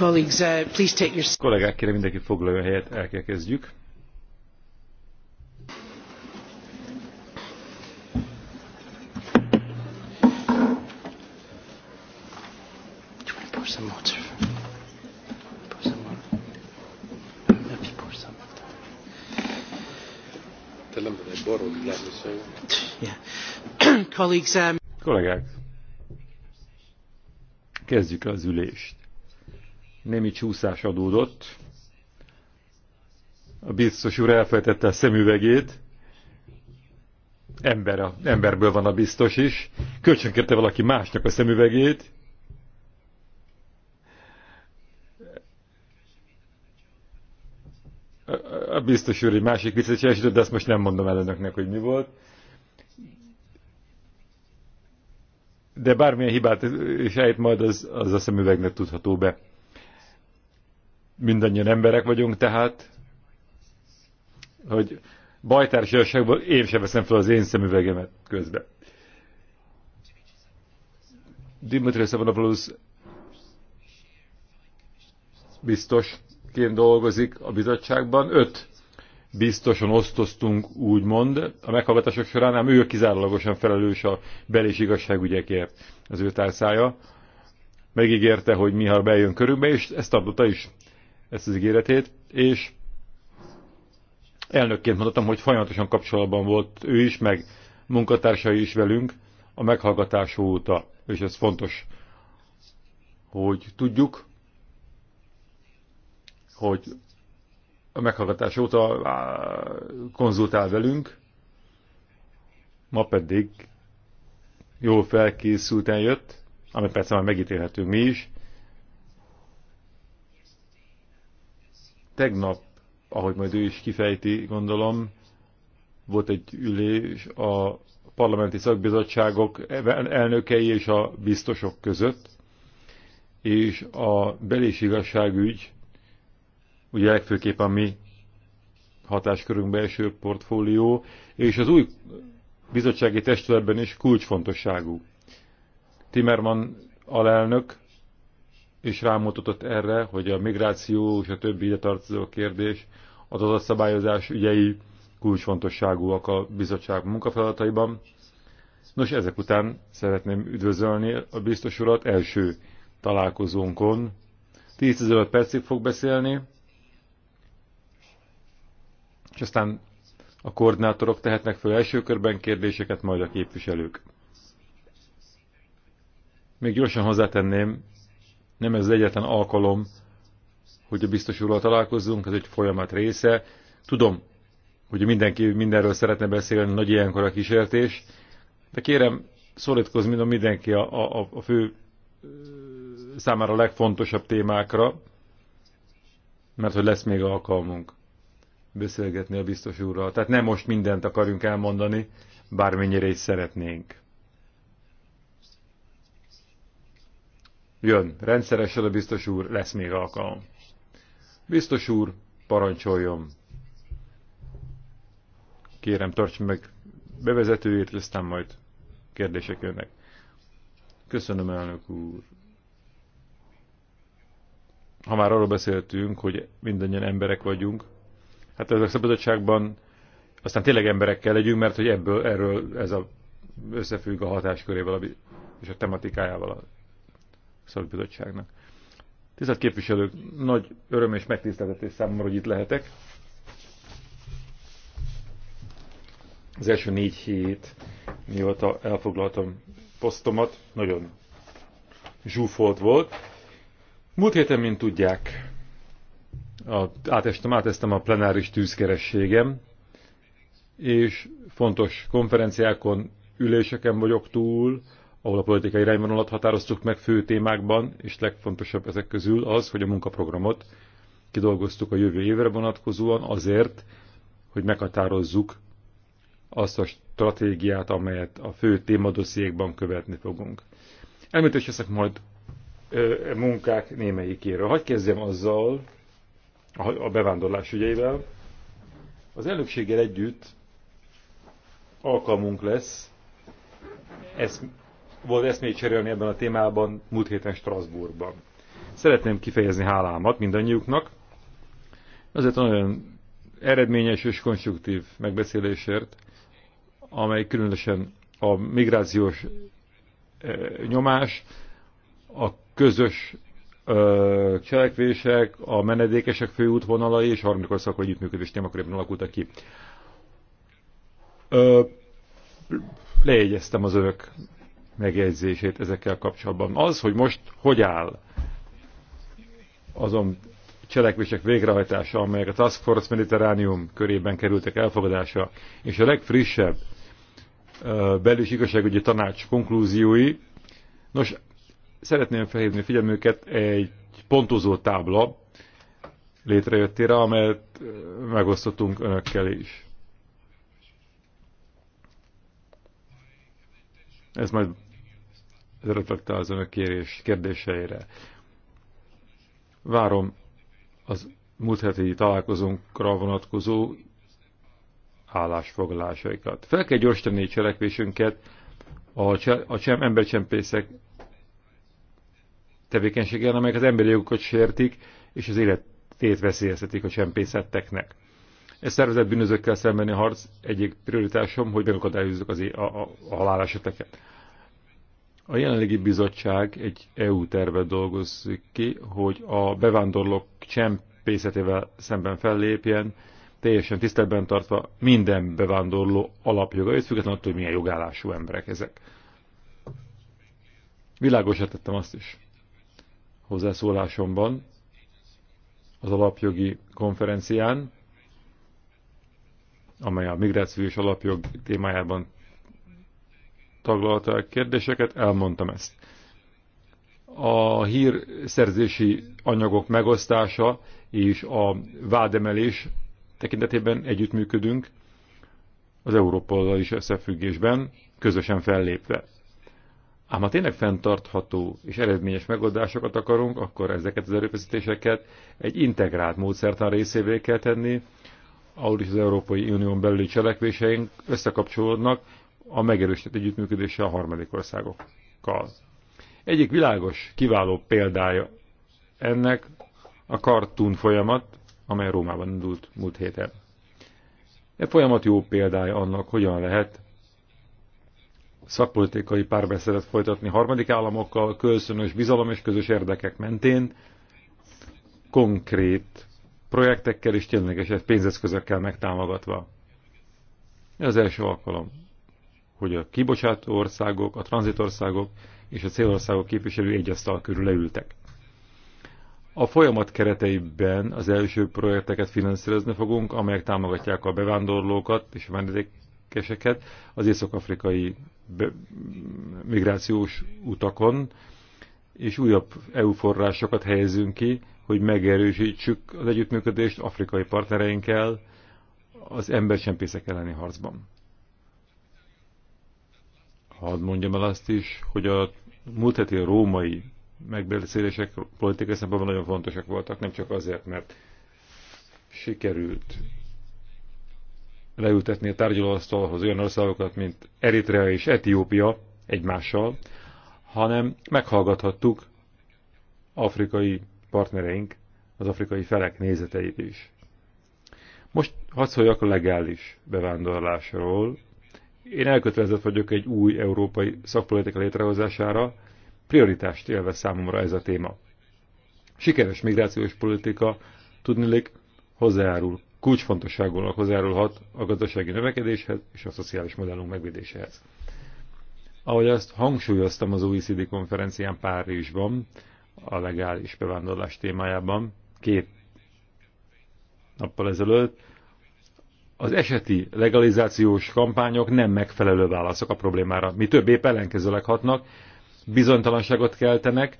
Uh, Kollégák, kérem mindenki foglaljon a helyet, el kell kezdjük. Um, Kollégák, kezdjük az ülést némi csúszás adódott. A biztos úr elfelejtette a szemüvegét. Ember a, emberből van a biztos is. Kölcsönkérte valaki másnak a szemüvegét. A biztos úr egy másik viccet de ezt most nem mondom el önöknek, hogy mi volt. De bármilyen hibát is majd, az, az a szemüvegnek tudható be mindannyian emberek vagyunk, tehát hogy bajtársaságból én sem veszem fel az én szemüvegemet közben. Dimitri Szabonopoulos biztosként dolgozik a bizottságban. Öt biztosan osztoztunk, úgymond, a meghallgatások során, ám ő kizárólagosan felelős a bel- és igazságügyekért az ő társzája. Megígérte, hogy miha bejön körülbe, és ezt tartotta is ezt az ígéretét, és elnökként mondhatom, hogy folyamatosan kapcsolatban volt ő is, meg munkatársai is velünk a meghallgatás óta, és ez fontos, hogy tudjuk, hogy a meghallgatás óta konzultál velünk, ma pedig jól felkészülten jött, ami persze már megítélhető mi is, Tegnap, ahogy majd ő is kifejti, gondolom, volt egy ülés a parlamenti szakbizottságok elnökei és a biztosok között, és a belés igazságügy, ugye legfőképp a mi hatáskörünkbe belső portfólió, és az új bizottsági testületben is kulcsfontosságú. Timerman alelnök és rámutatott erre, hogy a migráció és a többi ide tartozó kérdés, az adatszabályozás ügyei kulcsfontosságúak a bizottság munkafeladataiban. Nos, ezek után szeretném üdvözölni a biztos urat első találkozónkon. 10-15 percig fog beszélni, és aztán a koordinátorok tehetnek fel első körben kérdéseket, majd a képviselők. Még gyorsan hozzátenném, nem ez az egyetlen alkalom, hogy a biztos úrral találkozzunk, ez egy folyamat része. Tudom, hogy mindenki mindenről szeretne beszélni, nagy ilyenkor a kísértés, de kérem, szólítkozz mind mindenki a, a, a fő számára a legfontosabb témákra, mert hogy lesz még alkalmunk beszélgetni a biztos úrral. Tehát nem most mindent akarjunk elmondani, bármennyire is szeretnénk. Jön, rendszeresen a biztos úr, lesz még alkalom. Biztos úr, parancsoljon. Kérem, tartsd meg bevezetőjét, aztán majd kérdések jönnek. Köszönöm, elnök úr. Ha már arról beszéltünk, hogy mindannyian emberek vagyunk, hát ezek szabadságban aztán tényleg emberekkel legyünk, mert hogy ebből, erről ez a, összefügg a hatáskörével és a tematikájával szakbizottságnak. Tisztelt képviselők, nagy öröm és megtiszteltetés számomra, hogy itt lehetek. Az első négy hét, mióta elfoglaltam posztomat, nagyon zsúfolt volt. Múlt héten, mint tudják, átestem, átestem a plenáris tűzkerességem, és fontos konferenciákon, üléseken vagyok túl, ahol a politikai irányvonalat határoztuk meg fő témákban, és legfontosabb ezek közül az, hogy a munkaprogramot kidolgoztuk a jövő évre vonatkozóan azért, hogy meghatározzuk azt a stratégiát, amelyet a fő témadossziékban követni fogunk. Elmítést leszek majd ö, e munkák némelyikéről. Hagy kezdjem azzal, a bevándorlás ügyeivel. Az elnökséggel együtt alkalmunk lesz ezt volt eszmét cserélni ebben a témában múlt héten Strasbourgban. Szeretném kifejezni hálámat mindannyiuknak, azért nagyon eredményes és konstruktív megbeszélésért, amely különösen a migrációs e, nyomás, a közös e, cselekvések, a menedékesek főútvonalai és harmadik országok együttműködés témakörében alakultak ki. Ö, lejegyeztem az önök megjegyzését ezekkel kapcsolatban. Az, hogy most hogy áll azon cselekvések végrehajtása, amelyek a Task Force Mediterránium körében kerültek elfogadása, és a legfrissebb belül igazságügyi tanács konklúziói. Nos, szeretném felhívni figyelmüket egy pontozó tábla létrejöttére, amelyet megosztottunk önökkel is. Ez majd reflektál az önök kérés kérdéseire. Várom az múlt heti találkozónkra vonatkozó állásfoglalásaikat. Fel kell gyorsítani cselekvésünket a, cse, a csem, embercsempészek tevékenységgel, amelyek az emberi jogokat sértik, és az életét veszélyeztetik a csempészetteknek. Ez szervezett bűnözőkkel szembeni harc egyik prioritásom, hogy megakadályozzuk az, a, a, a haláleseteket. A jelenlegi bizottság egy EU tervet dolgozik ki, hogy a bevándorlók csempészetével szemben fellépjen, teljesen tiszteletben tartva minden bevándorló és függetlenül attól, hogy milyen jogállású emberek ezek. Világosra tettem azt is hozzászólásomban az alapjogi konferencián, amely a migrációs alapjog témájában taglalta a kérdéseket, elmondtam ezt. A hírszerzési anyagok megosztása és a vádemelés tekintetében együttműködünk az Európollal is összefüggésben, közösen fellépve. Ám ha tényleg fenntartható és eredményes megoldásokat akarunk, akkor ezeket az erőfeszítéseket egy integrált módszertan részévé kell tenni, ahol is az Európai Unión belüli cselekvéseink összekapcsolódnak a megerősített együttműködése a harmadik országokkal. Egyik világos, kiváló példája ennek a kartún folyamat, amely Rómában indult múlt héten. E folyamat jó példája annak, hogyan lehet szakpolitikai párbeszédet folytatni harmadik államokkal, kölcsönös bizalom és közös érdekek mentén, konkrét projektekkel és tényleges pénzeszközökkel megtámogatva. Ez az első alkalom hogy a kibocsátó országok, a tranzitországok és a célországok képviselő egy asztal körül leültek. A folyamat kereteiben az első projekteket finanszírozni fogunk, amelyek támogatják a bevándorlókat és a vendégkeseket az észak-afrikai migrációs utakon, és újabb EU forrásokat helyezünk ki, hogy megerősítsük az együttműködést afrikai partnereinkkel az embercsempészek elleni harcban. Hadd mondjam el azt is, hogy a múlt heti római megbeszélések politikai szempontból nagyon fontosak voltak, nem csak azért, mert sikerült leültetni a tárgyalóasztalhoz olyan országokat, mint Eritrea és Etiópia egymással, hanem meghallgathattuk afrikai partnereink, az afrikai felek nézeteit is. Most hadd szóljak a legális bevándorlásról, én elkötelezett vagyok egy új európai szakpolitika létrehozására, prioritást élvez számomra ez a téma. Sikeres migrációs politika tudnilik hozzájárul, kulcsfontosságúan hozzájárulhat a gazdasági növekedéshez és a szociális modellunk megvédéséhez. Ahogy azt hangsúlyoztam az OECD konferencián Párizsban, a legális bevándorlás témájában, két nappal ezelőtt, az eseti legalizációs kampányok nem megfelelő válaszok a problémára. Mi több épp ellenkezőleg hatnak, bizonytalanságot keltenek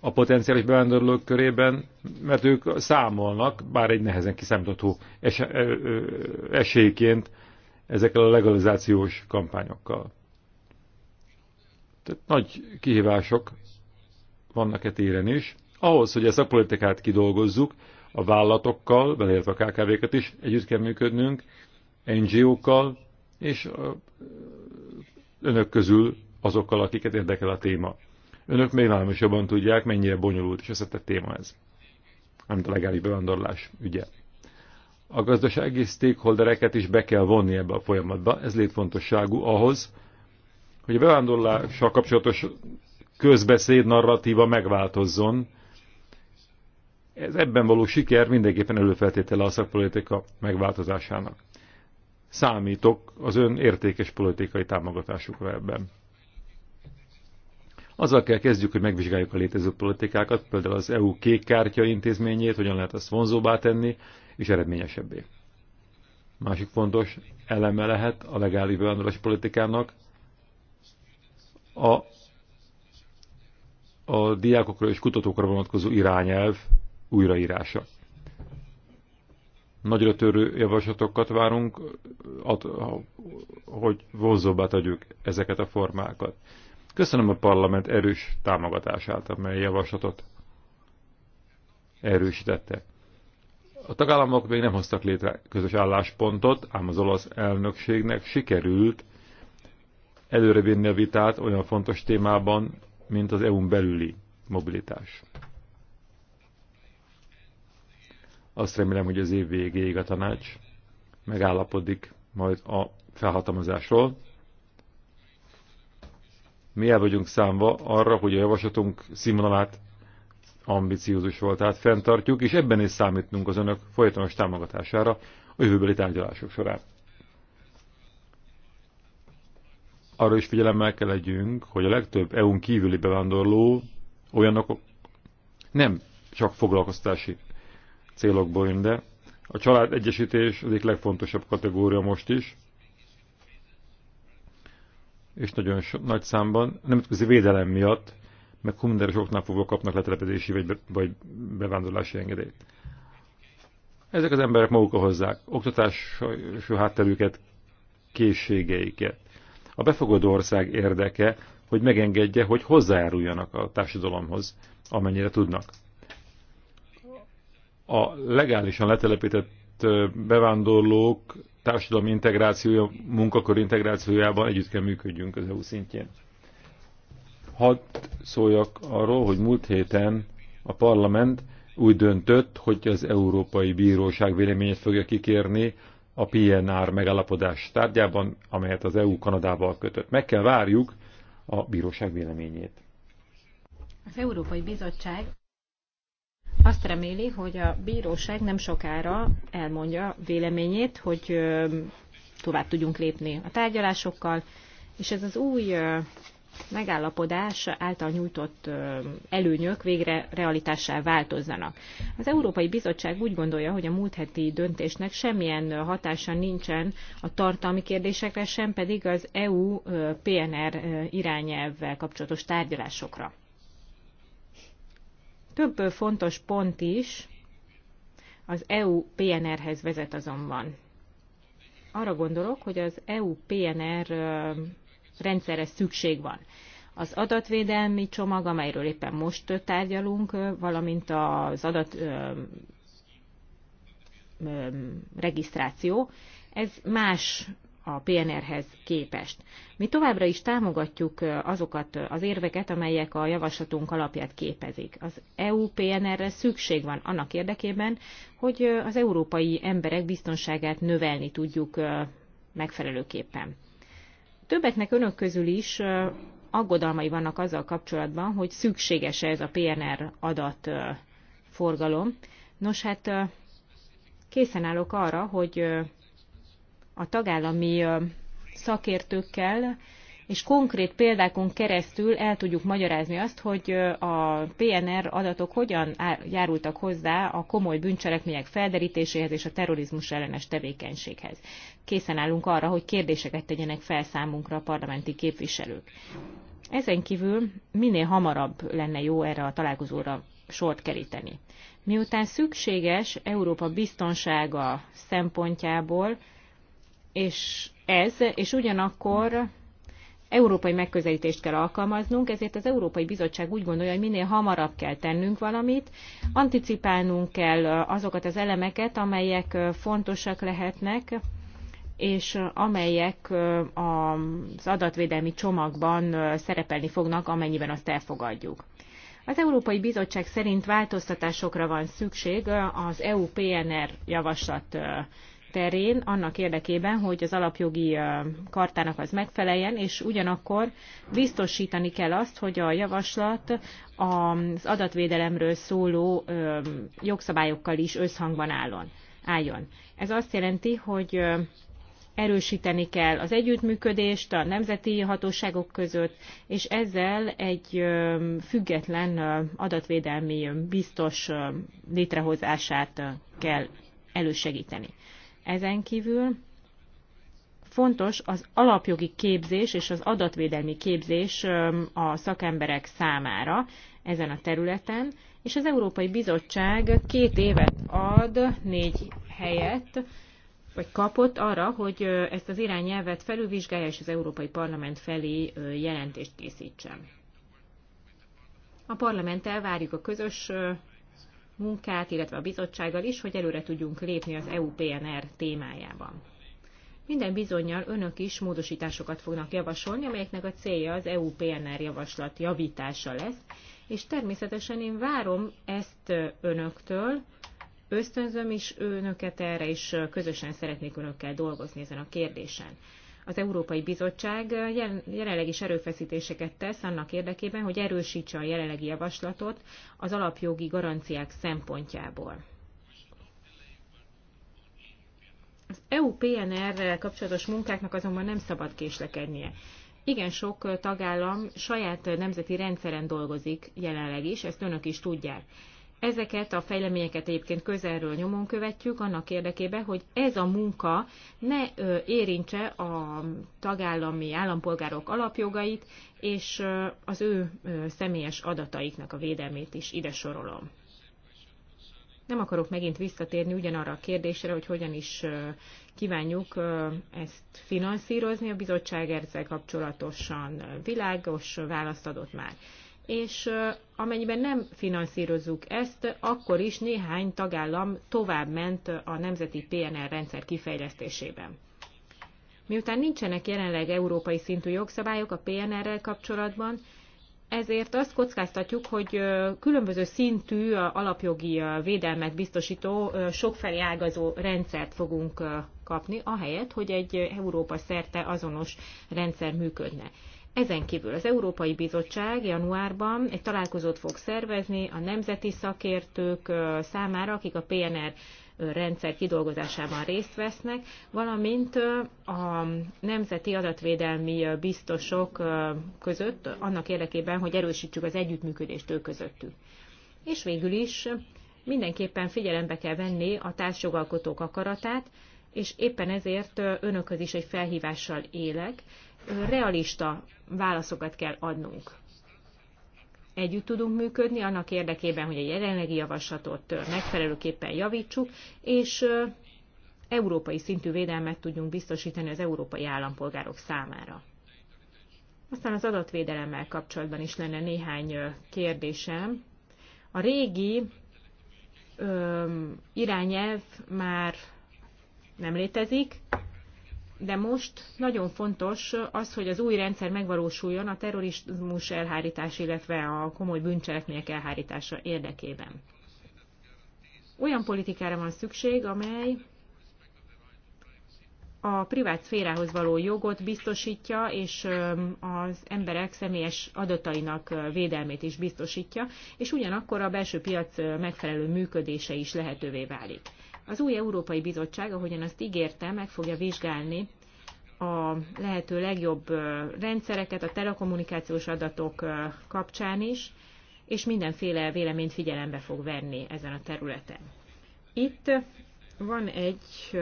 a potenciális bevándorlók körében, mert ők számolnak, bár egy nehezen kiszámítható es esélyként ezekkel a legalizációs kampányokkal. Tehát nagy kihívások vannak e téren is. Ahhoz, hogy a szakpolitikát kidolgozzuk, a vállalatokkal, beleértve a KKV-ket is, együtt kell működnünk, NGO-kkal, és önök közül azokkal, akiket érdekel a téma. Önök még nálam is jobban tudják, mennyire bonyolult és összetett téma ez, amit a legális bevándorlás ügye. A gazdasági stakeholdereket is be kell vonni ebbe a folyamatba, ez létfontosságú ahhoz, hogy a bevándorlással kapcsolatos közbeszéd narratíva megváltozzon, ez ebben való siker mindenképpen előfeltétele a szakpolitika megváltozásának. Számítok az ön értékes politikai támogatásukra ebben. Azzal kell kezdjük, hogy megvizsgáljuk a létező politikákat, például az EU kék kártya intézményét, hogyan lehet azt vonzóbbá tenni, és eredményesebbé. Másik fontos eleme lehet a legális bevándorlás politikának a, a diákokra és kutatókra vonatkozó irányelv újraírása. Nagyra törő javaslatokat várunk, hogy vonzóbbá tegyük ezeket a formákat. Köszönöm a parlament erős támogatását, amely javaslatot erősítette. A tagállamok még nem hoztak létre közös álláspontot, ám az olasz elnökségnek sikerült előrevinni a vitát olyan fontos témában, mint az EU-n belüli mobilitás. Azt remélem, hogy az év végéig a tanács megállapodik majd a felhatalmazásról. Mi el vagyunk számva arra, hogy a javaslatunk színvonalát ambiciózus volt, tehát fenntartjuk, és ebben is számítunk az önök folytonos támogatására a jövőbeli tárgyalások során. Arra is figyelemmel kell legyünk, hogy a legtöbb EU-n kívüli bevándorló olyanok nem csak foglalkoztási célokból jön, de a család egyesítés az egyik legfontosabb kategória most is, és nagyon so, nagy számban, nemzetközi védelem miatt, meg humanitárius oknál fogva kapnak letelepedési vagy, be, vagy bevándorlási engedélyt. Ezek az emberek maguk hozzák, oktatási hátterüket, készségeiket. A befogadó ország érdeke, hogy megengedje, hogy hozzájáruljanak a társadalomhoz, amennyire tudnak a legálisan letelepített bevándorlók társadalmi integrációja, munkakör integrációjában együtt kell működjünk az EU szintjén. Hadd szóljak arról, hogy múlt héten a parlament úgy döntött, hogy az Európai Bíróság véleményét fogja kikérni a PNR megállapodás tárgyában, amelyet az EU Kanadával kötött. Meg kell várjuk a bíróság véleményét. Az Európai Bizottság azt reméli, hogy a bíróság nem sokára elmondja véleményét, hogy tovább tudjunk lépni a tárgyalásokkal, és ez az új megállapodás által nyújtott előnyök végre realitássá változzanak. Az Európai Bizottság úgy gondolja, hogy a múlt heti döntésnek semmilyen hatása nincsen a tartalmi kérdésekre, sem pedig az EU PNR irányelvvel kapcsolatos tárgyalásokra. Több fontos pont is az EU-PNR-hez vezet azonban. Arra gondolok, hogy az EU-PNR rendszerre szükség van. Az adatvédelmi csomag, amelyről éppen most tárgyalunk, valamint az adat regisztráció, ez más a PNR-hez képest. Mi továbbra is támogatjuk azokat az érveket, amelyek a javaslatunk alapját képezik. Az EU PNR-re szükség van annak érdekében, hogy az európai emberek biztonságát növelni tudjuk megfelelőképpen. Többeknek önök közül is aggodalmai vannak azzal kapcsolatban, hogy szükséges -e ez a PNR adat forgalom. Nos, hát készen állok arra, hogy a tagállami szakértőkkel, és konkrét példákon keresztül el tudjuk magyarázni azt, hogy a PNR adatok hogyan járultak hozzá a komoly bűncselekmények felderítéséhez és a terrorizmus ellenes tevékenységhez. Készen állunk arra, hogy kérdéseket tegyenek fel számunkra a parlamenti képviselők. Ezen kívül minél hamarabb lenne jó erre a találkozóra sort keríteni. Miután szükséges Európa biztonsága szempontjából, és ez, és ugyanakkor európai megközelítést kell alkalmaznunk, ezért az Európai Bizottság úgy gondolja, hogy minél hamarabb kell tennünk valamit, anticipálnunk kell azokat az elemeket, amelyek fontosak lehetnek, és amelyek az adatvédelmi csomagban szerepelni fognak, amennyiben azt elfogadjuk. Az Európai Bizottság szerint változtatásokra van szükség az EU PNR javaslat terén annak érdekében, hogy az alapjogi kartának az megfeleljen, és ugyanakkor biztosítani kell azt, hogy a javaslat az adatvédelemről szóló jogszabályokkal is összhangban állon, álljon. Ez azt jelenti, hogy erősíteni kell az együttműködést a nemzeti hatóságok között, és ezzel egy független adatvédelmi biztos létrehozását kell elősegíteni. Ezen kívül fontos az alapjogi képzés és az adatvédelmi képzés a szakemberek számára ezen a területen, és az Európai Bizottság két évet ad, négy helyet, vagy kapott arra, hogy ezt az irányelvet felülvizsgálja és az Európai Parlament felé jelentést készítsen. A parlamenttel várjuk a közös munkát, illetve a bizottsággal is, hogy előre tudjunk lépni az EU-PNR témájában. Minden bizonyal önök is módosításokat fognak javasolni, amelyeknek a célja az EU-PNR javaslat javítása lesz, és természetesen én várom ezt önöktől, ösztönzöm is önöket erre, és közösen szeretnék önökkel dolgozni ezen a kérdésen az Európai Bizottság jelenleg is erőfeszítéseket tesz annak érdekében, hogy erősítse a jelenlegi javaslatot az alapjogi garanciák szempontjából. Az EU-PNR-rel kapcsolatos munkáknak azonban nem szabad késlekednie. Igen sok tagállam saját nemzeti rendszeren dolgozik jelenleg is, ezt önök is tudják. Ezeket a fejleményeket egyébként közelről nyomon követjük, annak érdekében, hogy ez a munka ne érintse a tagállami állampolgárok alapjogait, és az ő személyes adataiknak a védelmét is ide sorolom. Nem akarok megint visszatérni ugyanarra a kérdésre, hogy hogyan is kívánjuk ezt finanszírozni. A bizottság ezzel kapcsolatosan világos választ adott már és amennyiben nem finanszírozzuk ezt, akkor is néhány tagállam tovább ment a nemzeti PNR rendszer kifejlesztésében. Miután nincsenek jelenleg európai szintű jogszabályok a PNR-rel kapcsolatban, ezért azt kockáztatjuk, hogy különböző szintű alapjogi védelmet biztosító sokfelé ágazó rendszert fogunk kapni, ahelyett, hogy egy Európa szerte azonos rendszer működne. Ezen kívül az Európai Bizottság januárban egy találkozót fog szervezni a nemzeti szakértők számára, akik a PNR rendszer kidolgozásában részt vesznek, valamint a nemzeti adatvédelmi biztosok között, annak érdekében, hogy erősítsük az együttműködést ők közöttük. És végül is mindenképpen figyelembe kell venni a társjogalkotók akaratát, és éppen ezért önökhöz is egy felhívással élek, realista válaszokat kell adnunk. Együtt tudunk működni annak érdekében, hogy a jelenlegi javaslatot megfelelőképpen javítsuk, és európai szintű védelmet tudjunk biztosítani az európai állampolgárok számára. Aztán az adatvédelemmel kapcsolatban is lenne néhány kérdésem. A régi ö, irányelv már nem létezik, de most nagyon fontos az, hogy az új rendszer megvalósuljon a terrorizmus elhárítás, illetve a komoly bűncselekmények elhárítása érdekében. Olyan politikára van szükség, amely a privát szférához való jogot biztosítja, és az emberek személyes adatainak védelmét is biztosítja, és ugyanakkor a belső piac megfelelő működése is lehetővé válik. Az új Európai Bizottság, ahogyan azt ígérte, meg fogja vizsgálni a lehető legjobb rendszereket a telekommunikációs adatok kapcsán is, és mindenféle véleményt figyelembe fog venni ezen a területen. Itt van egy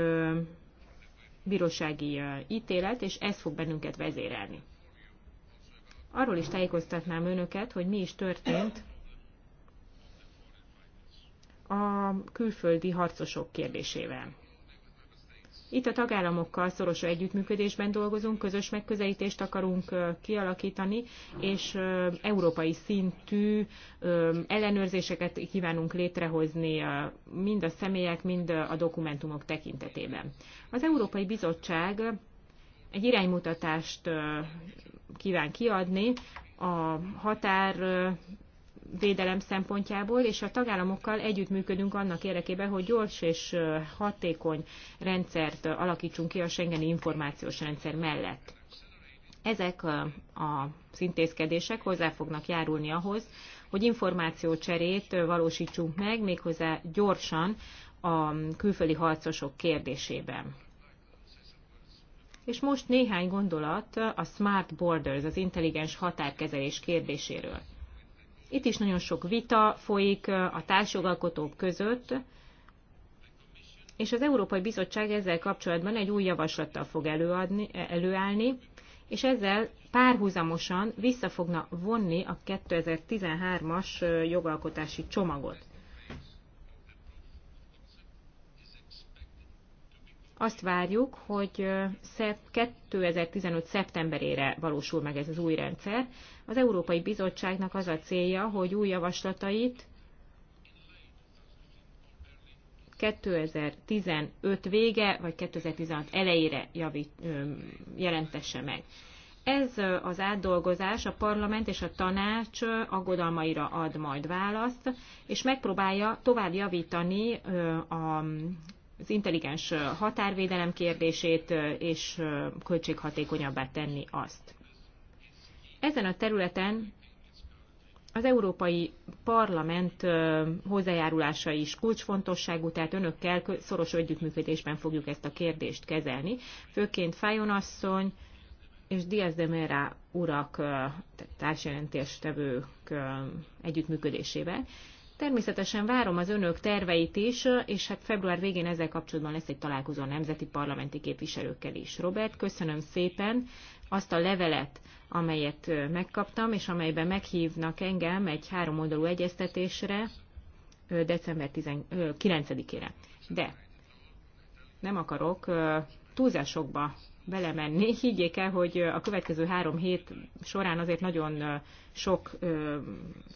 bírósági ítélet, és ez fog bennünket vezérelni. Arról is tájékoztatnám önöket, hogy mi is történt a külföldi harcosok kérdésével. Itt a tagállamokkal szoros együttműködésben dolgozunk, közös megközelítést akarunk kialakítani, és európai szintű ellenőrzéseket kívánunk létrehozni mind a személyek, mind a dokumentumok tekintetében. Az Európai Bizottság egy iránymutatást kíván kiadni a határ védelem szempontjából, és a tagállamokkal együttműködünk annak érdekében, hogy gyors és hatékony rendszert alakítsunk ki a Schengeni információs rendszer mellett. Ezek az intézkedések hozzá fognak járulni ahhoz, hogy információcserét valósítsunk meg, méghozzá gyorsan a külföldi harcosok kérdésében. És most néhány gondolat a Smart Borders, az intelligens határkezelés kérdéséről. Itt is nagyon sok vita folyik a társjogalkotók között, és az Európai Bizottság ezzel kapcsolatban egy új javaslattal fog előadni, e, előállni, és ezzel párhuzamosan vissza fogna vonni a 2013-as jogalkotási csomagot. azt várjuk, hogy 2015. szeptemberére valósul meg ez az új rendszer. Az Európai Bizottságnak az a célja, hogy új javaslatait 2015 vége vagy 2016 elejére javít, jelentesse meg. Ez az átdolgozás a parlament és a tanács aggodalmaira ad majd választ, és megpróbálja tovább javítani a az intelligens határvédelem kérdését, és költséghatékonyabbá tenni azt. Ezen a területen az Európai Parlament hozzájárulása is kulcsfontosságú, tehát önökkel szoros együttműködésben fogjuk ezt a kérdést kezelni. Főként Fájon asszony és Diaz de Mera urak társjelentéstevők együttműködésével. Természetesen várom az önök terveit is, és hát február végén ezzel kapcsolatban lesz egy találkozó a nemzeti parlamenti képviselőkkel is. Robert, köszönöm szépen azt a levelet, amelyet megkaptam, és amelyben meghívnak engem egy oldalú egyeztetésre december 9-ére. De nem akarok túlzásokba belemenni. Higgyék el, hogy a következő három hét során azért nagyon sok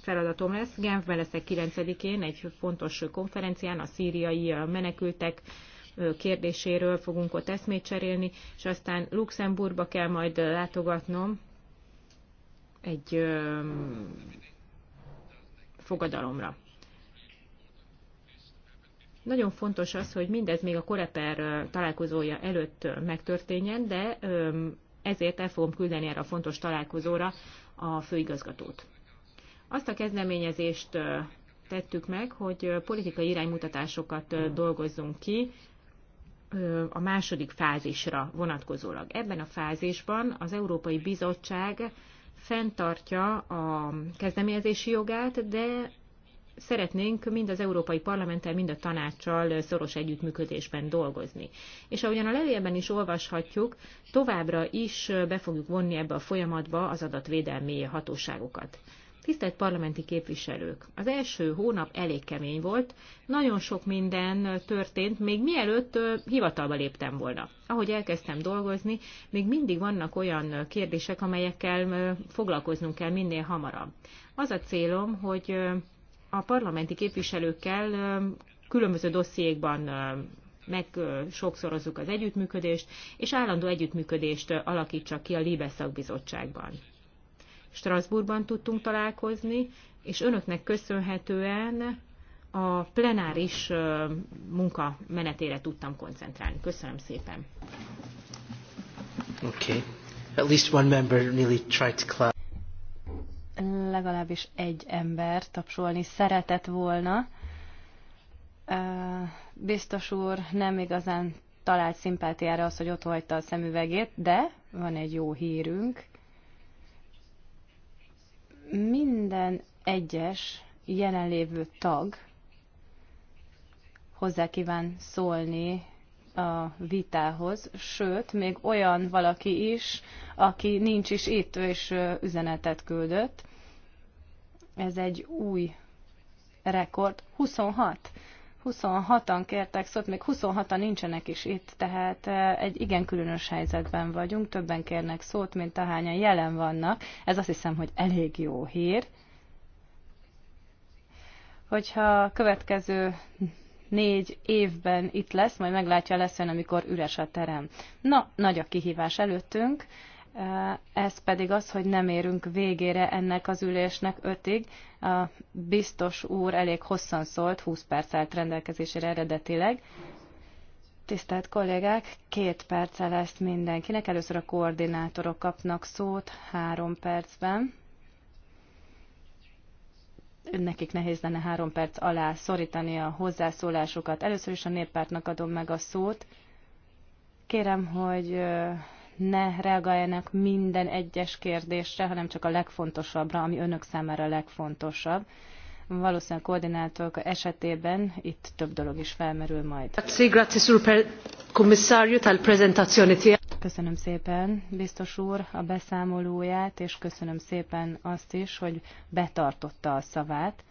feladatom lesz. Genfben leszek 9-én egy fontos konferencián a szíriai menekültek kérdéséről fogunk ott eszmét cserélni, és aztán Luxemburgba kell majd látogatnom egy fogadalomra. Nagyon fontos az, hogy mindez még a Koreper találkozója előtt megtörténjen, de ezért el fogom küldeni erre a fontos találkozóra a főigazgatót. Azt a kezdeményezést tettük meg, hogy politikai iránymutatásokat dolgozzunk ki a második fázisra vonatkozólag. Ebben a fázisban az Európai Bizottság fenntartja a kezdeményezési jogát, de szeretnénk mind az Európai Parlamenttel, mind a tanácssal szoros együttműködésben dolgozni. És ahogyan a levélben is olvashatjuk, továbbra is be fogjuk vonni ebbe a folyamatba az adatvédelmi hatóságokat. Tisztelt parlamenti képviselők! Az első hónap elég kemény volt, nagyon sok minden történt, még mielőtt hivatalba léptem volna. Ahogy elkezdtem dolgozni, még mindig vannak olyan kérdések, amelyekkel foglalkoznunk kell minél hamarabb. Az a célom, hogy a parlamenti képviselőkkel különböző dossziékban meg sokszorozzuk az együttműködést, és állandó együttműködést alakítsak ki a Libe szakbizottságban. Strasbourgban tudtunk találkozni, és önöknek köszönhetően a plenáris munka menetére tudtam koncentrálni. Köszönöm szépen. Okay. At least one member nearly tried to clap legalábbis egy ember tapsolni szeretett volna. Biztos úr nem igazán talált szimpátiára az, hogy ott hagyta a szemüvegét, de van egy jó hírünk. Minden egyes jelenlévő tag hozzá kíván szólni a vitához, sőt, még olyan valaki is, aki nincs is itt, és üzenetet küldött. Ez egy új rekord. 26. 26-an kértek szót, még 26-an nincsenek is itt, tehát egy igen különös helyzetben vagyunk, többen kérnek szót, mint ahányan jelen vannak. Ez azt hiszem, hogy elég jó hír. Hogyha a következő négy évben itt lesz, majd meglátja lesz ön, amikor üres a terem. Na, nagy a kihívás előttünk, Eh, ez pedig az, hogy nem érünk végére ennek az ülésnek ötig. A biztos úr elég hosszan szólt, 20 perc állt rendelkezésére eredetileg. Tisztelt kollégák, két perce lesz mindenkinek. Először a koordinátorok kapnak szót három percben. Nekik nehéz lenne három perc alá szorítani a hozzászólásukat. Először is a néppártnak adom meg a szót. Kérem, hogy eh, ne reagáljanak minden egyes kérdésre, hanem csak a legfontosabbra, ami önök számára a legfontosabb. Valószínűleg koordinátorok esetében itt több dolog is felmerül majd. Köszönöm szépen, biztos úr, a beszámolóját, és köszönöm szépen azt is, hogy betartotta a szavát.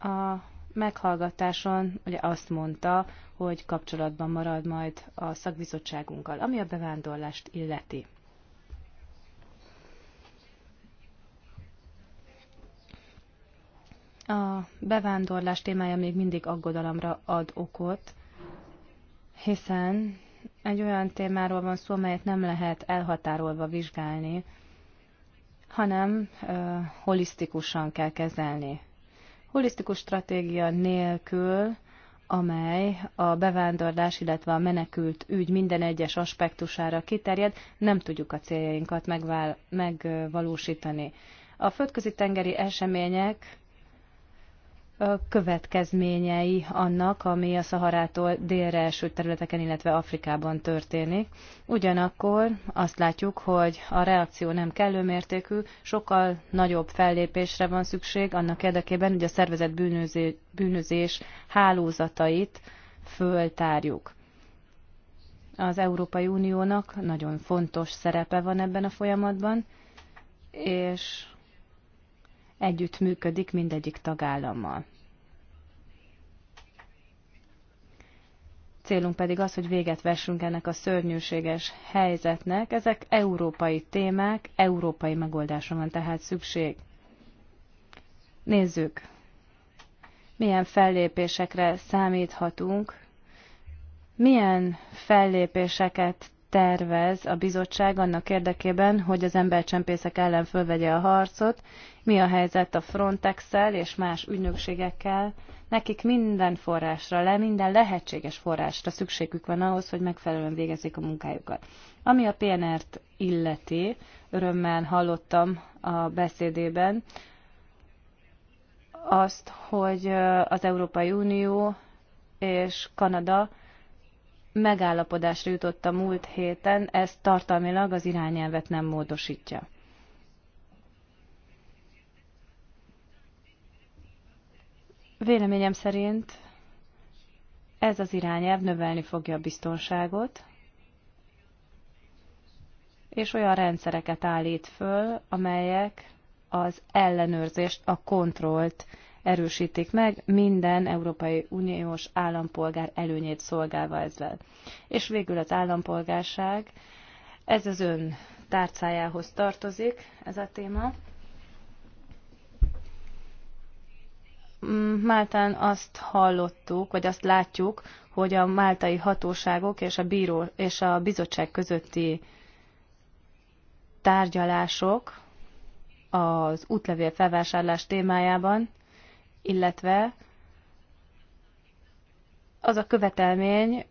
A meghallgatáson ugye azt mondta, hogy kapcsolatban marad majd a szakbizottságunkkal, ami a bevándorlást illeti. A bevándorlás témája még mindig aggodalomra ad okot, hiszen egy olyan témáról van szó, amelyet nem lehet elhatárolva vizsgálni, hanem ö, holisztikusan kell kezelni. Holisztikus stratégia nélkül, amely a bevándorlás, illetve a menekült ügy minden egyes aspektusára kiterjed, nem tudjuk a céljainkat megvál, megvalósítani. A földközi tengeri események következményei annak, ami a Szaharától délre eső területeken, illetve Afrikában történik. Ugyanakkor azt látjuk, hogy a reakció nem kellő mértékű, sokkal nagyobb fellépésre van szükség annak érdekében, hogy a szervezet bűnözés, bűnözés hálózatait föltárjuk. Az Európai Uniónak nagyon fontos szerepe van ebben a folyamatban, és együtt működik mindegyik tagállammal. Célunk pedig az, hogy véget vessünk ennek a szörnyűséges helyzetnek. Ezek európai témák, európai megoldásra van tehát szükség. Nézzük, milyen fellépésekre számíthatunk, milyen fellépéseket tervez a bizottság annak érdekében, hogy az embercsempészek ellen fölvegye a harcot, mi a helyzet a frontex és más ügynökségekkel, nekik minden forrásra le, minden lehetséges forrásra szükségük van ahhoz, hogy megfelelően végezzék a munkájukat. Ami a PNR-t illeti, örömmel hallottam a beszédében, azt, hogy az Európai Unió és Kanada megállapodásra jutott a múlt héten, ez tartalmilag az irányelvet nem módosítja. Véleményem szerint ez az irányelv növelni fogja a biztonságot, és olyan rendszereket állít föl, amelyek az ellenőrzést, a kontrollt erősítik meg, minden Európai Uniós állampolgár előnyét szolgálva ezzel. És végül az állampolgárság, ez az ön tárcájához tartozik, ez a téma. Mm, Máltán azt hallottuk, vagy azt látjuk, hogy a máltai hatóságok és a, bíró, és a bizottság közötti tárgyalások az útlevél felvásárlás témájában illetve az a követelmény,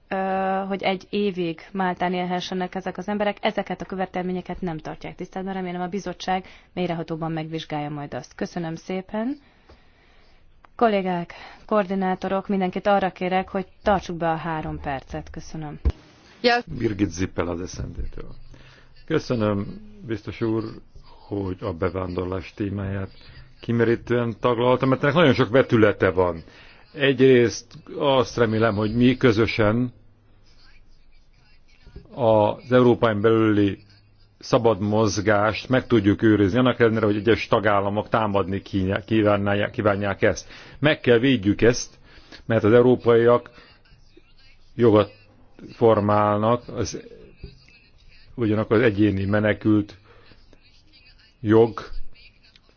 hogy egy évig Máltán élhessenek ezek az emberek, ezeket a követelményeket nem tartják tiszteletben. Remélem a bizottság mélyrehatóban megvizsgálja majd azt. Köszönöm szépen. Kollégák, koordinátorok, mindenkit arra kérek, hogy tartsuk be a három percet. Köszönöm. Ja. Birgit Zippel az eszendétől. Köszönöm, biztos úr, hogy a bevándorlás témáját kimerítően taglaltam, mert ennek nagyon sok vetülete van. Egyrészt azt remélem, hogy mi közösen az Európán belüli szabad mozgást meg tudjuk őrizni, annak ellenére, hogy egyes tagállamok támadni kívánják, ezt. Meg kell védjük ezt, mert az európaiak jogot formálnak, az, ugyanakkor az egyéni menekült jog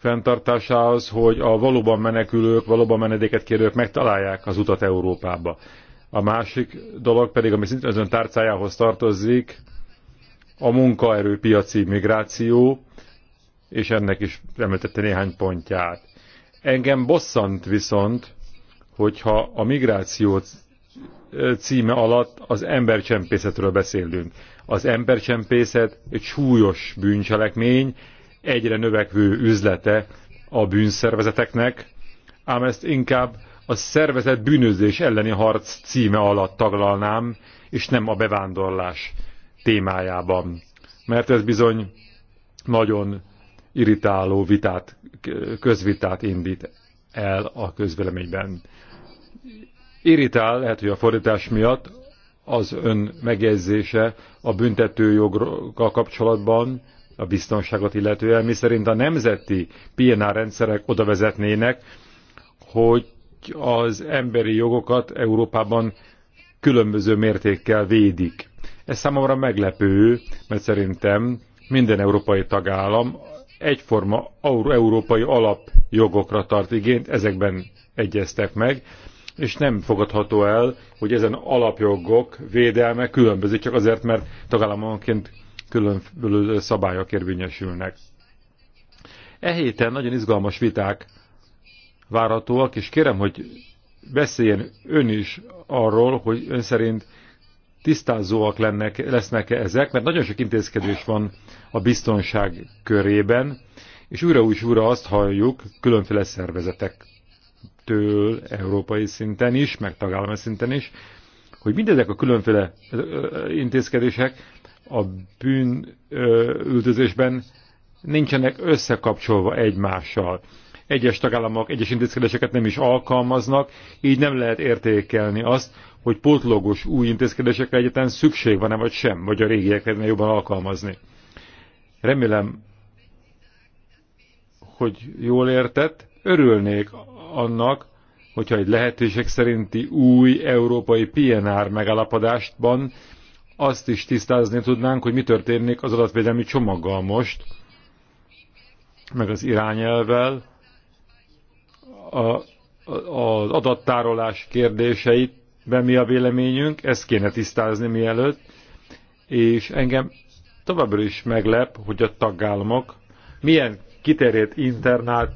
fenntartásához, hogy a valóban menekülők, valóban menedéket kérők megtalálják az utat Európába. A másik dolog pedig, ami szintén az ön tárcájához tartozik, a munkaerőpiaci migráció, és ennek is említette néhány pontját. Engem bosszant viszont, hogyha a migráció címe alatt az embercsempészetről beszélünk. Az embercsempészet egy súlyos bűncselekmény, egyre növekvő üzlete a bűnszervezeteknek, ám ezt inkább a szervezet bűnözés elleni harc címe alatt taglalnám, és nem a bevándorlás témájában. Mert ez bizony nagyon irritáló vitát, közvitát indít el a közvéleményben. Irritál, lehet, hogy a fordítás miatt, az ön megjegyzése a büntetőjoggal kapcsolatban, a biztonságot illetően, miszerint a nemzeti PNR rendszerek oda vezetnének, hogy az emberi jogokat Európában különböző mértékkel védik. Ez számomra meglepő, mert szerintem minden európai tagállam egyforma európai alapjogokra tart igényt, ezekben egyeztek meg, és nem fogadható el, hogy ezen alapjogok védelme különbözik, csak azért, mert tagállamonként különböző szabályok érvényesülnek. E héten nagyon izgalmas viták várhatóak, és kérem, hogy beszéljen ön is arról, hogy ön szerint tisztázóak lennek, lesznek-e ezek, mert nagyon sok intézkedés van a biztonság körében, és újra és újra azt halljuk különféle szervezetektől, európai szinten is, meg tagállami szinten is, hogy mindezek a különféle intézkedések a bűnüldözésben nincsenek összekapcsolva egymással. Egyes tagállamok egyes intézkedéseket nem is alkalmaznak, így nem lehet értékelni azt, hogy pótlogos új intézkedésekre egyetlen szükség van-e vagy sem, vagy a régiekre jobban alkalmazni. Remélem, hogy jól értett. Örülnék annak, hogyha egy lehetőség szerinti új európai PNR megállapodásban azt is tisztázni tudnánk, hogy mi történik az adatvédelmi csomaggal most, meg az irányelvel, a, a, az adattárolás kérdéseit, be mi a véleményünk, ezt kéne tisztázni mielőtt, és engem továbbra is meglep, hogy a tagállamok milyen kiterjedt internet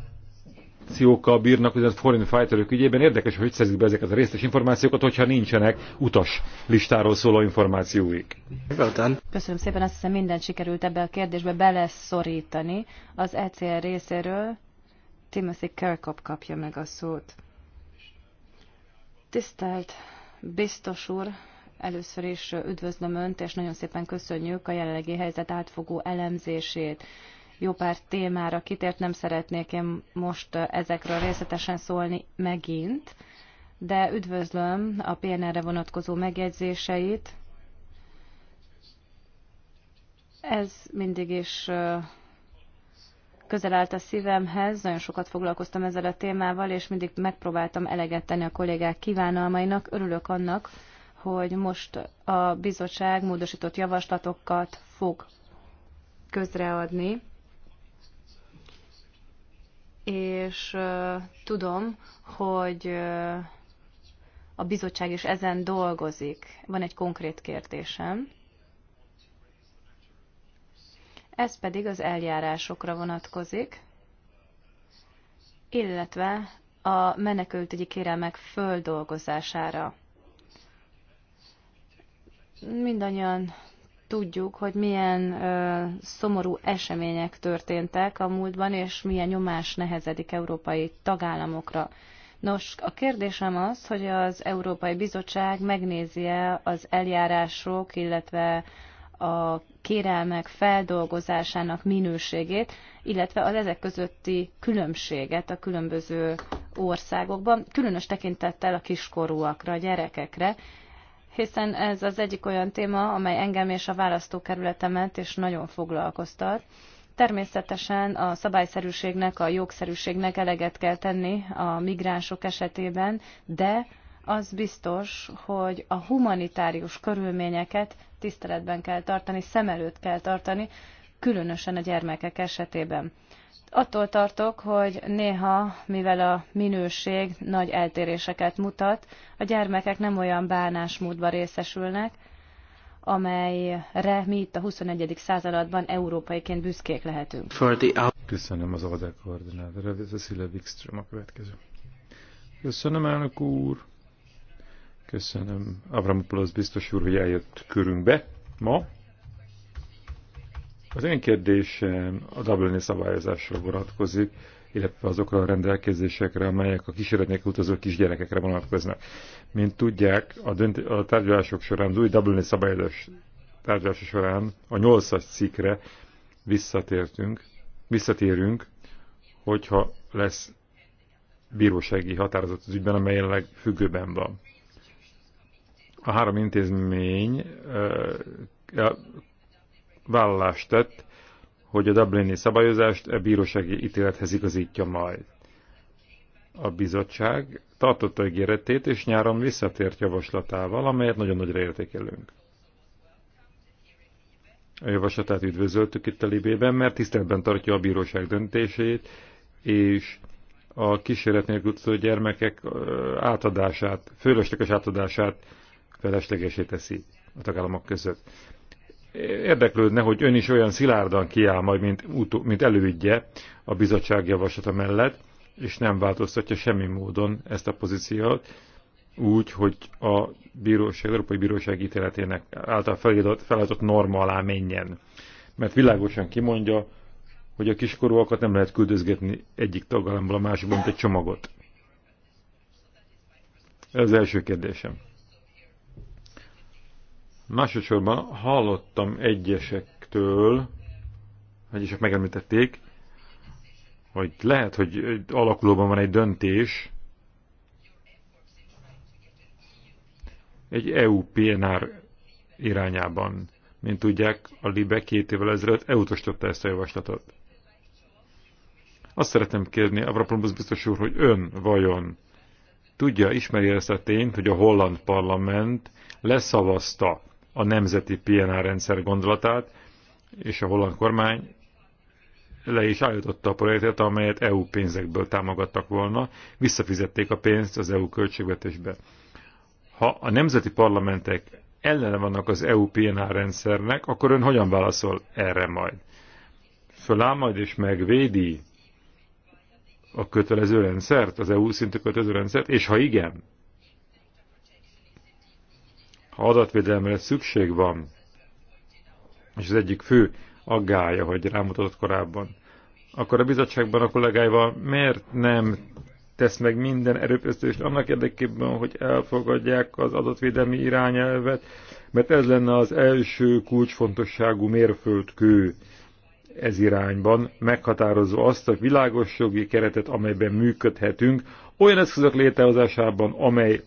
információkkal bírnak a foreign fighterök ügyében. Érdekes, hogy szerzik be ezeket a részletes információkat, hogyha nincsenek utas listáról szóló információik. Köszönöm szépen, azt hiszem mindent sikerült ebbe a kérdésbe beleszorítani. Az ECR részéről Timothy Kirkop kapja meg a szót. Tisztelt biztos úr, először is üdvözlöm Önt, és nagyon szépen köszönjük a jelenlegi helyzet átfogó elemzését jó pár témára kitért, nem szeretnék én most ezekről részletesen szólni megint, de üdvözlöm a PNR-re vonatkozó megjegyzéseit. Ez mindig is közel állt a szívemhez, nagyon sokat foglalkoztam ezzel a témával, és mindig megpróbáltam eleget tenni a kollégák kívánalmainak. Örülök annak, hogy most a bizottság módosított javaslatokat fog közreadni és tudom, hogy a bizottság is ezen dolgozik. Van egy konkrét kérdésem. Ez pedig az eljárásokra vonatkozik, illetve a menekültügyi kérelmek földolgozására. Mindannyian tudjuk, hogy milyen ö, szomorú események történtek a múltban, és milyen nyomás nehezedik európai tagállamokra. Nos, a kérdésem az, hogy az Európai Bizottság megnézi-e az eljárások, illetve a kérelmek feldolgozásának minőségét, illetve az ezek közötti különbséget a különböző országokban, különös tekintettel a kiskorúakra, a gyerekekre, hiszen ez az egyik olyan téma, amely engem és a választókerületemet is nagyon foglalkoztat. Természetesen a szabályszerűségnek, a jogszerűségnek eleget kell tenni a migránsok esetében, de az biztos, hogy a humanitárius körülményeket tiszteletben kell tartani, szem előtt kell tartani, különösen a gyermekek esetében. Attól tartok, hogy néha, mivel a minőség nagy eltéréseket mutat, a gyermekek nem olyan bánásmódba részesülnek, amelyre mi itt a 21. században európaiként büszkék lehetünk. Köszönöm az ADE a Szile Wikström a következő. Köszönöm, elnök úr! Köszönöm, Avramopoulos biztos úr, hogy eljött körünkbe ma. Az én kérdésem a Dublini szabályozásra vonatkozik, illetve azokra a rendelkezésekre, amelyek a kísérletnek utazó kisgyerekekre vonatkoznak. Mint tudják, a, dönt- a tárgyalások során, az új Dublini szabályozás tárgyalása során a 8-as cikkre visszatértünk, visszatérünk, hogyha lesz bírósági határozat az ügyben, amely jelenleg függőben van. A három intézmény vállalást tett, hogy a Dublini szabályozást a bírósági ítélethez igazítja majd. A bizottság tartotta ígéretét, és nyáron visszatért javaslatával, amelyet nagyon nagyra értékelünk. A javaslatát üdvözöltük itt a Libében, mert tiszteletben tartja a bíróság döntését, és a kísérlet nélkül gyermekek átadását, fölösleges átadását feleslegesé teszi a tagállamok között érdeklődne, hogy ön is olyan szilárdan kiáll majd, mint, utó, mint elődje a bizottság javaslata mellett, és nem változtatja semmi módon ezt a pozíciót, úgy, hogy a bíróság, Európai Bíróság ítéletének által feladott, feladott norma alá menjen. Mert világosan kimondja, hogy a kiskorúakat nem lehet küldözgetni egyik tagállamból a másikból, mint egy csomagot. Ez az első kérdésem. Másodszorban hallottam egyesektől, egyesek megemlítették, hogy lehet, hogy alakulóban van egy döntés, egy EU PNR irányában. Mint tudják, a LIBE két évvel ezelőtt elutasította ezt a javaslatot. Azt szeretném kérni, Avrapomus biztos úr, hogy ön vajon tudja, ismeri ezt a tényt, hogy a holland parlament leszavazta a nemzeti PNR rendszer gondolatát, és a holland kormány le is állította a projektet, amelyet EU pénzekből támogattak volna, visszafizették a pénzt az EU költségvetésbe. Ha a nemzeti parlamentek ellene vannak az EU PNR rendszernek, akkor ön hogyan válaszol erre majd? Föláll majd és megvédi a kötelező rendszert, az EU szintű kötelező rendszert, és ha igen, ha adatvédelemre szükség van, és az egyik fő aggája, hogy rámutatott korábban, akkor a bizottságban a kollégáival miért nem tesz meg minden erőfeszítést annak érdekében, hogy elfogadják az adatvédelmi irányelvet, mert ez lenne az első kulcsfontosságú mérföldkő ez irányban, meghatározó azt a világos jogi keretet, amelyben működhetünk, olyan eszközök létrehozásában, amely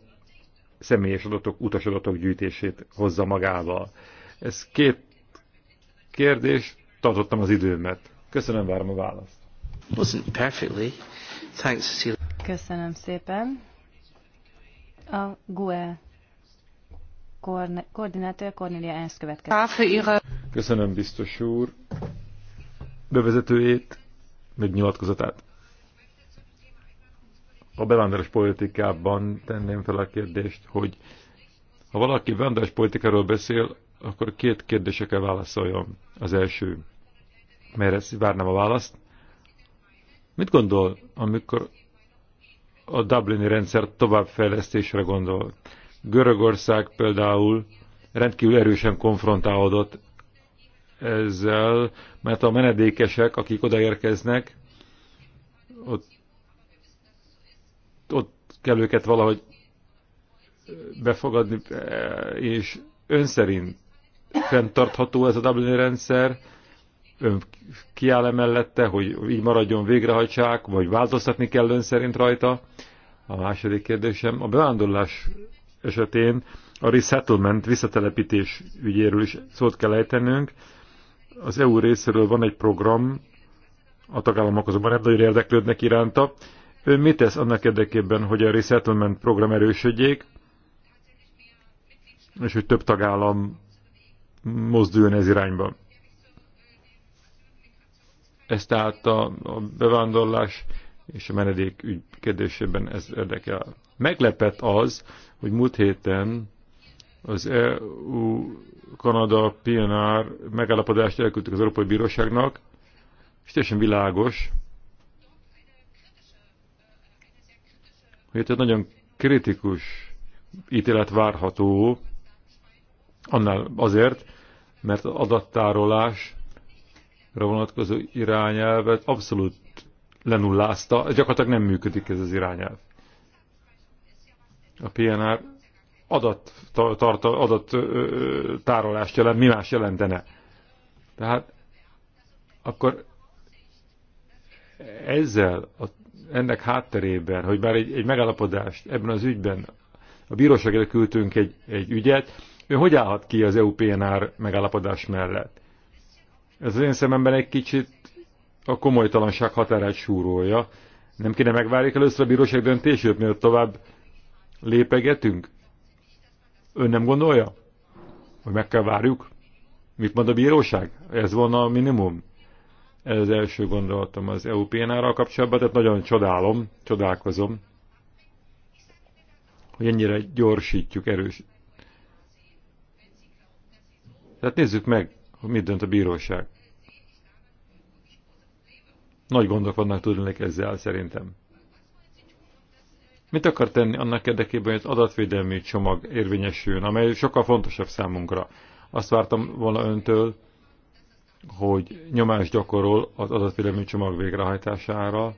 személyes adatok, utasadatok gyűjtését hozza magával. Ez két kérdés, tartottam az időmet. Köszönöm, várom a választ. Wasn't perfectly. Thanks, Cecilia. Köszönöm szépen. A GUE koordinátor Cornelia Ernst következik. Köszönöm, biztos úr, bevezetőjét, nyilatkozatát a bevándorlás politikában tenném fel a kérdést, hogy ha valaki bevándorlás politikáról beszél, akkor két kérdése kell válaszoljon. Az első, ezt várnám a választ. Mit gondol, amikor a Dublini rendszer továbbfejlesztésre gondol? Görögország például rendkívül erősen konfrontálódott ezzel, mert a menedékesek, akik odaérkeznek, ott ott kell őket valahogy befogadni, e, és ön szerint fenntartható ez a Dublini rendszer, ön kiáll -e mellette, hogy így maradjon végrehajtsák, vagy változtatni kell ön szerint rajta? A második kérdésem, a bevándorlás esetén a resettlement, visszatelepítés ügyéről is szót kell ejtenünk. Az EU részéről van egy program, a tagállamok azonban nagyon érdeklődnek iránta, Ön mit tesz annak érdekében, hogy a resettlement program erősödjék, és hogy több tagállam mozduljon ez irányba? Ez tehát a, a bevándorlás és a menedék ügy kérdésében ez érdekel. Meglepett az, hogy múlt héten az EU-Kanada PNR megállapodást elküldtük az Európai Bíróságnak, és teljesen világos, hogy egy nagyon kritikus ítélet várható, annál azért, mert az adattárolásra vonatkozó irányelvet abszolút lenullázta, gyakorlatilag nem működik ez az irányelv. A PNR adat, adat jelent, mi más jelentene. Tehát akkor ezzel a ennek hátterében, hogy már egy, egy megállapodást ebben az ügyben, a bíróság előtt küldtünk egy, egy ügyet, ő hogy állhat ki az EU-PNR megállapodás mellett? Ez az én szememben egy kicsit a komolytalanság határát súrolja. Nem kéne megvárni először a bíróság döntését, mielőtt tovább lépegetünk? Ön nem gondolja, hogy meg kell várjuk? Mit mond a bíróság? Ez volna a minimum. Ez az első gondolatom az EU pnr kapcsolatban, tehát nagyon csodálom, csodálkozom, hogy ennyire gyorsítjuk, erős. Tehát nézzük meg, hogy mit dönt a bíróság. Nagy gondok vannak tudnék ezzel szerintem. Mit akar tenni annak érdekében, hogy az adatvédelmi csomag érvényesüljön, amely sokkal fontosabb számunkra? Azt vártam volna öntől, hogy nyomást gyakorol az adatvédelmi csomag végrehajtására,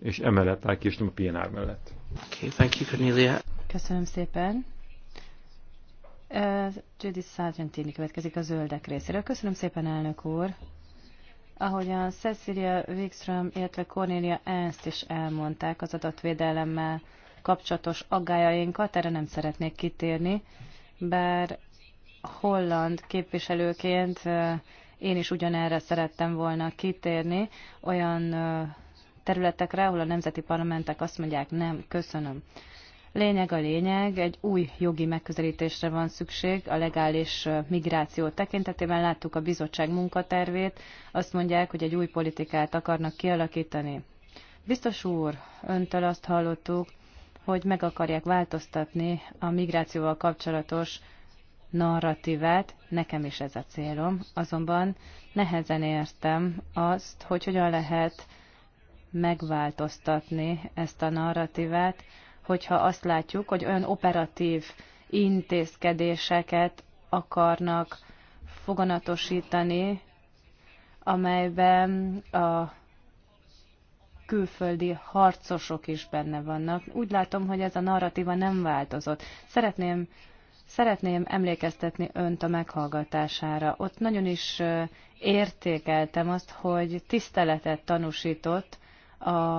és emellett áll ki, nem a PNR mellett. Okay, Köszönöm szépen. Uh, Judith Sargentini következik a zöldek részéről. Köszönöm szépen, elnök úr. Ahogyan Cecilia Wikström, illetve Cornelia Ernst is elmondták az adatvédelemmel kapcsolatos aggájainkat, erre nem szeretnék kitérni, bár holland képviselőként e, én is ugyanerre szerettem volna kitérni, olyan területekre, ahol a nemzeti parlamentek azt mondják, nem, köszönöm. Lényeg a lényeg, egy új jogi megközelítésre van szükség a legális migráció tekintetében. Láttuk a bizottság munkatervét, azt mondják, hogy egy új politikát akarnak kialakítani. Biztos úr, öntől azt hallottuk, hogy meg akarják változtatni a migrációval kapcsolatos narratívát, nekem is ez a célom, azonban nehezen értem azt, hogy hogyan lehet megváltoztatni ezt a narratívát, hogyha azt látjuk, hogy olyan operatív intézkedéseket akarnak foganatosítani, amelyben a külföldi harcosok is benne vannak. Úgy látom, hogy ez a narratíva nem változott. Szeretném Szeretném emlékeztetni önt a meghallgatására. Ott nagyon is értékeltem azt, hogy tiszteletet tanúsított a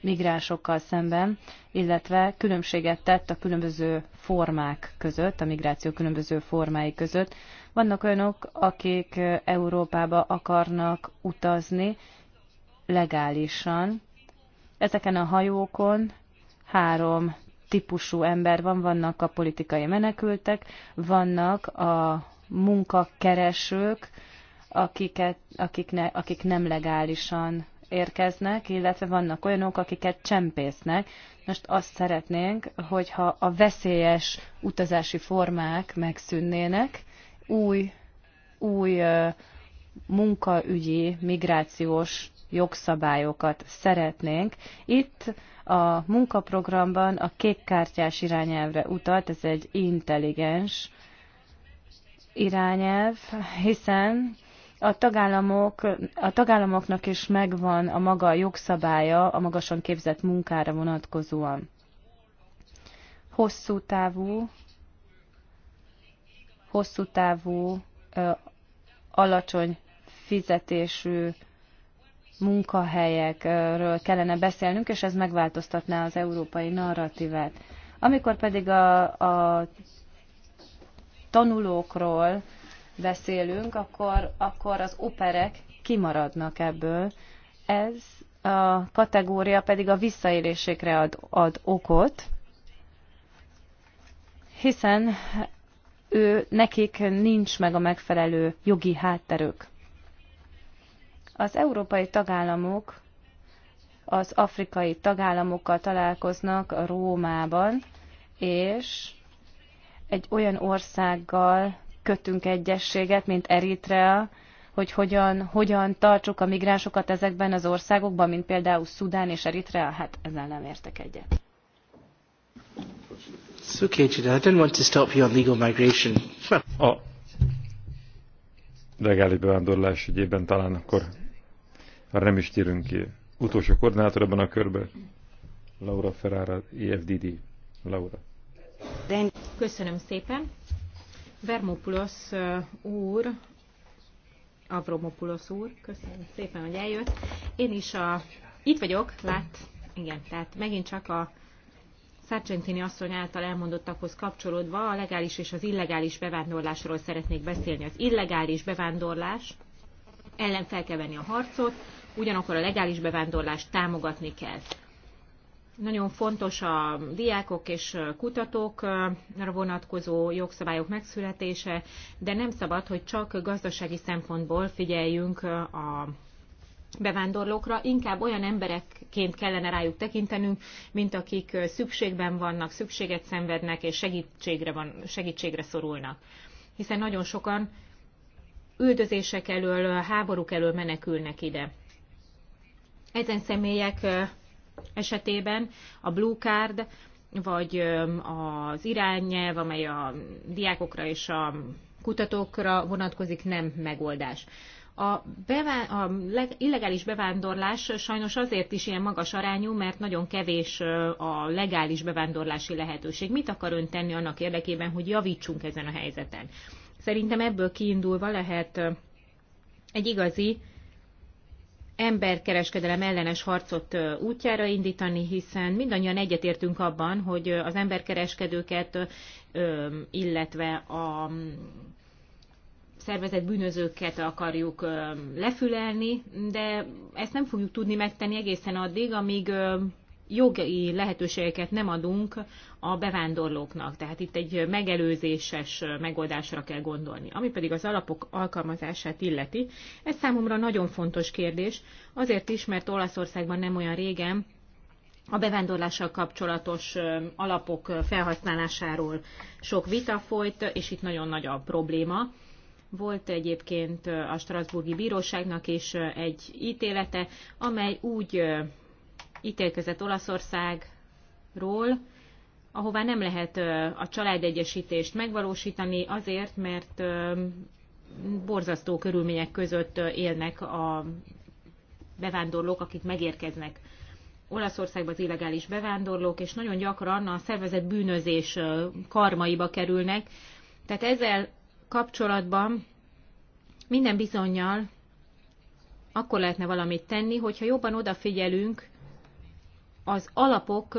migránsokkal szemben, illetve különbséget tett a különböző formák között, a migráció különböző formái között. Vannak olyanok, akik Európába akarnak utazni legálisan. Ezeken a hajókon három típusú ember van, vannak a politikai menekültek, vannak a munkakeresők, akiket, akik, ne, akik nem legálisan érkeznek, illetve vannak olyanok, akiket csempésznek. Most azt szeretnénk, hogyha a veszélyes utazási formák megszűnnének, új, új munkaügyi, migrációs jogszabályokat szeretnénk. Itt a munkaprogramban a kékkártyás irányelvre utalt, ez egy intelligens irányelv, hiszen a, tagállamok, a tagállamoknak is megvan a maga jogszabálya a magasan képzett munkára vonatkozóan. Hosszú távú, hosszú távú, alacsony fizetésű munkahelyekről kellene beszélnünk, és ez megváltoztatná az európai narratívát. Amikor pedig a, a tanulókról beszélünk, akkor, akkor az operek kimaradnak ebből. Ez a kategória pedig a visszaélésékre ad, ad okot, hiszen ő, nekik nincs meg a megfelelő jogi hátterük. Az európai tagállamok az afrikai tagállamokkal találkoznak Rómában, és egy olyan országgal kötünk egyességet, mint Eritrea, hogy hogyan, hogyan tartsuk a migránsokat ezekben az országokban, mint például Szudán és Eritrea, hát ezzel nem értek egyet. I want to stop A legális bevándorlás ügyében talán akkor arra nem is térünk ki. Utolsó koordinátor ebben a körben, Laura Ferrara, EFDD. Laura. Köszönöm szépen. Vermopulos uh, úr, Avromopulos úr, köszönöm szépen, hogy eljött. Én is a... Itt vagyok, lát, igen, tehát megint csak a Sargentini asszony által elmondottakhoz kapcsolódva a legális és az illegális bevándorlásról szeretnék beszélni. Az illegális bevándorlás ellen fel kell venni a harcot, ugyanakkor a legális bevándorlást támogatni kell. Nagyon fontos a diákok és kutatókra vonatkozó jogszabályok megszületése, de nem szabad, hogy csak gazdasági szempontból figyeljünk a bevándorlókra, inkább olyan emberekként kellene rájuk tekintenünk, mint akik szükségben vannak, szükséget szenvednek és segítségre, van, segítségre szorulnak. Hiszen nagyon sokan üldözések elől, háborúk elől menekülnek ide. Ezen személyek esetében a Blue Card vagy az irányelv, amely a diákokra és a kutatókra vonatkozik, nem megoldás. A, bevá- a illegális bevándorlás sajnos azért is ilyen magas arányú, mert nagyon kevés a legális bevándorlási lehetőség. Mit akar ön tenni annak érdekében, hogy javítsunk ezen a helyzeten? Szerintem ebből kiindulva lehet egy igazi emberkereskedelem ellenes harcot útjára indítani, hiszen mindannyian egyetértünk abban, hogy az emberkereskedőket, illetve a mm, szervezett bűnözőket akarjuk lefülelni, de ezt nem fogjuk tudni megtenni egészen addig, amíg jogi lehetőségeket nem adunk a bevándorlóknak. Tehát itt egy megelőzéses megoldásra kell gondolni. Ami pedig az alapok alkalmazását illeti, ez számomra nagyon fontos kérdés, azért is, mert Olaszországban nem olyan régen a bevándorlással kapcsolatos alapok felhasználásáról sok vita folyt, és itt nagyon nagy a probléma. Volt egyébként a Strasburgi Bíróságnak is egy ítélete, amely úgy ítélkezett Olaszországról, ahová nem lehet a családegyesítést megvalósítani azért, mert borzasztó körülmények között élnek a bevándorlók, akik megérkeznek Olaszországba az illegális bevándorlók, és nagyon gyakran a szervezet bűnözés karmaiba kerülnek. Tehát ezzel kapcsolatban minden bizonyal akkor lehetne valamit tenni, hogyha jobban odafigyelünk az alapok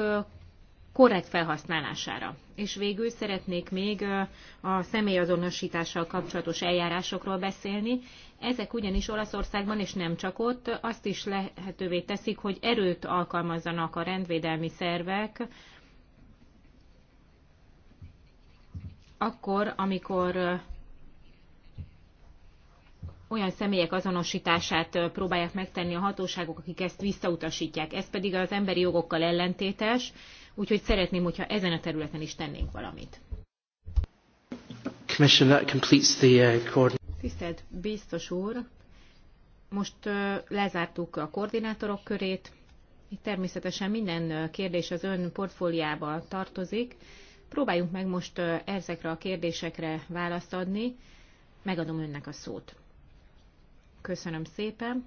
korrekt felhasználására. És végül szeretnék még a személyazonosítással kapcsolatos eljárásokról beszélni. Ezek ugyanis Olaszországban, és nem csak ott, azt is lehetővé teszik, hogy erőt alkalmazzanak a rendvédelmi szervek, akkor, amikor olyan személyek azonosítását próbálják megtenni a hatóságok, akik ezt visszautasítják. Ez pedig az emberi jogokkal ellentétes, úgyhogy szeretném, hogyha ezen a területen is tennénk valamit. Uh, Tisztelt biztos úr, most lezártuk a koordinátorok körét. Itt természetesen minden kérdés az ön portfóliába tartozik. Próbáljunk meg most ezekre a kérdésekre választ adni. Megadom önnek a szót. Köszönöm szépen.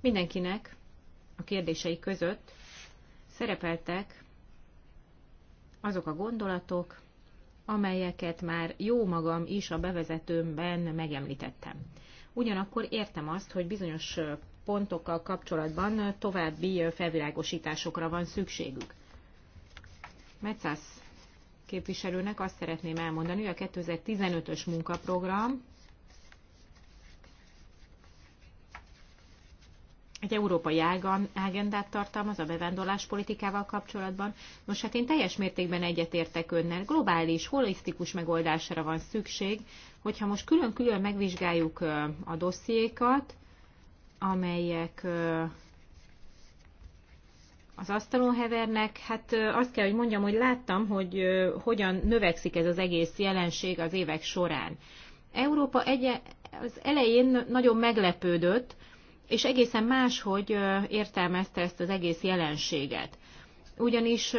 Mindenkinek a kérdései között szerepeltek azok a gondolatok, amelyeket már jó magam is a bevezetőmben megemlítettem. Ugyanakkor értem azt, hogy bizonyos pontokkal kapcsolatban további felvilágosításokra van szükségük. Metszász képviselőnek azt szeretném elmondani, hogy a 2015-ös munkaprogram egy európai ágendát tartalmaz a politikával kapcsolatban. Most hát én teljes mértékben egyetértek önnel. Globális, holisztikus megoldásra van szükség, hogyha most külön-külön megvizsgáljuk a dossziékat, amelyek az asztalon hevernek. Hát azt kell, hogy mondjam, hogy láttam, hogy hogyan növekszik ez az egész jelenség az évek során. Európa egy, az elején nagyon meglepődött, és egészen máshogy értelmezte ezt az egész jelenséget. Ugyanis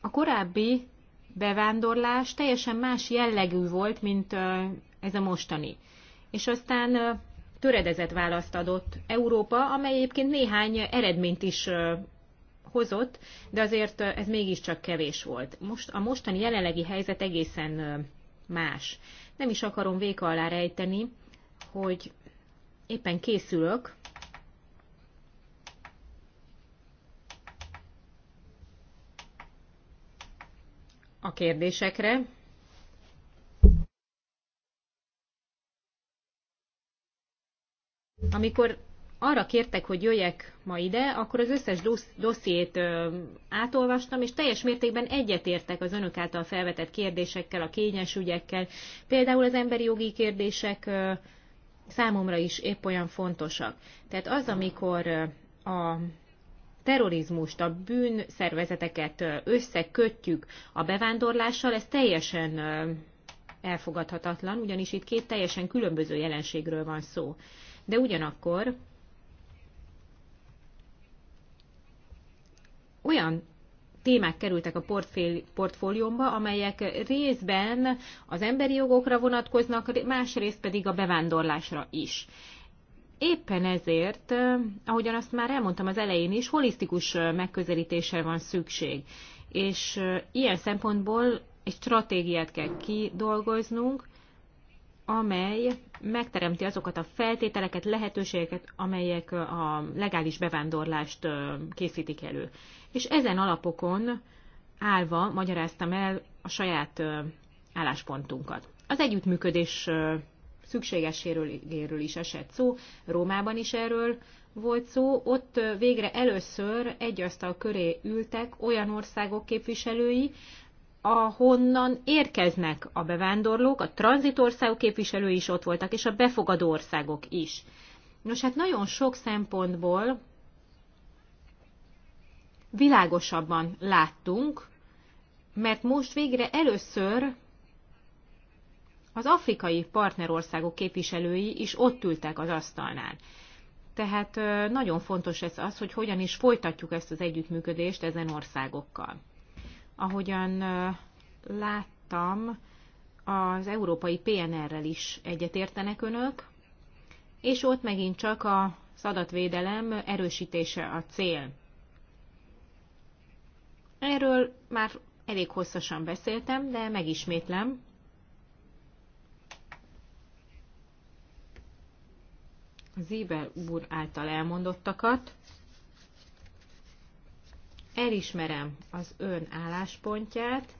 a korábbi bevándorlás teljesen más jellegű volt, mint ez a mostani. És aztán töredezett választ adott Európa, amely egyébként néhány eredményt is hozott, de azért ez mégiscsak kevés volt. Most, a mostani jelenlegi helyzet egészen más. Nem is akarom véka alá rejteni, hogy éppen készülök a kérdésekre, amikor arra kértek, hogy jöjjek ma ide, akkor az összes dossziét átolvastam, és teljes mértékben egyetértek az önök által felvetett kérdésekkel, a kényes ügyekkel. Például az emberi jogi kérdések számomra is épp olyan fontosak. Tehát az, amikor a terrorizmust, a bűnszervezeteket összekötjük a bevándorlással, ez teljesen elfogadhatatlan, ugyanis itt két teljesen különböző jelenségről van szó. De ugyanakkor olyan témák kerültek a portfél, portfóliómba, amelyek részben az emberi jogokra vonatkoznak, másrészt pedig a bevándorlásra is. Éppen ezért, ahogyan azt már elmondtam az elején is, holisztikus megközelítésre van szükség. És ilyen szempontból egy stratégiát kell kidolgoznunk, amely megteremti azokat a feltételeket, lehetőségeket, amelyek a legális bevándorlást készítik elő. És ezen alapokon állva magyaráztam el a saját álláspontunkat. Az együttműködés szükségességéről is esett szó, Rómában is erről volt szó, ott végre először egy asztal köré ültek olyan országok képviselői, ahonnan érkeznek a bevándorlók, a tranzitországok képviselői is ott voltak, és a befogadó országok is. Nos, hát nagyon sok szempontból világosabban láttunk, mert most végre először az afrikai partnerországok képviselői is ott ültek az asztalnál. Tehát nagyon fontos ez az, hogy hogyan is folytatjuk ezt az együttműködést ezen országokkal ahogyan láttam, az európai PNR-rel is egyetértenek önök, és ott megint csak az adatvédelem erősítése a cél. Erről már elég hosszasan beszéltem, de megismétlem. Zíber úr által elmondottakat elismerem az ön álláspontját,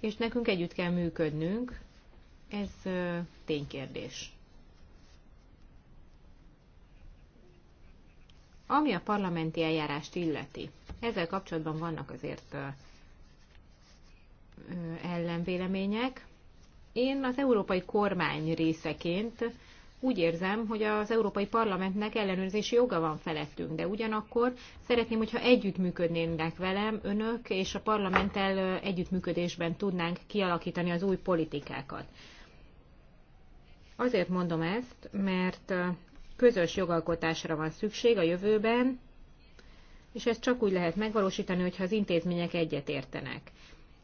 és nekünk együtt kell működnünk. Ez ténykérdés. Ami a parlamenti eljárást illeti, ezzel kapcsolatban vannak azért ellenvélemények. Én az európai kormány részeként úgy érzem, hogy az Európai Parlamentnek ellenőrzési joga van felettünk, de ugyanakkor szeretném, hogyha együttműködnének velem önök, és a parlamenttel együttműködésben tudnánk kialakítani az új politikákat. Azért mondom ezt, mert közös jogalkotásra van szükség a jövőben, és ezt csak úgy lehet megvalósítani, hogyha az intézmények egyetértenek.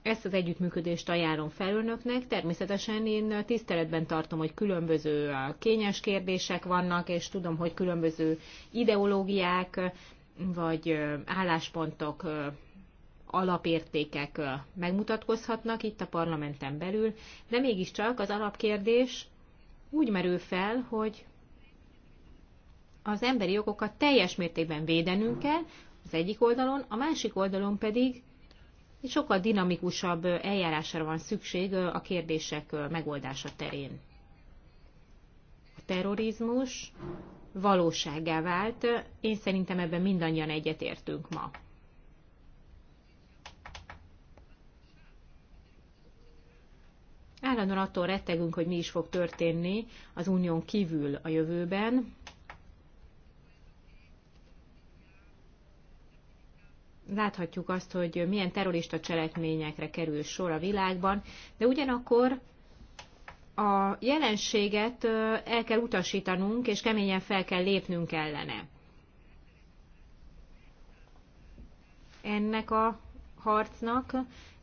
Ezt az együttműködést ajánlom fel önöknek. Természetesen én tiszteletben tartom, hogy különböző kényes kérdések vannak, és tudom, hogy különböző ideológiák vagy álláspontok, alapértékek megmutatkozhatnak itt a parlamenten belül, de mégiscsak az alapkérdés úgy merül fel, hogy az emberi jogokat teljes mértékben védenünk kell az egyik oldalon, a másik oldalon pedig egy sokkal dinamikusabb eljárásra van szükség a kérdések megoldása terén. A terrorizmus valóságá vált, én szerintem ebben mindannyian egyetértünk ma. Állandóan attól rettegünk, hogy mi is fog történni az unión kívül a jövőben, láthatjuk azt, hogy milyen terrorista cselekményekre kerül sor a világban, de ugyanakkor a jelenséget el kell utasítanunk, és keményen fel kell lépnünk ellene. Ennek a harcnak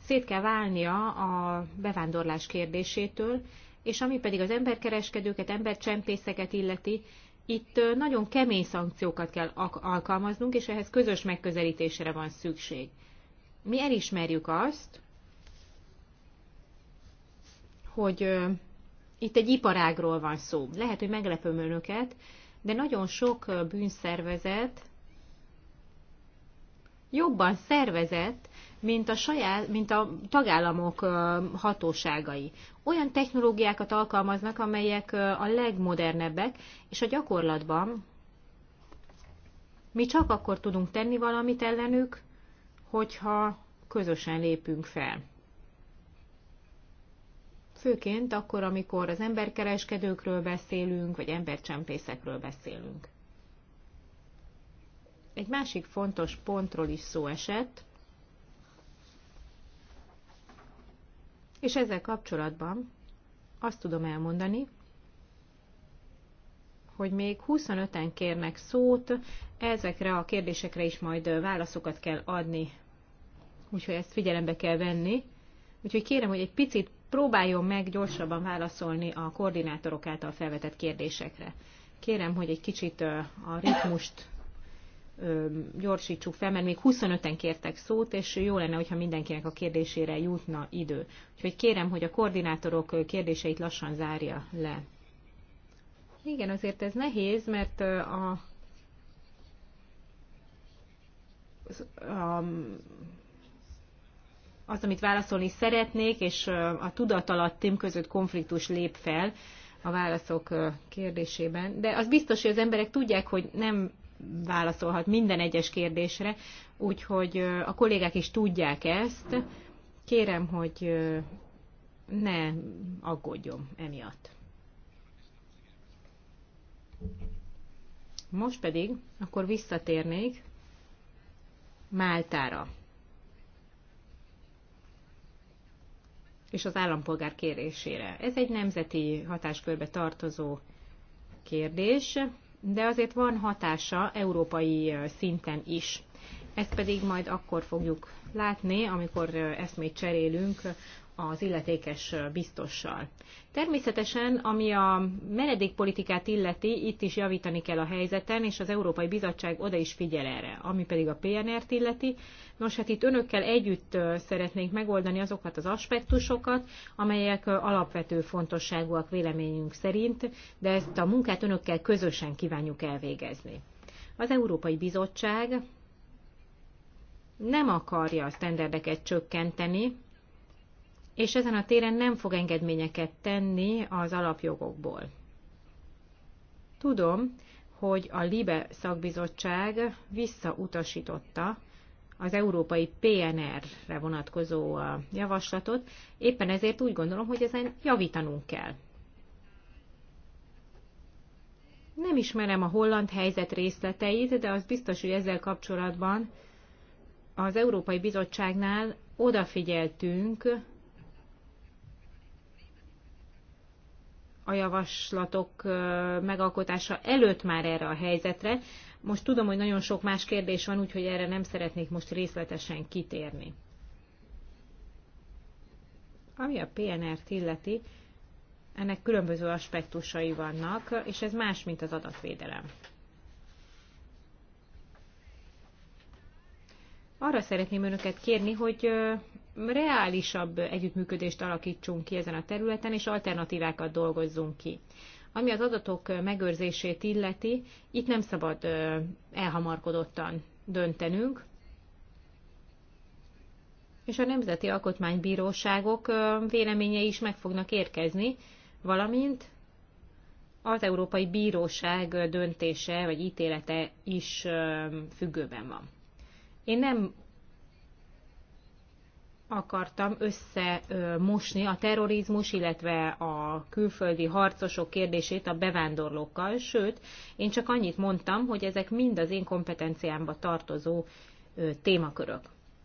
szét kell válnia a bevándorlás kérdésétől, és ami pedig az emberkereskedőket, embercsempészeket illeti, itt nagyon kemény szankciókat kell alkalmaznunk, és ehhez közös megközelítésre van szükség. Mi elismerjük azt, hogy itt egy iparágról van szó. Lehet, hogy meglepöm önöket, de nagyon sok bűnszervezet jobban szervezett, mint a, saját, mint a tagállamok hatóságai. Olyan technológiákat alkalmaznak, amelyek a legmodernebbek, és a gyakorlatban mi csak akkor tudunk tenni valamit ellenük, hogyha közösen lépünk fel. Főként akkor, amikor az emberkereskedőkről beszélünk, vagy embercsempészekről beszélünk. Egy másik fontos pontról is szó esett, És ezzel kapcsolatban azt tudom elmondani, hogy még 25-en kérnek szót, ezekre a kérdésekre is majd válaszokat kell adni. Úgyhogy ezt figyelembe kell venni. Úgyhogy kérem, hogy egy picit próbáljon meg gyorsabban válaszolni a koordinátorok által felvetett kérdésekre. Kérem, hogy egy kicsit a ritmust gyorsítsuk fel, mert még 25-en kértek szót, és jó lenne, hogyha mindenkinek a kérdésére jutna idő. Úgyhogy kérem, hogy a koordinátorok kérdéseit lassan zárja le. Igen, azért ez nehéz, mert a, az, amit válaszolni szeretnék, és a tudatalattim között konfliktus lép fel a válaszok kérdésében. De az biztos, hogy az emberek tudják, hogy nem válaszolhat minden egyes kérdésre, úgyhogy a kollégák is tudják ezt. Kérem, hogy ne aggódjon emiatt. Most pedig akkor visszatérnék Máltára. és az állampolgár kérésére. Ez egy nemzeti hatáskörbe tartozó kérdés de azért van hatása európai szinten is. Ezt pedig majd akkor fogjuk látni, amikor eszmét cserélünk az illetékes biztossal. Természetesen, ami a menedékpolitikát illeti, itt is javítani kell a helyzeten, és az Európai Bizottság oda is figyel erre. Ami pedig a PNR-t illeti, nos hát itt önökkel együtt szeretnénk megoldani azokat az aspektusokat, amelyek alapvető fontosságúak véleményünk szerint, de ezt a munkát önökkel közösen kívánjuk elvégezni. Az Európai Bizottság nem akarja a sztenderdeket csökkenteni, és ezen a téren nem fog engedményeket tenni az alapjogokból. Tudom, hogy a LIBE szakbizottság visszautasította az európai PNR-re vonatkozó javaslatot, éppen ezért úgy gondolom, hogy ezen javítanunk kell. Nem ismerem a holland helyzet részleteit, de az biztos, hogy ezzel kapcsolatban az Európai Bizottságnál odafigyeltünk a javaslatok megalkotása előtt már erre a helyzetre. Most tudom, hogy nagyon sok más kérdés van, úgyhogy erre nem szeretnék most részletesen kitérni. Ami a PNR-t illeti, ennek különböző aspektusai vannak, és ez más, mint az adatvédelem. Arra szeretném önöket kérni, hogy reálisabb együttműködést alakítsunk ki ezen a területen, és alternatívákat dolgozzunk ki. Ami az adatok megőrzését illeti, itt nem szabad elhamarkodottan döntenünk, és a nemzeti alkotmánybíróságok véleményei is meg fognak érkezni, valamint az Európai Bíróság döntése vagy ítélete is függőben van. Én nem akartam összemosni a terrorizmus, illetve a külföldi harcosok kérdését a bevándorlókkal, sőt, én csak annyit mondtam, hogy ezek mind az én kompetenciámba tartozó témakörök.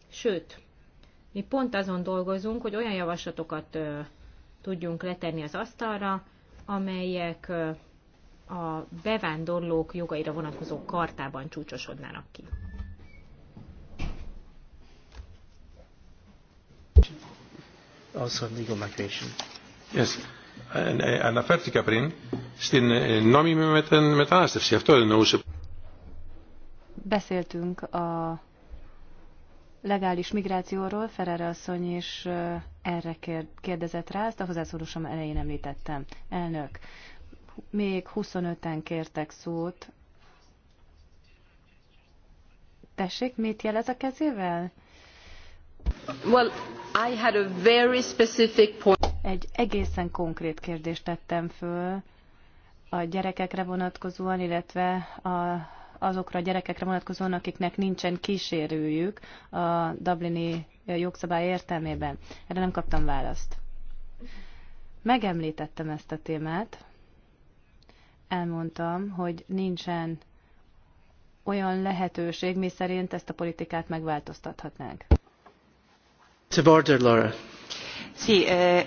Sőt, mi pont azon dolgozunk, hogy olyan javaslatokat tudjunk letenni az asztalra, amelyek a bevándorlók jogaira vonatkozó kartában csúcsosodnának ki. also in legal migration. Yes. Αναφέρθηκα πριν στην νόμιμη μετανάστευση. Αυτό εννοούσε. Beszéltünk a legális migrációról, Ferrer asszony is eh, erre kérdezett rá, ezt a hozzászólásom elején említettem. Elnök, még 25-en kértek szót. Tessék, mit jelez a kezével? Well, egy egészen konkrét kérdést tettem föl a gyerekekre vonatkozóan, illetve a, azokra a gyerekekre vonatkozóan, akiknek nincsen kísérőjük a Dublini jogszabály értelmében. Erre nem kaptam választ. Megemlítettem ezt a témát, elmondtam, hogy nincsen olyan lehetőség, mi szerint ezt a politikát megváltoztathatnánk. It's Laura. Sì, eh,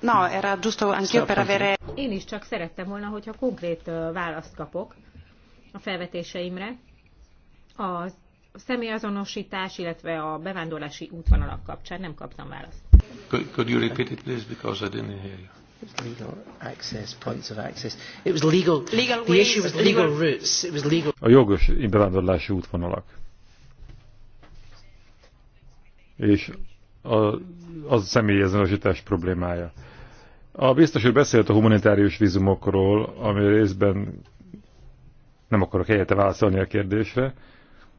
no, era giusto anch'io per avere... Én is csak szerettem volna, hogyha konkrét választ kapok a felvetéseimre. A személyazonosítás, illetve a bevándorlási útvonalak kapcsán nem kaptam választ. Could, could you repeat it, please, because I didn't hear you? legal access, points of access. It was legal. legal the issue was legal, routes. It was legal. A jogos bevándorlási útvonalak és a, az személyazonosítás problémája. A biztos hogy beszélt a humanitárius vízumokról, ami részben nem akarok helyette válaszolni a kérdésre,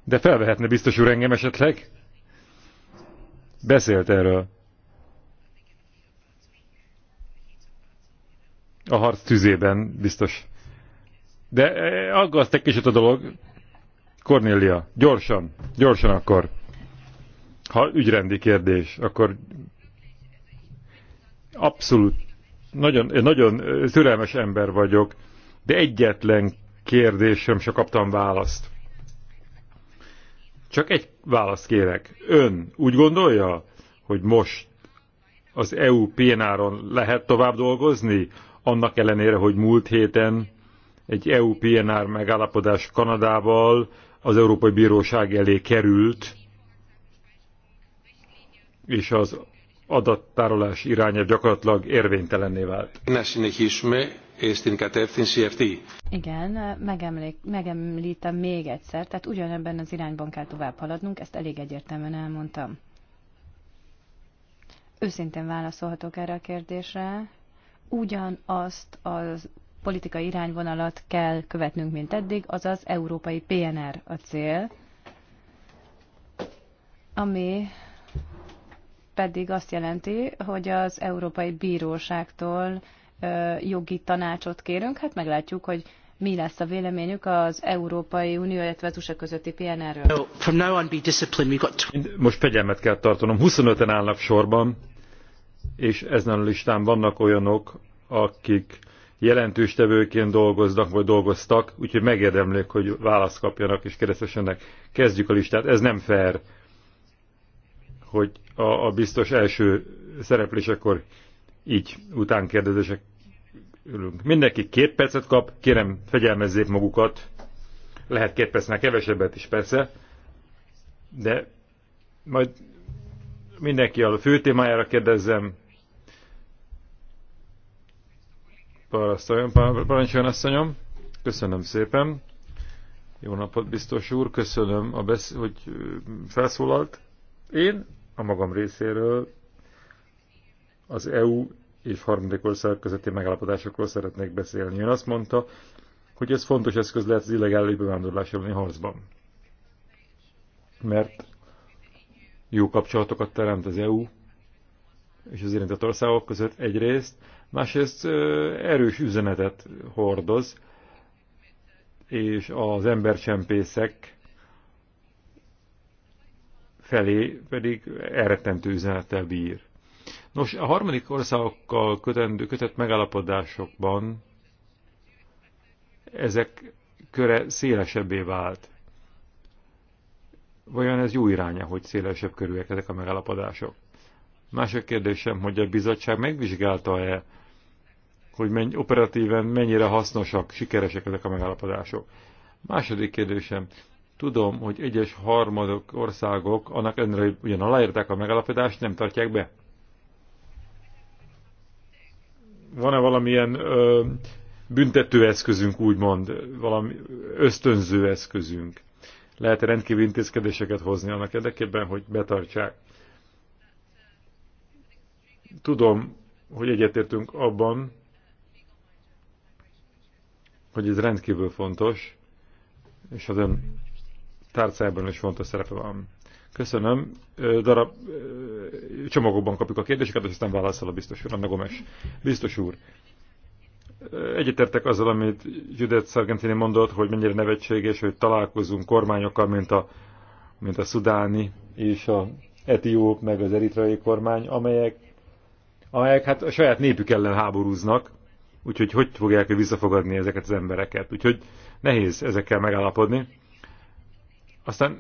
de felvehetne biztos úr engem esetleg? Beszélt erről. A harc tüzében, biztos. De eh, aggaszt egy kicsit a dolog. Cornélia, gyorsan, gyorsan akkor. Ha ügyrendi kérdés, akkor abszolút nagyon, nagyon türelmes ember vagyok, de egyetlen kérdésem sem kaptam választ. Csak egy választ kérek. Ön úgy gondolja, hogy most az EU PNR-on lehet tovább dolgozni, annak ellenére, hogy múlt héten egy EU PNR megállapodás Kanadával az Európai Bíróság elé került, és az adattárolás iránya gyakorlatilag érvénytelenné vált. Igen, megemlék, megemlítem még egyszer, tehát ugyanebben az irányban kell tovább haladnunk, ezt elég egyértelműen elmondtam. Őszintén válaszolhatok erre a kérdésre. Ugyanazt az politikai irányvonalat kell követnünk, mint eddig, azaz európai PNR a cél, ami pedig azt jelenti, hogy az Európai Bíróságtól jogi tanácsot kérünk. Hát meglátjuk, hogy mi lesz a véleményük az Európai Unió, illetve az USA közötti PNR-ről. Most fegyelmet kell tartanom. 25-en állnak sorban, és ezen a listán vannak olyanok, akik jelentős tevőként dolgoznak, vagy dolgoztak, úgyhogy megérdemlék, hogy választ kapjanak és keresztesenek. Kezdjük a listát. Ez nem fair hogy a, a biztos első szereplésekor így kérdezések ülünk. Mindenki két percet kap, kérem fegyelmezzék magukat. Lehet két percnál kevesebbet is persze, de majd mindenki a fő témájára kérdezzem. parancsoljon asszonyom. Köszönöm szépen. Jó napot, biztos úr. Köszönöm, a besz hogy felszólalt. Én a magam részéről az EU és harmadik ország közötti megállapodásokról szeretnék beszélni. Ön azt mondta, hogy ez fontos eszköz lehet az illegális bevándorlás elleni harcban. Mert jó kapcsolatokat teremt az EU és az érintett országok között egyrészt, másrészt erős üzenetet hordoz, és az embercsempészek felé pedig elrettentő üzenettel bír. Nos, a harmadik országokkal kötendő, kötött megállapodásokban ezek köre szélesebbé vált. Vajon ez jó iránya, hogy szélesebb körűek ezek a megállapodások? Mások kérdésem, hogy a bizottság megvizsgálta-e, hogy menny, operatíven mennyire hasznosak, sikeresek ezek a megállapodások? Második kérdésem, Tudom, hogy egyes harmadok országok, annak ellenére, hogy ugyan aláírták a megállapodást, nem tartják be. Van-e valamilyen ö, eszközünk, úgymond, valami ösztönző eszközünk? Lehet -e rendkívül intézkedéseket hozni annak érdekében, hogy betartsák? Tudom, hogy egyetértünk abban, hogy ez rendkívül fontos, és az ön tárcájában is fontos szerepe van. Köszönöm. Darab, csomagokban kapjuk a kérdéseket, és aztán válaszol a biztos úr, Anna Gomes. Biztos úr, egyetértek azzal, amit Judith Sargentini mondott, hogy mennyire nevetséges, hogy találkozunk kormányokkal, mint a, mint a szudáni és a etióp, meg az eritreai kormány, amelyek, amelyek hát a saját népük ellen háborúznak, úgyhogy hogy fogják visszafogadni ezeket az embereket. Úgyhogy nehéz ezekkel megállapodni aztán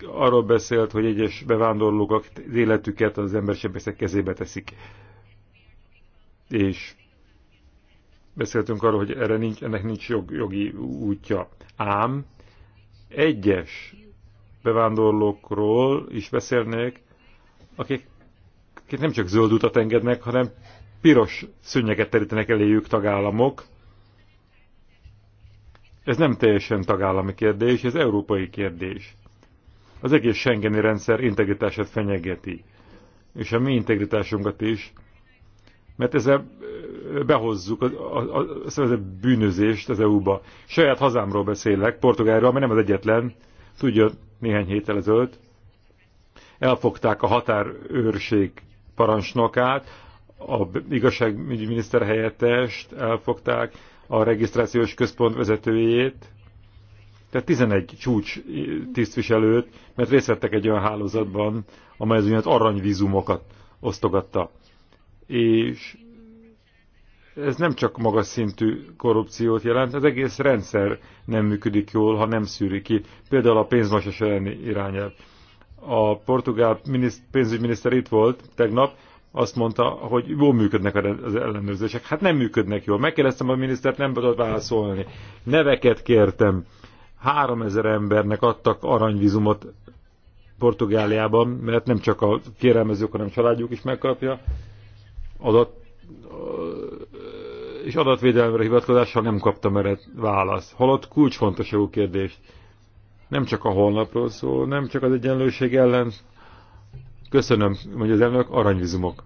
eh, arról beszélt, hogy egyes bevándorlók az életüket az embersebészek kezébe teszik. És beszéltünk arról, hogy erre nincs, ennek nincs jog, jogi útja. Ám egyes bevándorlókról is beszélnék, akik, akik nem csak zöld utat engednek, hanem piros szőnyeget terítenek eléjük tagállamok, ez nem teljesen tagállami kérdés, ez európai kérdés. Az egész Schengeni rendszer integritását fenyegeti, és a mi integritásunkat is, mert ezzel behozzuk a, a, a, a, a bűnözést az EU-ba. Saját hazámról beszélek, Portugálról, mert nem az egyetlen, tudja, néhány héttel ezelőtt elfogták a határőrség parancsnokát, a igazságügyi miniszter helyettest elfogták, a regisztrációs központ vezetőjét, tehát 11 csúcs tisztviselőt, mert részt vettek egy olyan hálózatban, amely az úgynevezett aranyvízumokat osztogatta. És ez nem csak magas szintű korrupciót jelent, az egész rendszer nem működik jól, ha nem szűri ki. Például a pénzmosás elleni irányelv. A portugál pénzügyminiszter itt volt tegnap, azt mondta, hogy jól működnek az ellenőrzések. Hát nem működnek jól. Megkérdeztem a minisztert, nem tudott válaszolni. Neveket kértem. három ezer embernek adtak aranyvizumot Portugáliában, mert nem csak a kérelmezők, hanem a családjuk is megkapja. Adat, és adatvédelemre hivatkozással nem kaptam erre választ. Holott kulcsfontosságú kérdést. Nem csak a holnapról szól, nem csak az egyenlőség ellen Köszönöm, mondja az elnök aranyvizumok.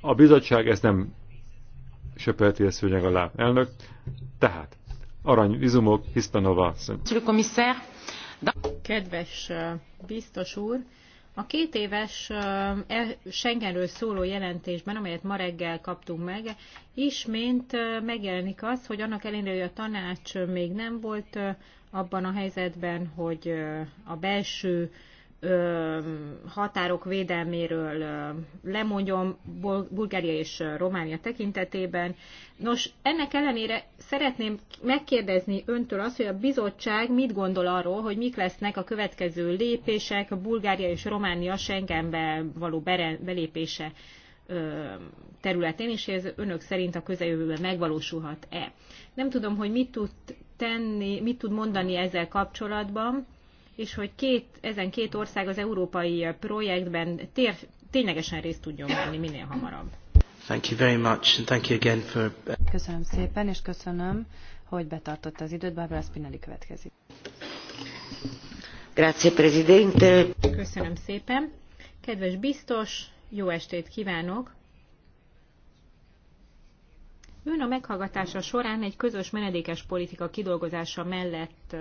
A bizottság ezt nem söpölti a szőnyeg alá. Elnök, tehát aranyvizumok, Hisztanova. Kedves biztos úr, a két éves e- Schengenről szóló jelentésben, amelyet ma reggel kaptunk meg, ismét megjelenik az, hogy annak ellenére, hogy a tanács még nem volt abban a helyzetben, hogy a belső határok védelméről lemondjon Bulgária és Románia tekintetében. Nos, ennek ellenére szeretném megkérdezni öntől azt, hogy a bizottság mit gondol arról, hogy mik lesznek a következő lépések a Bulgária és Románia Schengenbe való belépése területén, és ez önök szerint a közeljövőben megvalósulhat-e. Nem tudom, hogy mit tud tenni, mit tud mondani ezzel kapcsolatban, és hogy két, ezen két ország az európai projektben tér, ténylegesen részt tudjon venni minél hamarabb. Thank you very much, and thank you again for... Köszönöm szépen, és köszönöm, hogy betartotta az időt. Barbara Spinelli következik. Grazie, Presidente. Köszönöm szépen. Kedves biztos, jó estét kívánok! Ön a meghallgatása során egy közös menedékes politika kidolgozása mellett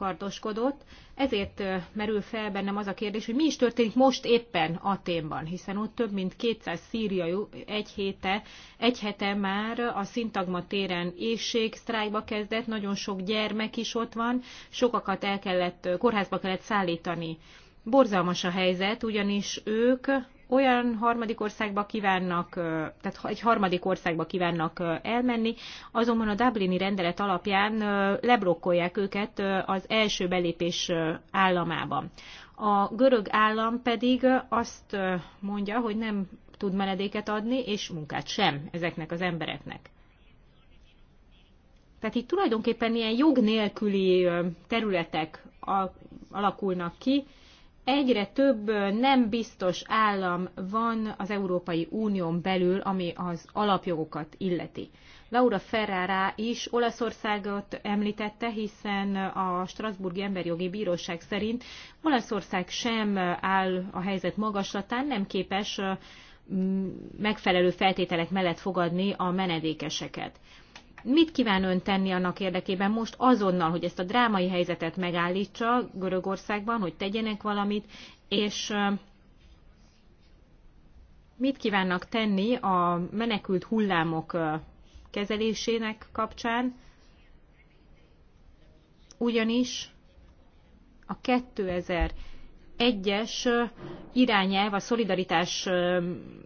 kardoskodott. Ezért merül fel bennem az a kérdés, hogy mi is történik most éppen Aténban, hiszen ott több mint 200 szíriai egy, héte, egy hete már a szintagma téren éjség sztrájkba kezdett, nagyon sok gyermek is ott van, sokakat el kellett, kórházba kellett szállítani. Borzalmas a helyzet, ugyanis ők olyan harmadik országba kívánnak, tehát egy harmadik országba kívánnak elmenni, azonban a Dublini rendelet alapján leblokkolják őket az első belépés államában. A görög állam pedig azt mondja, hogy nem tud menedéket adni, és munkát sem ezeknek az embereknek. Tehát itt tulajdonképpen ilyen jog nélküli területek alakulnak ki, egyre több nem biztos állam van az Európai Unión belül, ami az alapjogokat illeti. Laura Ferrara is Olaszországot említette, hiszen a Strasburgi Emberjogi Bíróság szerint Olaszország sem áll a helyzet magaslatán, nem képes megfelelő feltételek mellett fogadni a menedékeseket. Mit kíván ön tenni annak érdekében most azonnal, hogy ezt a drámai helyzetet megállítsa Görögországban, hogy tegyenek valamit, és mit kívánnak tenni a menekült hullámok kezelésének kapcsán, ugyanis a 2000 egyes irányelv, a szolidaritás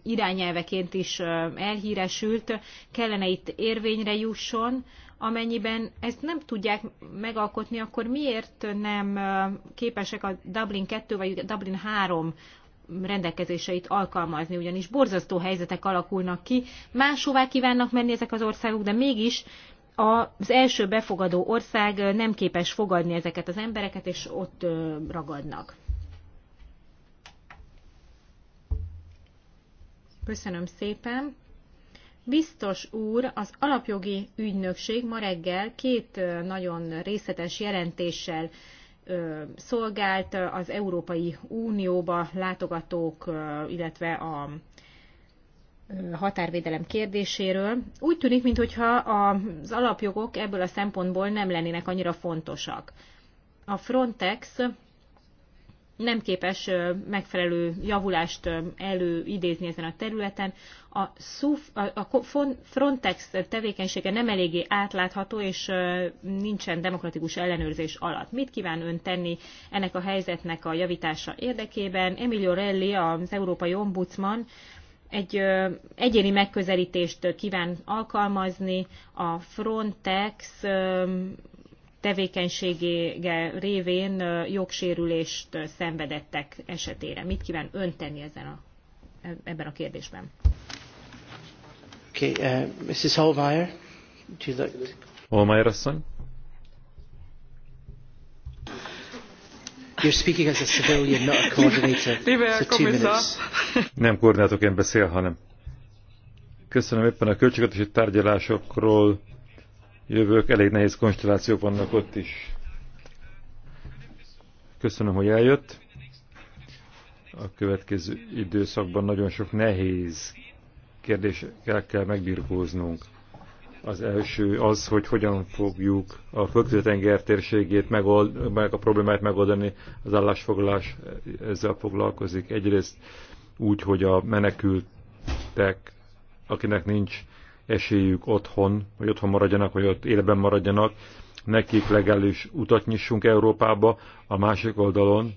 irányelveként is elhíresült, kellene itt érvényre jusson, amennyiben ezt nem tudják megalkotni, akkor miért nem képesek a Dublin 2 vagy a Dublin 3 rendelkezéseit alkalmazni, ugyanis borzasztó helyzetek alakulnak ki, máshová kívánnak menni ezek az országok, de mégis az első befogadó ország nem képes fogadni ezeket az embereket, és ott ragadnak. Köszönöm szépen. Biztos úr, az alapjogi ügynökség ma reggel két nagyon részletes jelentéssel szolgált az Európai Unióba látogatók, illetve a határvédelem kérdéséről. Úgy tűnik, mintha az alapjogok ebből a szempontból nem lennének annyira fontosak. A Frontex nem képes megfelelő javulást előidézni ezen a területen. A, SUF, a Frontex tevékenysége nem eléggé átlátható, és nincsen demokratikus ellenőrzés alatt. Mit kíván ön tenni ennek a helyzetnek a javítása érdekében? Emilio Relli, az Európai Ombudsman, egy egyéni megközelítést kíván alkalmazni a Frontex tevékenységége révén jogsérülést szenvedettek esetére. Mit kíván ön tenni ezen a, e, ebben a kérdésben? Okay, uh, Mrs. Holmeyer, would you like to... Holmeyer asszony. You're speaking as a civilian, not a coordinator. so two minutes. Nem koordinátorként beszél, hanem. Köszönöm éppen a költségvetési tárgyalásokról jövők, elég nehéz konstellációk vannak ott is. Köszönöm, hogy eljött. A következő időszakban nagyon sok nehéz kérdésekkel kell megbirkóznunk. Az első az, hogy hogyan fogjuk a földközi-tenger térségét megold, meg a problémát megoldani, az állásfoglalás ezzel foglalkozik. Egyrészt úgy, hogy a menekültek, akinek nincs esélyük otthon, hogy otthon maradjanak, vagy ott életben maradjanak, nekik legelős utat nyissunk Európába, a másik oldalon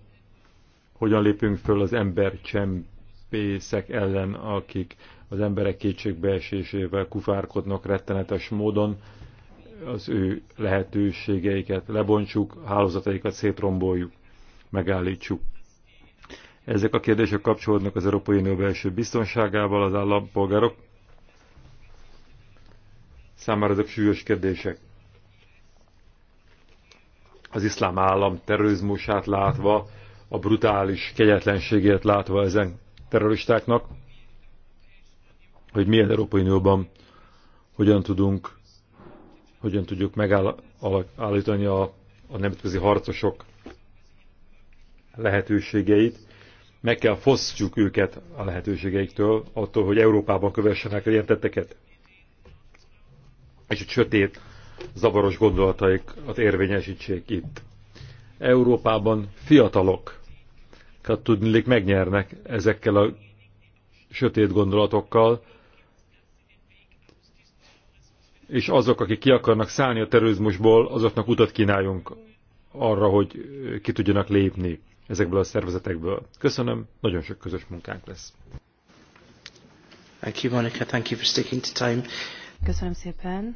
hogyan lépünk föl az embercsempészek ellen, akik az emberek kétségbeesésével kufárkodnak rettenetes módon, az ő lehetőségeiket lebontsuk, hálózataikat szétromboljuk, megállítsuk. Ezek a kérdések kapcsolódnak az Európai Unió belső biztonságával, az állampolgárok számára ezek súlyos kérdések. Az iszlám állam terrorizmusát látva, a brutális kegyetlenségét látva ezen terroristáknak, hogy milyen Európai Unióban hogyan tudunk, hogyan tudjuk megállítani a, a nemzetközi harcosok lehetőségeit. Meg kell fosztjuk őket a lehetőségeiktől, attól, hogy Európában kövessenek ilyen tetteket és a sötét, zavaros gondolataikat érvényesítsék itt. Európában fiatalok hát tudnilik megnyernek ezekkel a sötét gondolatokkal, és azok, akik ki akarnak szállni a terrorizmusból, azoknak utat kínáljunk arra, hogy ki tudjanak lépni ezekből a szervezetekből. Köszönöm, nagyon sok közös munkánk lesz. Thank you, Monica. Thank you for sticking to time. Köszönöm szépen,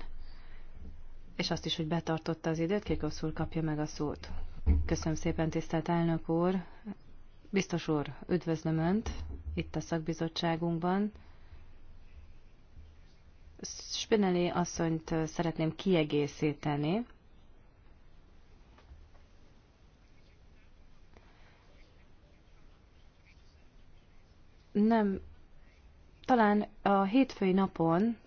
és azt is, hogy betartotta az időt. Kékosz úr kapja meg a szót. Köszönöm szépen, tisztelt elnök úr. Biztos úr, üdvözlöm Önt itt a szakbizottságunkban. Spinelli asszonyt szeretném kiegészíteni. Nem, talán a hétfői napon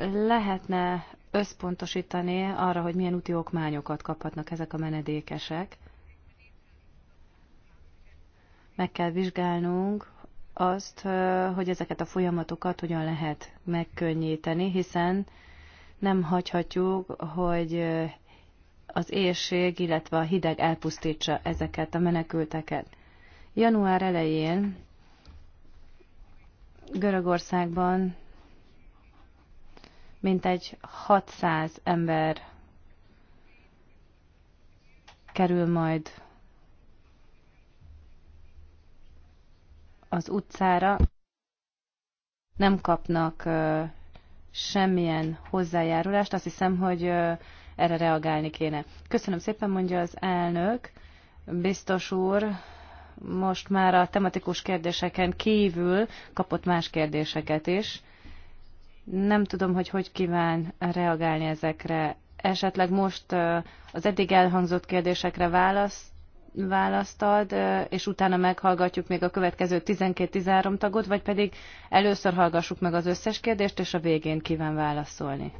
lehetne összpontosítani arra, hogy milyen úti okmányokat kaphatnak ezek a menedékesek. Meg kell vizsgálnunk azt, hogy ezeket a folyamatokat hogyan lehet megkönnyíteni, hiszen nem hagyhatjuk, hogy az érség, illetve a hideg elpusztítsa ezeket a menekülteket. Január elején Görögországban mintegy 600 ember kerül majd az utcára, nem kapnak semmilyen hozzájárulást. Azt hiszem, hogy erre reagálni kéne. Köszönöm szépen, mondja az elnök. Biztos úr, most már a tematikus kérdéseken kívül kapott más kérdéseket is. Nem tudom, hogy hogy kíván reagálni ezekre. Esetleg most az eddig elhangzott kérdésekre választ választad, és utána meghallgatjuk még a következő 12-13 tagot, vagy pedig először hallgassuk meg az összes kérdést, és a végén kíván válaszolni.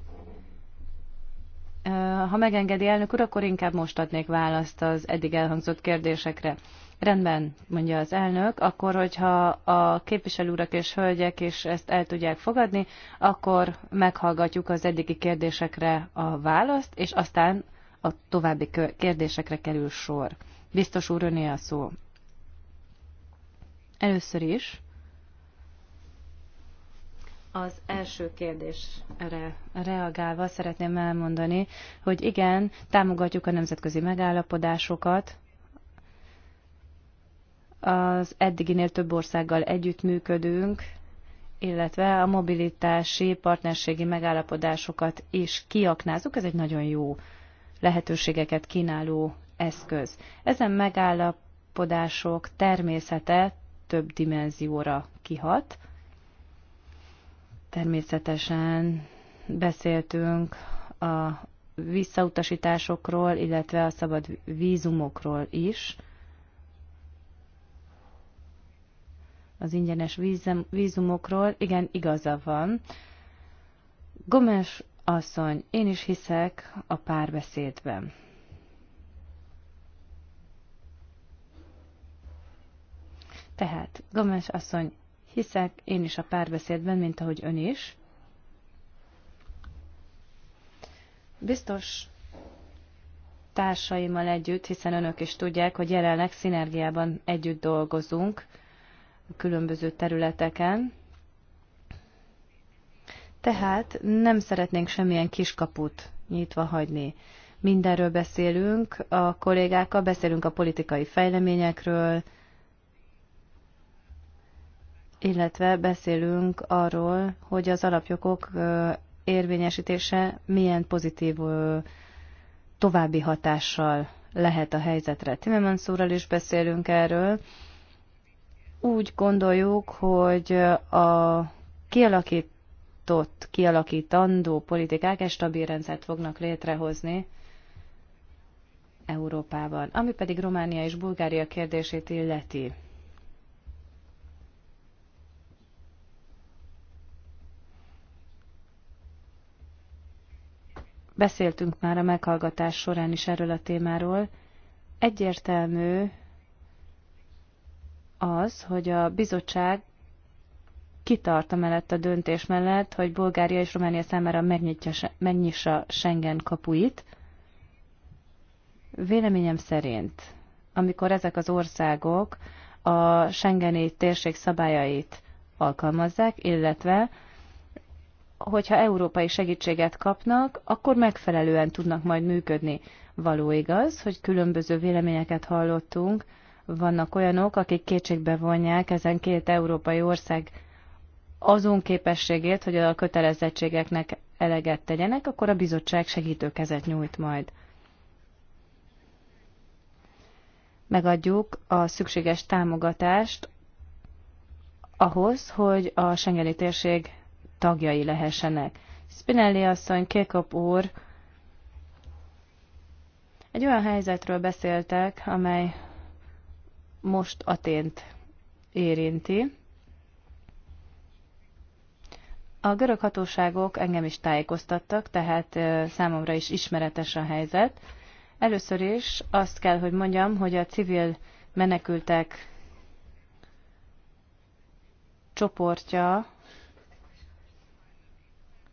Ha megengedi elnök úr, akkor inkább most adnék választ az eddig elhangzott kérdésekre. Rendben, mondja az elnök, akkor, hogyha a képviselőrak és hölgyek is ezt el tudják fogadni, akkor meghallgatjuk az eddigi kérdésekre a választ, és aztán a további kérdésekre kerül sor. Biztos úr, öné a szó. Először is az első kérdésre reagálva szeretném elmondani, hogy igen, támogatjuk a nemzetközi megállapodásokat, az eddiginél több országgal együttműködünk, illetve a mobilitási partnerségi megállapodásokat is kiaknázunk. Ez egy nagyon jó lehetőségeket kínáló eszköz. Ezen megállapodások természete több dimenzióra kihat. Természetesen beszéltünk a visszautasításokról, illetve a szabad vízumokról is. az ingyenes vízem, vízumokról. Igen, igaza van. Gomes asszony, én is hiszek a párbeszédben. Tehát, Gomes asszony, hiszek én is a párbeszédben, mint ahogy ön is. Biztos társaimmal együtt, hiszen önök is tudják, hogy jelenleg szinergiában együtt dolgozunk, a különböző területeken. Tehát nem szeretnénk semmilyen kiskaput nyitva hagyni. Mindenről beszélünk a kollégákkal, beszélünk a politikai fejleményekről, illetve beszélünk arról, hogy az alapjogok érvényesítése milyen pozitív további hatással lehet a helyzetre. Timmermans úrral is beszélünk erről, úgy gondoljuk, hogy a kialakított, kialakítandó politikák egy stabil rendszert fognak létrehozni Európában. Ami pedig Románia és Bulgária kérdését illeti. Beszéltünk már a meghallgatás során is erről a témáról. Egyértelmű, az, hogy a bizottság kitart mellett a döntés mellett, hogy Bulgária és Románia számára megnyitja, megnyissa Schengen kapuit. Véleményem szerint, amikor ezek az országok a Schengeni térség szabályait alkalmazzák, illetve hogyha európai segítséget kapnak, akkor megfelelően tudnak majd működni. Való igaz, hogy különböző véleményeket hallottunk, vannak olyanok, akik kétségbe vonják ezen két európai ország azon képességét, hogy a kötelezettségeknek eleget tegyenek, akkor a bizottság segítőkezet nyújt majd. Megadjuk a szükséges támogatást ahhoz, hogy a Schengeni térség tagjai lehessenek. Spinelli asszony, Kékop úr egy olyan helyzetről beszéltek, amely most Atént érinti. A görög hatóságok engem is tájékoztattak, tehát számomra is ismeretes a helyzet. Először is azt kell, hogy mondjam, hogy a civil menekültek csoportja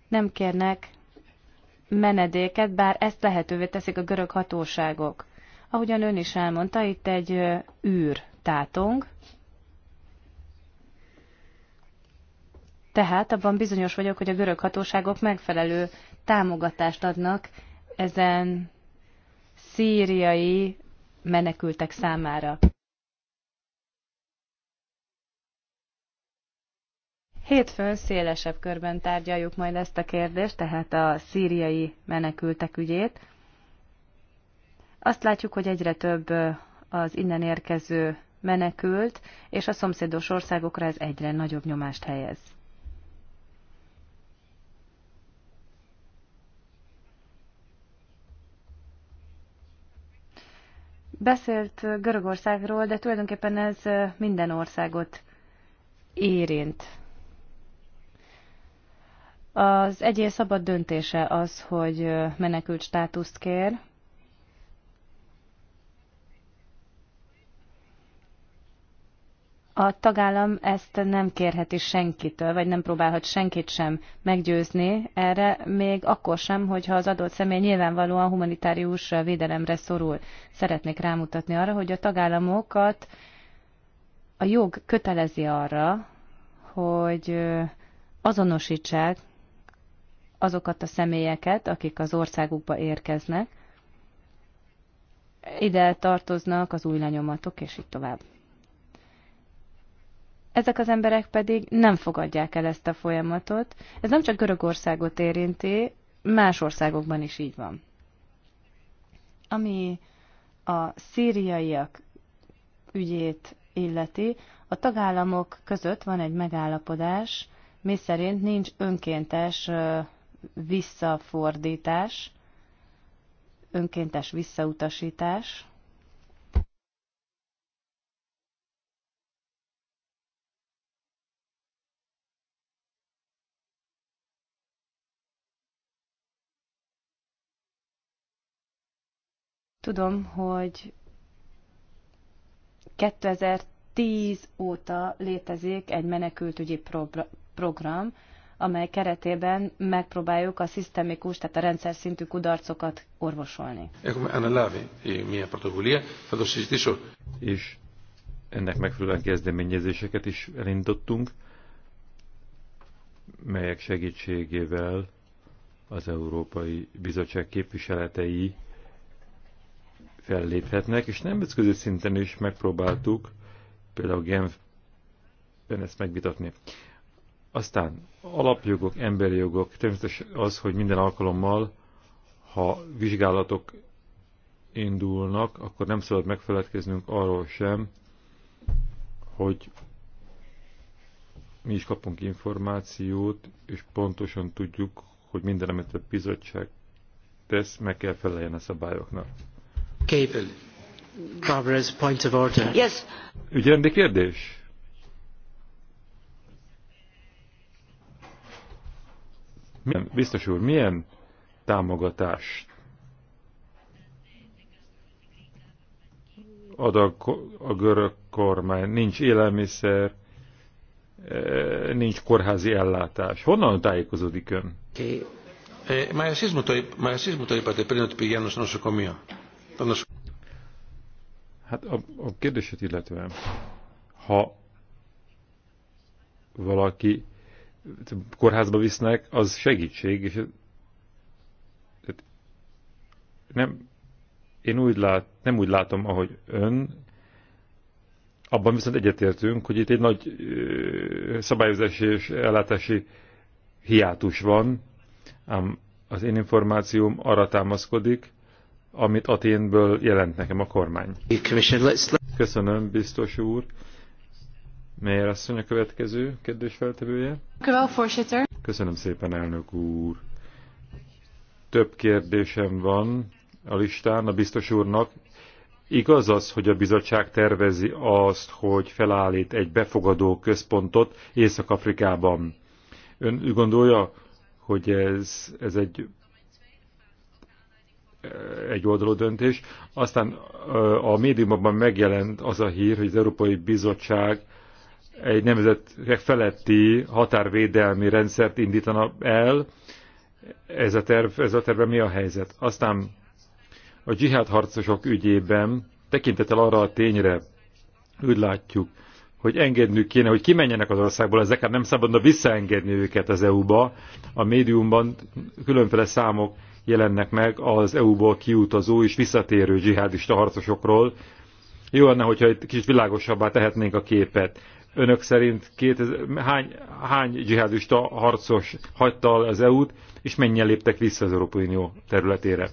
nem kérnek menedéket, bár ezt lehetővé teszik a görög hatóságok. Ahogyan ön is elmondta, itt egy űr tátong, tehát abban bizonyos vagyok, hogy a görög hatóságok megfelelő támogatást adnak ezen szíriai menekültek számára. Hétfőn szélesebb körben tárgyaljuk majd ezt a kérdést, tehát a szíriai menekültek ügyét. Azt látjuk, hogy egyre több az innen érkező menekült, és a szomszédos országokra ez egyre nagyobb nyomást helyez. Beszélt Görögországról, de tulajdonképpen ez minden országot érint. Az egyén szabad döntése az, hogy menekült státuszt kér, a tagállam ezt nem kérheti senkitől, vagy nem próbálhat senkit sem meggyőzni erre, még akkor sem, hogyha az adott személy nyilvánvalóan humanitárius védelemre szorul. Szeretnék rámutatni arra, hogy a tagállamokat a jog kötelezi arra, hogy azonosítsák azokat a személyeket, akik az országukba érkeznek. Ide tartoznak az új lenyomatok, és így tovább ezek az emberek pedig nem fogadják el ezt a folyamatot. Ez nem csak Görögországot érinti, más országokban is így van. Ami a szíriaiak ügyét illeti, a tagállamok között van egy megállapodás, mi szerint nincs önkéntes visszafordítás, önkéntes visszautasítás, Tudom, hogy 2010 óta létezik egy menekültügyi program, amely keretében megpróbáljuk a szisztemikus, tehát a rendszer szintű kudarcokat orvosolni. És ennek megfelelően kezdeményezéseket is elindítottunk, melyek segítségével az Európai Bizottság képviseletei felléphetnek, és nemzetközi szinten is megpróbáltuk, például Genfben ezt megvitatni. Aztán alapjogok, emberi jogok, Természetes az, hogy minden alkalommal, ha vizsgálatok indulnak, akkor nem szabad megfeledkeznünk arról sem, hogy mi is kapunk információt, és pontosan tudjuk, hogy minden, amit a bizottság tesz, meg kell feleljen a szabályoknak. Capel. Alvarez, point of order. Yes. Ügyrendi kérdés? Milyen, biztos úr, milyen támogatás ad a, a görög kormány? Nincs élelmiszer, eh, nincs kórházi ellátás. Honnan tájékozódik ön? Okay. Ε, μα εσείς μου, το, μα εσείς μου το Hát a, a kérdését illetően, ha valaki kórházba visznek, az segítség, és hát nem, én úgy lát, nem úgy látom, ahogy ön, abban viszont egyetértünk, hogy itt egy nagy ö, szabályozási és ellátási hiátus van, ám az én információm arra támaszkodik, amit Aténből jelent nekem a kormány. Köszönöm, biztos úr. Melyer asszony a következő feltevője? Köszönöm szépen, elnök úr. Több kérdésem van a listán a biztos úrnak. Igaz az, hogy a bizottság tervezi azt, hogy felállít egy befogadó központot Észak-Afrikában. Ön gondolja, hogy ez, ez egy egy oldalú döntés. Aztán a médiumokban megjelent az a hír, hogy az Európai Bizottság egy nemzetek feletti határvédelmi rendszert indítana el. Ez a, terv, ez a tervben mi a helyzet? Aztán a dzsihádharcosok ügyében tekintettel arra a tényre, úgy látjuk, hogy engednünk kéne, hogy kimenjenek az országból, ezeket nem szabadna visszaengedni őket az EU-ba. A médiumban különféle számok jelennek meg az EU-ból kiutazó és visszatérő dzsihádista harcosokról. Jó lenne, hogyha egy kicsit világosabbá tehetnénk a képet. Önök szerint 2000, hány, hány dzsihádista harcos hagyta az EU-t, és mennyien léptek vissza az Európai Unió területére?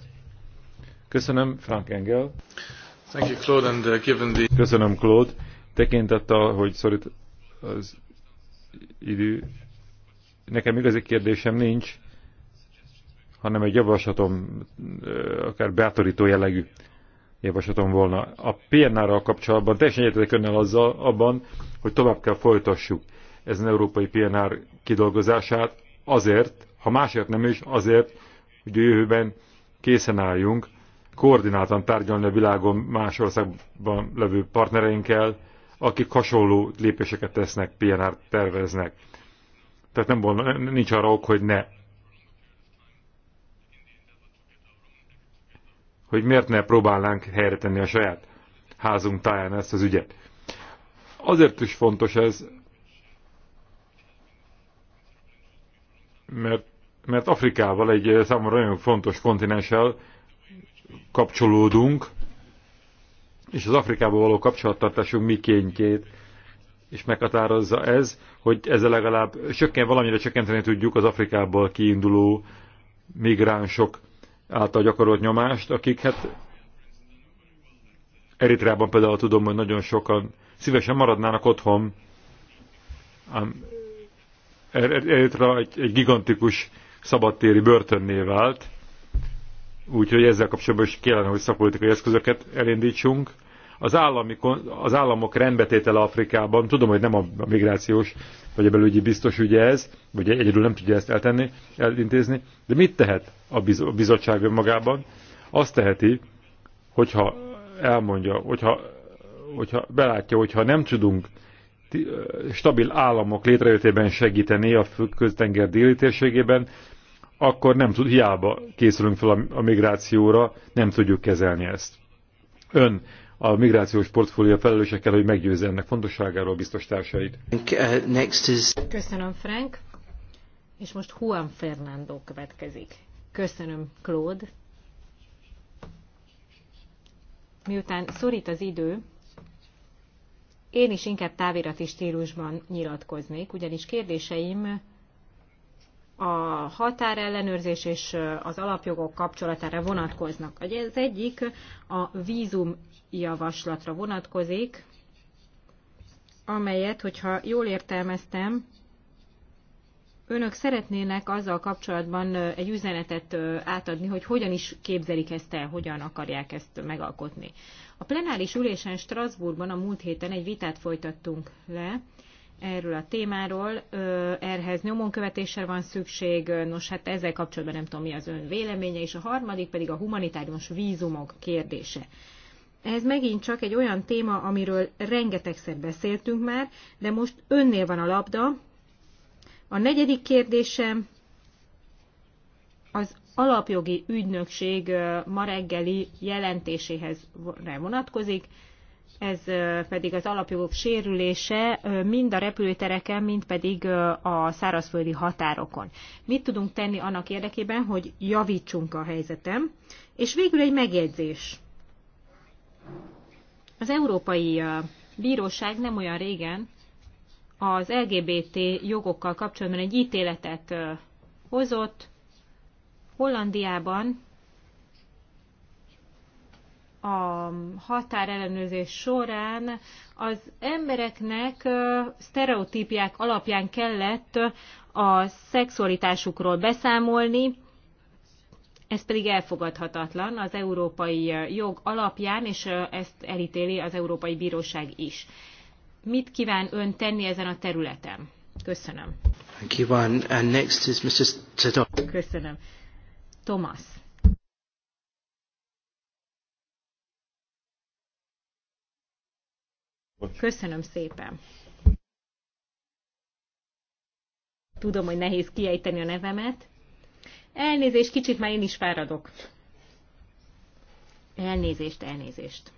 Köszönöm, Frank Engel. Thank you, Claude, and, uh, given the... Köszönöm, Claude. Tekintettel, hogy szorít az idő, nekem igazi kérdésem nincs, hanem egy javaslatom, akár bátorító jellegű javaslatom volna. A PNR-ral kapcsolatban teljesen egyetek önnel azzal abban, hogy tovább kell folytassuk ezen európai PNR kidolgozását azért, ha másért nem is, azért, hogy a jövőben készen álljunk koordináltan tárgyalni a világon más országban levő partnereinkkel, akik hasonló lépéseket tesznek, PNR terveznek. Tehát nem volna, nincs arra ok, hogy ne hogy miért ne próbálnánk tenni a saját házunk táján ezt az ügyet. Azért is fontos ez, mert, mert Afrikával egy számomra nagyon fontos kontinenssel kapcsolódunk, és az Afrikából való kapcsolattartásunk mikéntjét és meghatározza ez, hogy ezzel legalább csökken, valamire csökkenteni tudjuk az Afrikából kiinduló migránsok által gyakorolt nyomást, akik hát Eritreában például tudom, hogy nagyon sokan szívesen maradnának otthon, ám er- er- egy, egy gigantikus szabadtéri börtönné vált, úgyhogy ezzel kapcsolatban is kellene, hogy szakpolitikai eszközöket elindítsunk, az, állami, az államok rendbetétele Afrikában, tudom, hogy nem a migrációs vagy a belügyi biztos ügye ez, vagy egyedül nem tudja ezt eltenni, elintézni, de mit tehet a bizottság önmagában? Azt teheti, hogyha elmondja, hogyha, hogyha belátja, hogyha nem tudunk stabil államok létrejöttében segíteni a köztenger déli térségében, akkor nem tud, hiába készülünk fel a migrációra, nem tudjuk kezelni ezt. Ön a migrációs portfólia felelősekkel, hogy meggyőzze ennek fontosságáról biztos társait. Uh, Köszönöm, Frank. És most Juan Fernando következik. Köszönöm, Claude. Miután szorít az idő, én is inkább távirati stílusban nyilatkoznék, ugyanis kérdéseim a határellenőrzés és az alapjogok kapcsolatára vonatkoznak. Az egyik a vízum javaslatra vonatkozik, amelyet, hogyha jól értelmeztem, önök szeretnének azzal kapcsolatban egy üzenetet átadni, hogy hogyan is képzelik ezt el, hogyan akarják ezt megalkotni. A plenáris ülésen Strasbourgban a múlt héten egy vitát folytattunk le erről a témáról. Erhez nyomonkövetésre van szükség, nos hát ezzel kapcsolatban nem tudom mi az ön véleménye, és a harmadik pedig a humanitárius vízumok kérdése. Ez megint csak egy olyan téma, amiről rengetegszer beszéltünk már, de most önnél van a labda. A negyedik kérdésem az alapjogi ügynökség ma reggeli jelentéséhez vonatkozik, ez pedig az alapjogok sérülése mind a repülőtereken, mind pedig a szárazföldi határokon. Mit tudunk tenni annak érdekében, hogy javítsunk a helyzetem? És végül egy megjegyzés. Az Európai Bíróság nem olyan régen az LGBT jogokkal kapcsolatban egy ítéletet hozott. Hollandiában a határellenőrzés során az embereknek sztereotípiák alapján kellett a szexualitásukról beszámolni, ez pedig elfogadhatatlan az európai jog alapján, és ezt elítéli az Európai Bíróság is. Mit kíván ön tenni ezen a területen? Köszönöm. Thank you, And next is Mr. Tador. Köszönöm. Thomas. Köszönöm szépen. Tudom, hogy nehéz kiejteni a nevemet. Elnézést, kicsit már én is fáradok. Elnézést, elnézést.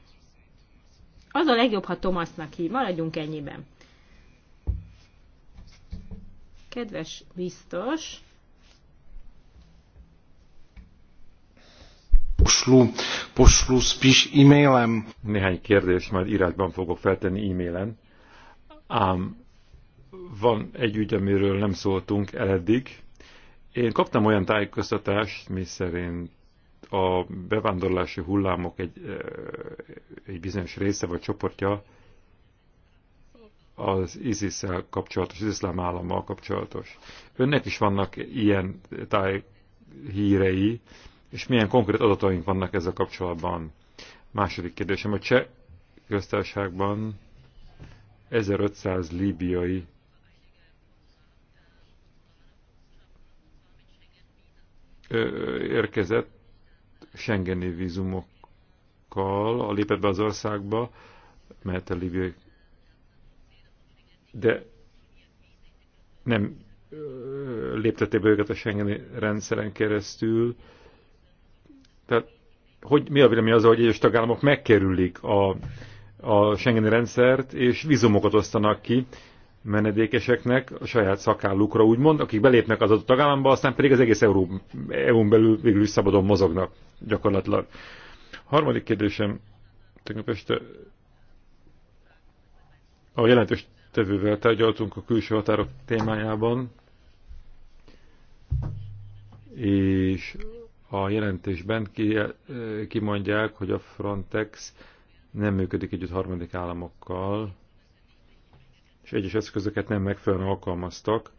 Az a legjobb, ha Tomasznak hív. Maradjunk ennyiben. Kedves biztos. Poslu, poslu spis e-mailem. Néhány kérdés majd írásban fogok feltenni e-mailen. Ám van egy ügy, amiről nem szóltunk eleddig. eddig én kaptam olyan tájékoztatást, mi szerint a bevándorlási hullámok egy, egy bizonyos része vagy csoportja az isis kapcsolatos, az iszlám állammal kapcsolatos. Önnek is vannak ilyen táj hírei, és milyen konkrét adataink vannak ezzel kapcsolatban? Második kérdésem, a cseh köztársaságban 1500 líbiai érkezett Schengeni vízumokkal, a lépett be az országba, mert a libiai... De nem léptette be őket a Schengeni rendszeren keresztül. Tehát hogy, mi a vélemény az, hogy egyes tagállamok megkerülik a, a Schengeni rendszert, és vízumokat osztanak ki menedékeseknek, a saját szakállukra úgymond, akik belépnek az adott tagállamba, aztán pedig az egész Euró, EU-n belül végül is szabadon mozognak gyakorlatilag. Harmadik kérdésem, tegnap este a jelentős tevővel tárgyaltunk a külső határok témájában, és a jelentésben eh, kimondják, hogy a Frontex nem működik együtt harmadik államokkal, és egyes eszközöket nem megfelelően alkalmaztak,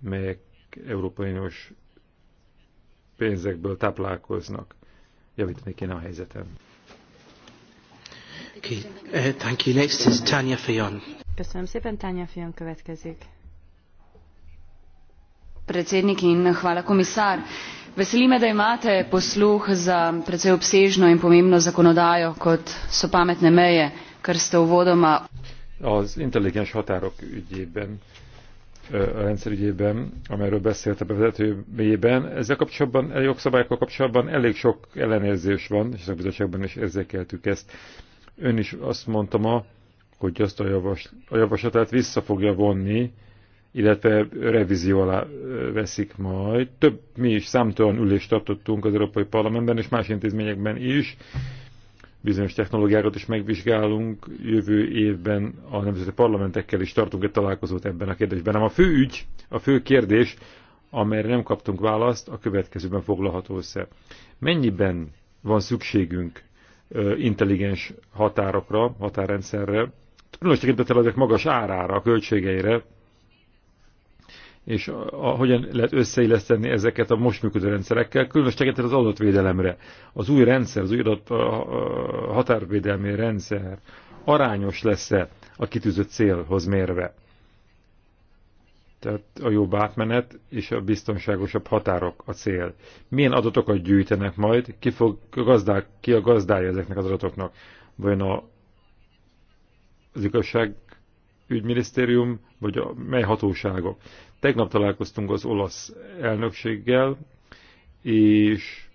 melyek Európai Uniós pénzekből táplálkoznak. Javítani kéne a helyzetem. Okay. Uh, thank you. Next is Tanya Fajon. Köszönöm szépen, Tanya Fion következik. Predsednik in hvala komisar. Veseli me, da imate posluh za precej obsežno in pomembno zakonodajo, kot so pametne meje, kar ste uvodoma az intelligens határok ügyében, a rendszer ügyében, amelyről beszélt a bevezetőjében. Ezzel kapcsolatban, a e jogszabályokkal kapcsolatban elég sok ellenérzés van, és a bizottságban is érzékeltük ezt. Ön is azt mondta ma, hogy azt a, javas, a javaslatát vissza fogja vonni, illetve revízió alá veszik majd. Több mi is számtalan ülést tartottunk az Európai Parlamentben és más intézményekben is, bizonyos technológiákat is megvizsgálunk. Jövő évben a nemzeti parlamentekkel is tartunk egy találkozót ebben a kérdésben. Nem a fő ügy, a fő kérdés, amelyre nem kaptunk választ, a következőben foglalható össze. Mennyiben van szükségünk intelligens határokra, határrendszerre, különös tekintettel ezek magas árára, költségeire, és a, a, hogyan lehet összeilleszteni ezeket a most működő rendszerekkel, különös tekintet az adatvédelemre. Az új rendszer, az új adat, a, a határvédelmi rendszer arányos lesz-e a kitűzött célhoz mérve? Tehát a jobb átmenet és a biztonságosabb határok a cél. Milyen adatokat gyűjtenek majd, ki, fog, gazdák, ki a gazdája ezeknek az adatoknak? Vajon a, az ügyminisztérium, vagy a, mely hatóságok? Tegnap találkoztunk az olasz elnökséggel, és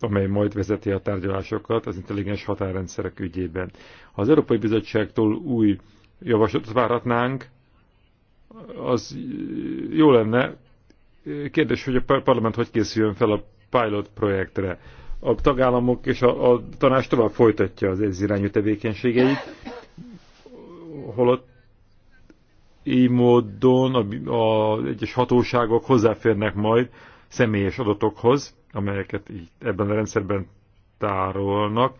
amely majd vezeti a tárgyalásokat az intelligens határrendszerek ügyében. Ha az Európai Bizottságtól új javaslatot váratnánk, az jó lenne. Kérdés, hogy a parlament hogy készüljön fel a pilot projektre. A tagállamok és a, a tanács tovább folytatja az ez irányú tevékenységeit, holott így módon az egyes hatóságok hozzáférnek majd személyes adatokhoz, amelyeket így ebben a rendszerben tárolnak.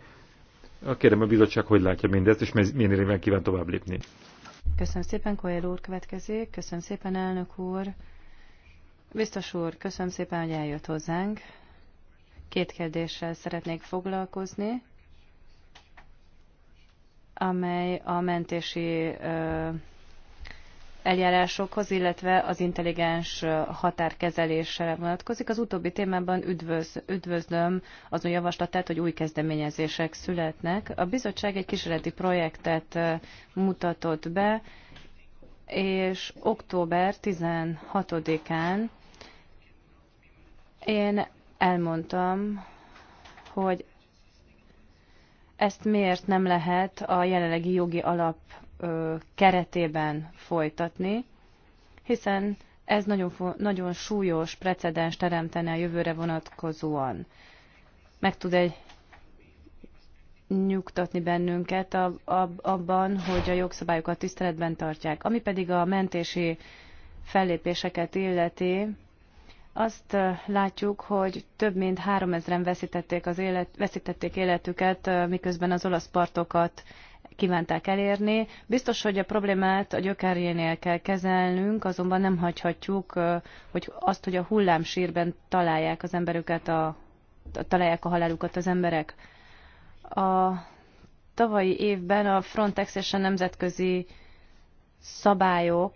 Kérem a bizottság, hogy látja mindezt, és milyen irányban kíván tovább lépni. Köszönöm szépen, Koyel úr következik. Köszönöm szépen, elnök úr. Biztos úr, köszönöm szépen, hogy eljött hozzánk. Két kérdéssel szeretnék foglalkozni, amely a mentési ö, eljárásokhoz, illetve az intelligens határkezelésre vonatkozik. Az utóbbi témában üdvöz, üdvözlöm azon javaslatát, hogy új kezdeményezések születnek. A bizottság egy kísérleti projektet mutatott be, és október 16-án én elmondtam, hogy ezt miért nem lehet a jelenlegi jogi alap keretében folytatni, hiszen ez nagyon, nagyon súlyos precedens teremtene a jövőre vonatkozóan. Meg tud egy nyugtatni bennünket abban, hogy a jogszabályokat tiszteletben tartják. Ami pedig a mentési fellépéseket illeti, azt látjuk, hogy több mint három ezren veszítették, az élet, veszítették életüket, miközben az olasz partokat kívánták elérni. Biztos, hogy a problémát a gyökerénél kell kezelnünk, azonban nem hagyhatjuk hogy azt, hogy a hullámsírben találják az emberüket, a, találják a halálukat az emberek. A tavalyi évben a Frontex és a nemzetközi szabályok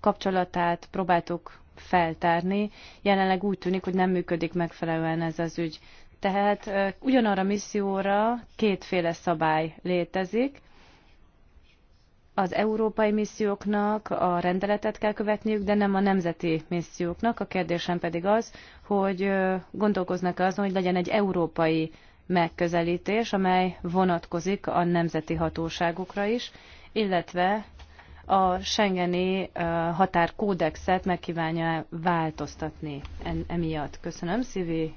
kapcsolatát próbáltuk feltárni. Jelenleg úgy tűnik, hogy nem működik megfelelően ez az ügy. Tehát ugyanarra misszióra kétféle szabály létezik. Az európai misszióknak a rendeletet kell követniük, de nem a nemzeti misszióknak. A kérdésem pedig az, hogy gondolkoznak -e azon, hogy legyen egy európai megközelítés, amely vonatkozik a nemzeti hatóságokra is, illetve a Schengeni határkódexet megkívánja változtatni emiatt. Köszönöm, Szívi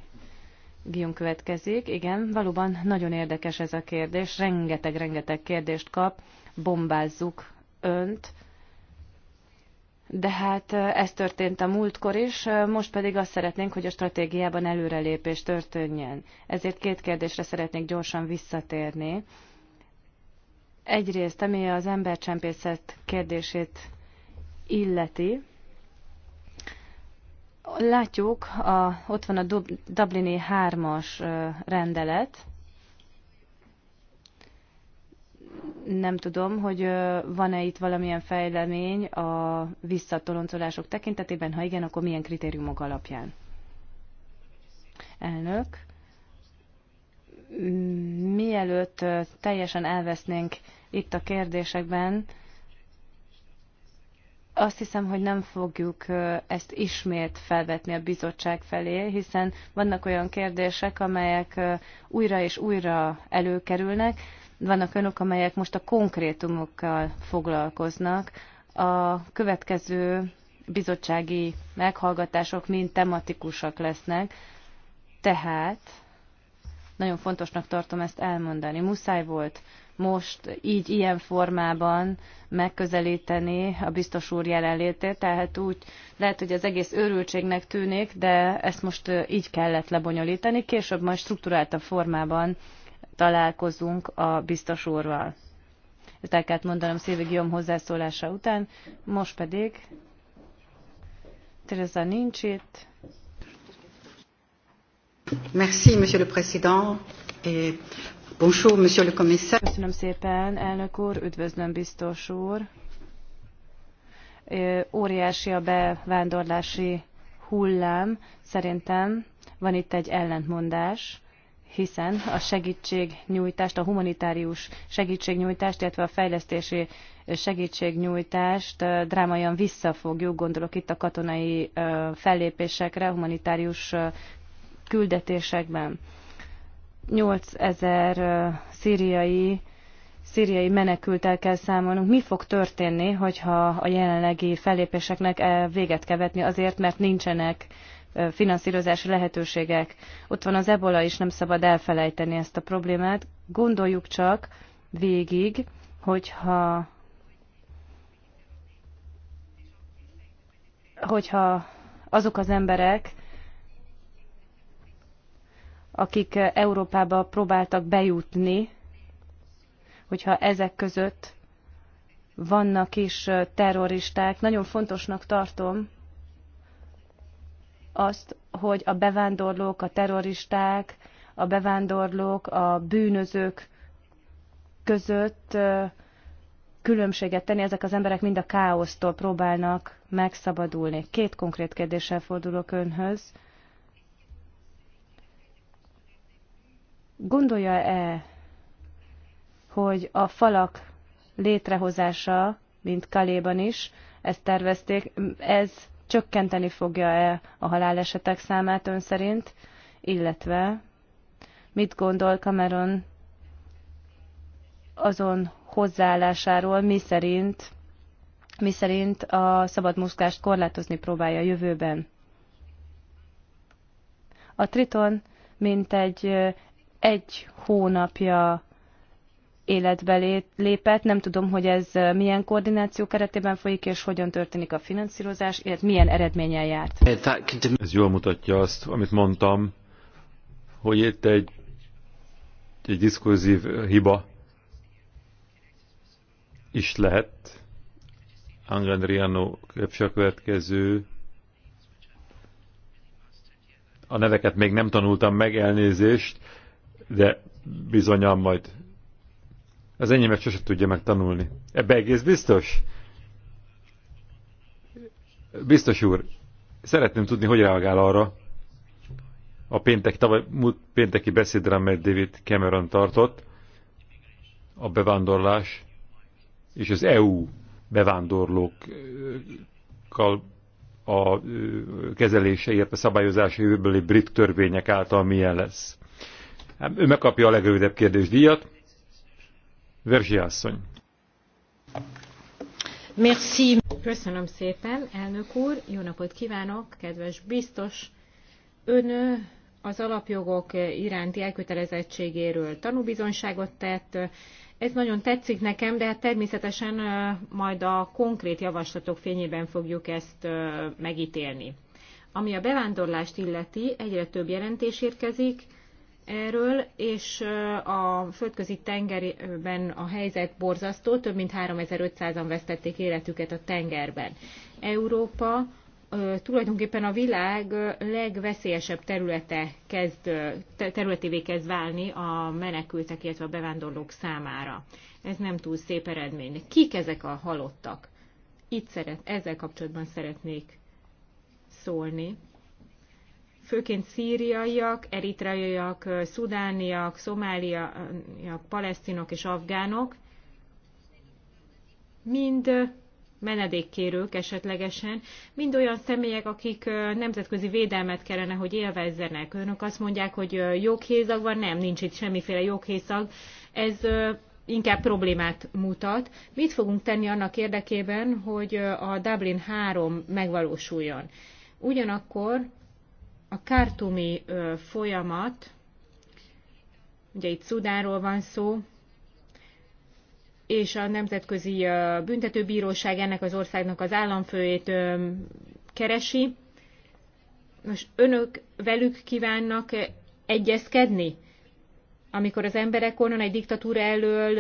Guillaume következik. Igen, valóban nagyon érdekes ez a kérdés. Rengeteg-rengeteg kérdést kap. Bombázzuk önt. De hát eh, ez történt a múltkor is, eh, most pedig azt szeretnénk, hogy a stratégiában előrelépés történjen. Ezért két kérdésre szeretnék gyorsan visszatérni. Egyrészt, ami az embercsempészet kérdését illeti, Látjuk, a, ott van a Dublini 3-as rendelet. Nem tudom, hogy van-e itt valamilyen fejlemény a visszatoloncolások tekintetében, ha igen, akkor milyen kritériumok alapján? Elnök, mielőtt teljesen elvesznénk itt a kérdésekben, azt hiszem, hogy nem fogjuk ezt ismét felvetni a bizottság felé, hiszen vannak olyan kérdések, amelyek újra és újra előkerülnek, vannak önök, amelyek most a konkrétumokkal foglalkoznak. A következő bizottsági meghallgatások mind tematikusak lesznek, tehát nagyon fontosnak tartom ezt elmondani. Muszáj volt most így ilyen formában megközelíteni a biztos úr jelenlétét, tehát úgy lehet, hogy az egész őrültségnek tűnik, de ezt most így kellett lebonyolítani, később majd struktúráltabb formában találkozunk a biztos úrral. Ezt el kellett mondanom Szilvi Guillaume hozzászólása után, most pedig Teresa nincs itt. Merci, Monsieur le Président. Et Köszönöm szépen, elnök úr, üdvözlöm biztos úr. Óriási a bevándorlási hullám, szerintem van itt egy ellentmondás hiszen a segtségnyújtást a humanitárius segítségnyújtást, illetve a fejlesztési segítségnyújtást drámaian visszafogjuk, gondolok itt a katonai fellépésekre, humanitárius küldetésekben. 8000 szíriai, szíriai menekültel kell számolnunk. Mi fog történni, hogyha a jelenlegi fellépéseknek véget kell vetni azért, mert nincsenek finanszírozási lehetőségek. Ott van az ebola is, nem szabad elfelejteni ezt a problémát. Gondoljuk csak végig, hogyha hogyha azok az emberek, akik eh, Európába próbáltak bejutni, hogyha ezek között vannak is eh, terroristák. Nagyon fontosnak tartom azt, hogy a bevándorlók, a terroristák, a bevándorlók, a bűnözők között eh, különbséget tenni. Ezek az emberek mind a káosztól próbálnak megszabadulni. Két konkrét kérdéssel fordulok önhöz. Gondolja-e, hogy a falak létrehozása, mint Kaléban is, ezt tervezték, ez csökkenteni fogja-e a halálesetek számát ön szerint, illetve mit gondol Cameron azon hozzáállásáról, mi szerint, mi szerint a szabad mozgást korlátozni próbálja a jövőben. A Triton mint egy egy hónapja életbe lépett. Nem tudom, hogy ez milyen koordináció keretében folyik, és hogyan történik a finanszírozás, illetve milyen eredménnyel járt. Ez jól mutatja azt, amit mondtam, hogy itt egy, egy diskurzív hiba is lehet. Angel Riano a következő. A neveket még nem tanultam meg, elnézést de bizonyan majd az enyémet sose tudja megtanulni. Ebbe egész biztos? Biztos úr, szeretném tudni, hogy reagál arra a péntek, tavaly, múlt pénteki beszédre, amelyet David Cameron tartott, a bevándorlás és az EU bevándorlókkal a kezelése, illetve szabályozása jövőbeli brit törvények által milyen lesz. Hát, ő megkapja a legrövidebb kérdésdíjat. Verzsi asszony. Merci. Köszönöm szépen, elnök úr. Jó napot kívánok, kedves biztos. Ön az alapjogok iránti elkötelezettségéről tanúbizonságot tett. Ez nagyon tetszik nekem, de hát természetesen majd a konkrét javaslatok fényében fogjuk ezt megítélni. Ami a bevándorlást illeti, egyre több jelentés érkezik, erről, és a földközi tengerben a helyzet borzasztó, több mint 3500-an vesztették életüket a tengerben. Európa tulajdonképpen a világ legveszélyesebb területe kezd, területévé kezd válni a menekültek, illetve a bevándorlók számára. Ez nem túl szép eredmény. Kik ezek a halottak? Itt szeret, ezzel kapcsolatban szeretnék szólni főként szíriaiak, eritreaiak, szudániak, szomáliak, palesztinok és afgánok, mind menedékkérők esetlegesen, mind olyan személyek, akik nemzetközi védelmet kellene, hogy élvezzenek. Önök azt mondják, hogy joghézag van, nem, nincs itt semmiféle joghézag. Ez inkább problémát mutat. Mit fogunk tenni annak érdekében, hogy a Dublin 3 megvalósuljon? Ugyanakkor a kártumi folyamat, ugye itt Szudánról van szó, és a Nemzetközi Büntetőbíróság ennek az országnak az államfőjét keresi. Most önök velük kívánnak egyezkedni? amikor az emberek onnan egy diktatúra elől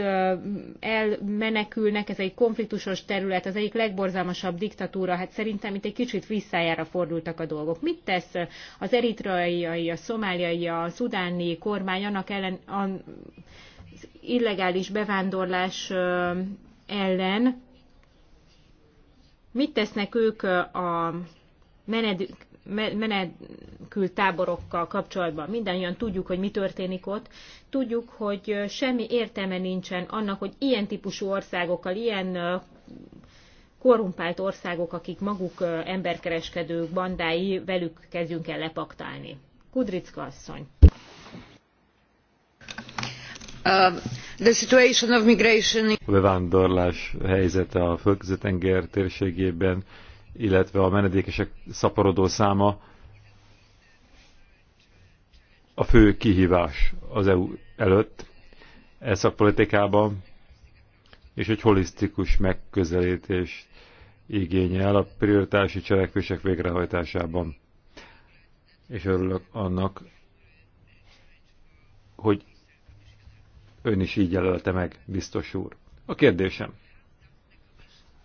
elmenekülnek, ez egy konfliktusos terület, az egyik legborzalmasabb diktatúra, hát szerintem itt egy kicsit visszájára fordultak a dolgok. Mit tesz az eritreai, a szomáliai, a szudáni kormány annak ellen, az illegális bevándorlás ellen? Mit tesznek ők a menedék menekült táborokkal kapcsolatban. Mindannyian tudjuk, hogy mi történik ott. Tudjuk, hogy semmi értelme nincsen annak, hogy ilyen típusú országokkal, ilyen korrumpált országok, akik maguk emberkereskedők, bandái, velük kezdjünk el lepaktálni. Kudricka asszony. Uh, the situation of migration... A bevándorlás helyzete a földközi tenger térségében illetve a menedékesek szaporodó száma a fő kihívás az EU előtt e szakpolitikában, és egy holisztikus megközelítés igényel a prioritási cselekvések végrehajtásában. És örülök annak, hogy ön is így jelölte meg, biztos úr. A kérdésem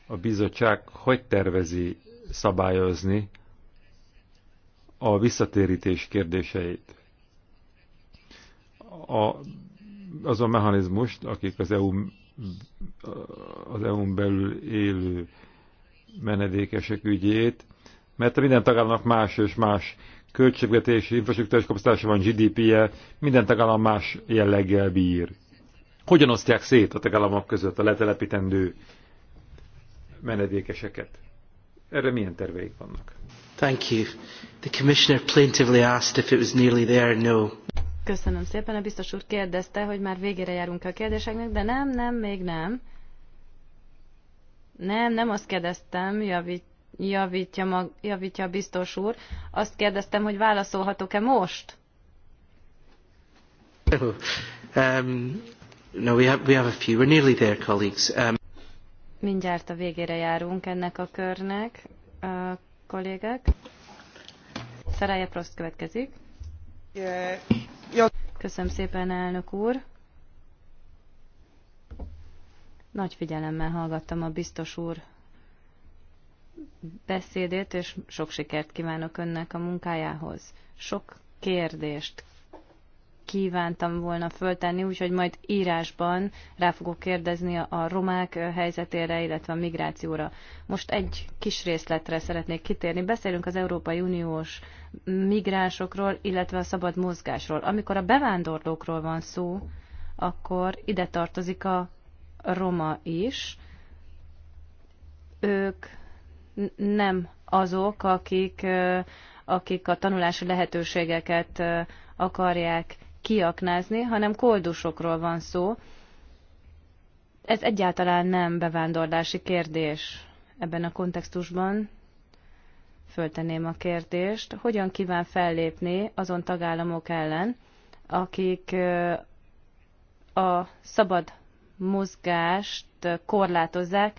a bizottság hogy tervezi szabályozni a visszatérítés kérdéseit. A, az a mechanizmust, akik az EU, az EU-n belül élő menedékesek ügyét, mert a minden tagállamnak más és más költségvetési, infrastruktúrás kapasztása van, GDP-je, minden tagállam más jelleggel bír. Hogyan osztják szét a tagállamok között a letelepítendő menedékeseket. Erre milyen terveik vannak? Thank you. The commissioner plaintively asked if it was nearly there. No. Köszönöm szépen. A biztos úr kérdezte, hogy már végére járunk a kérdéseknek, de nem, nem, még nem. Nem, nem azt kérdeztem, javít, javítja, mag, javítja a biztos úr. Azt kérdeztem, hogy válaszolhatok-e most? No, oh, um, no we, have, we have a few. We're nearly there, colleagues. Um, Mindjárt a végére járunk ennek a körnek, a kollégák. Szerája Prost következik. Köszönöm szépen, elnök úr. Nagy figyelemmel hallgattam a biztos úr beszédét, és sok sikert kívánok önnek a munkájához. Sok kérdést kívántam volna föltenni, úgyhogy majd írásban rá fogok kérdezni a romák helyzetére, illetve a migrációra. Most egy kis részletre szeretnék kitérni. Beszélünk az Európai Uniós migránsokról, illetve a szabad mozgásról. Amikor a bevándorlókról van szó, akkor ide tartozik a roma is. Ők nem azok, akik, akik a tanulási lehetőségeket akarják kiaknázni, hanem koldusokról van szó. Ez egyáltalán nem bevándorlási kérdés ebben a kontextusban. Föltenném a kérdést, hogyan kíván fellépni azon tagállamok ellen, akik a szabad mozgást korlátozzák,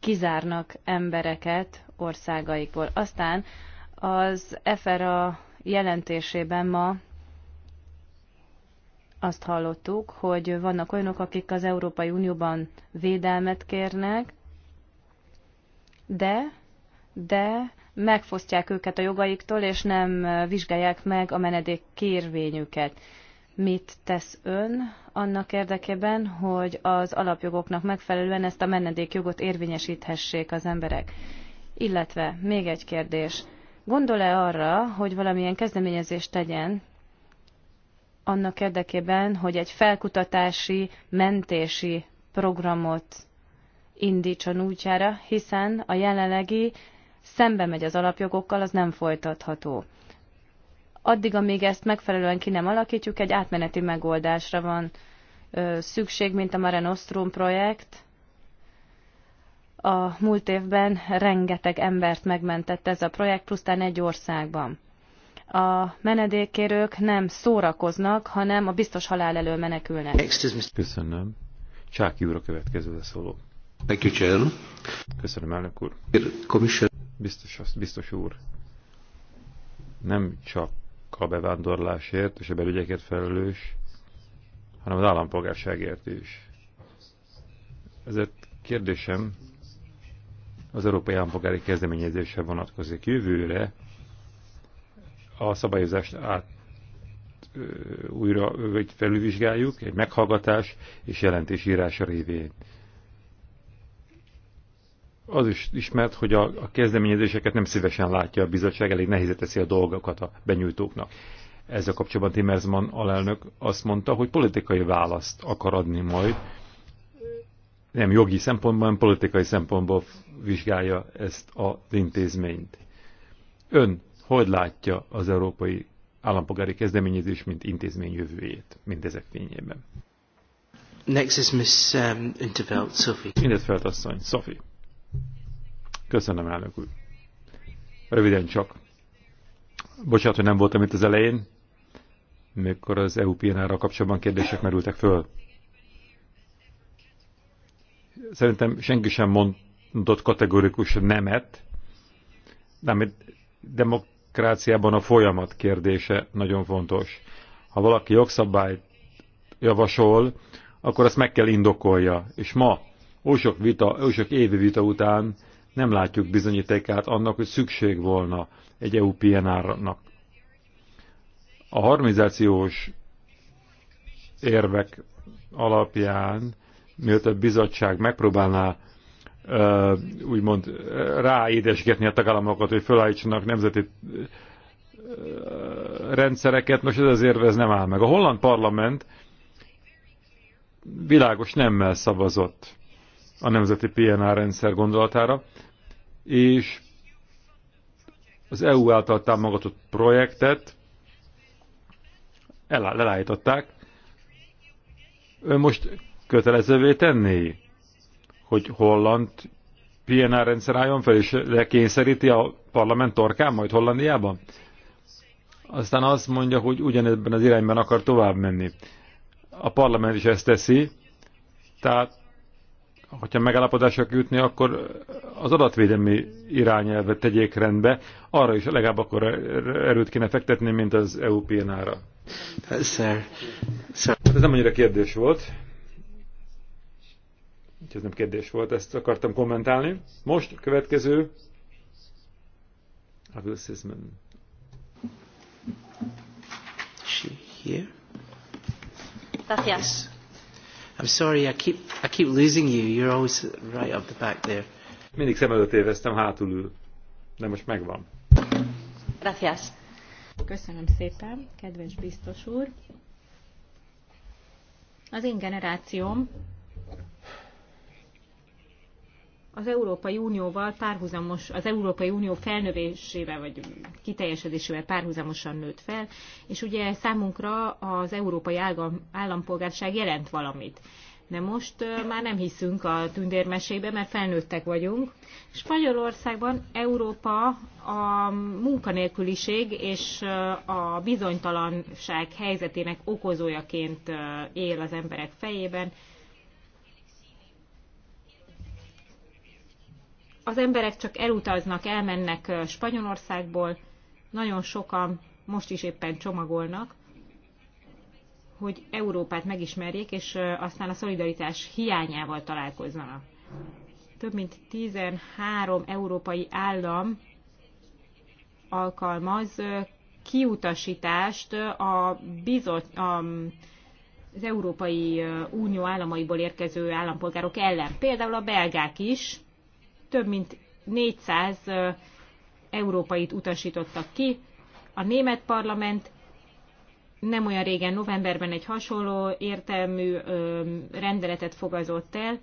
kizárnak embereket országaikból. Aztán az FRA jelentésében ma azt hallottuk, hogy vannak olyanok, akik az Európai Unióban védelmet kérnek, de, de megfosztják őket a jogaiktól, és nem vizsgálják meg a menedék kérvényüket. Mit tesz ön annak érdekében, hogy az alapjogoknak megfelelően ezt a menedékjogot érvényesíthessék az emberek? Illetve még egy kérdés. Gondol-e arra, hogy valamilyen kezdeményezést tegyen annak érdekében, hogy egy felkutatási, mentési programot indítson útjára, hiszen a jelenlegi szembe megy az alapjogokkal, az nem folytatható. Addig, amíg ezt megfelelően ki nem alakítjuk, egy átmeneti megoldásra van ö, szükség, mint a Mare Nostrum projekt. A múlt évben rengeteg embert megmentett ez a projekt, pusztán egy országban a menedékkérők nem szórakoznak, hanem a biztos halál elől menekülnek. Köszönöm. Csáki úr a következő szóló. Köszönöm, elnök úr. Biztos, biztos úr. Nem csak a bevándorlásért és a belügyekért felelős, hanem az állampolgárságért is. Ezért kérdésem az Európai Állampolgári Kezdeményezésre vonatkozik. Jövőre a szabályozást át újra vagy felülvizsgáljuk, egy meghallgatás és jelentés írása révén. Az is ismert, hogy a, a kezdeményezéseket nem szívesen látja a bizottság, elég nehéz teszi a dolgokat a benyújtóknak. Ezzel kapcsolatban Timmerzman alelnök azt mondta, hogy politikai választ akar adni majd, nem jogi szempontból, hanem politikai szempontból vizsgálja ezt az intézményt. Ön hogy látja az európai állampolgári kezdeményezés, mint intézmény jövőjét, ezek fényében. Next is Miss um, Intervelt, Sophie. Intervelt asszony, Sophie. Köszönöm, elnök úr. Röviden csak. Bocsánat, hogy nem voltam itt az elején, mikor az EU PNR-ra kapcsolatban kérdések merültek föl. Szerintem senki sem mondott kategorikus nemet, de amit demok demokráciában a folyamat kérdése nagyon fontos. Ha valaki jogszabályt javasol, akkor azt meg kell indokolja. És ma, oly sok, vita, oly sok évi vita után nem látjuk bizonyítékát annak, hogy szükség volna egy EU PNR-nak. A harmonizációs érvek alapján, mielőtt a bizottság megpróbálná úgymond ráédesgetni a tagállamokat, hogy felállítsanak nemzeti rendszereket, most ez az ez nem áll meg. A holland parlament világos nemmel szavazott a nemzeti PNR rendszer gondolatára, és az EU által támogatott projektet lelállították. Ő most kötelezővé tenné hogy Holland PNR rendszer álljon fel, és lekényszeríti a parlament torkán majd Hollandiában? Aztán azt mondja, hogy ugyanebben az irányban akar tovább menni. A parlament is ezt teszi, tehát hogyha megállapodásra jutni, akkor az adatvédelmi irányelvet tegyék rendbe, arra is legalább akkor erőt kéne fektetni, mint az EU PNR-ra. Ez nem annyira kérdés volt. Úgyhogy ez nem kérdés volt, ezt akartam kommentálni. Most a következő. A Will Sisman. She here? I'm sorry, I keep, I keep losing you. You're always right up the back there. Mindig szem előtt éveztem, hátul ül. De most megvan. Gracias. Köszönöm szépen, kedves biztos úr. Az én generációm az Európai Unióval párhuzamos, az Európai Unió felnövésével vagy kiteljesedésével párhuzamosan nőtt fel, és ugye számunkra az európai állampolgárság jelent valamit. De most már nem hiszünk a tündérmesébe, mert felnőttek vagyunk. Spanyolországban Európa a munkanélküliség és a bizonytalanság helyzetének okozójaként él az emberek fejében, az emberek csak elutaznak, elmennek Spanyolországból, nagyon sokan most is éppen csomagolnak, hogy Európát megismerjék, és aztán a szolidaritás hiányával találkozzanak. Több mint 13 európai állam alkalmaz kiutasítást a bizot, a, az Európai Unió államaiból érkező állampolgárok ellen. Például a belgák is több mint 400 európait utasítottak ki. A német parlament nem olyan régen novemberben egy hasonló értelmű rendeletet fogadott el,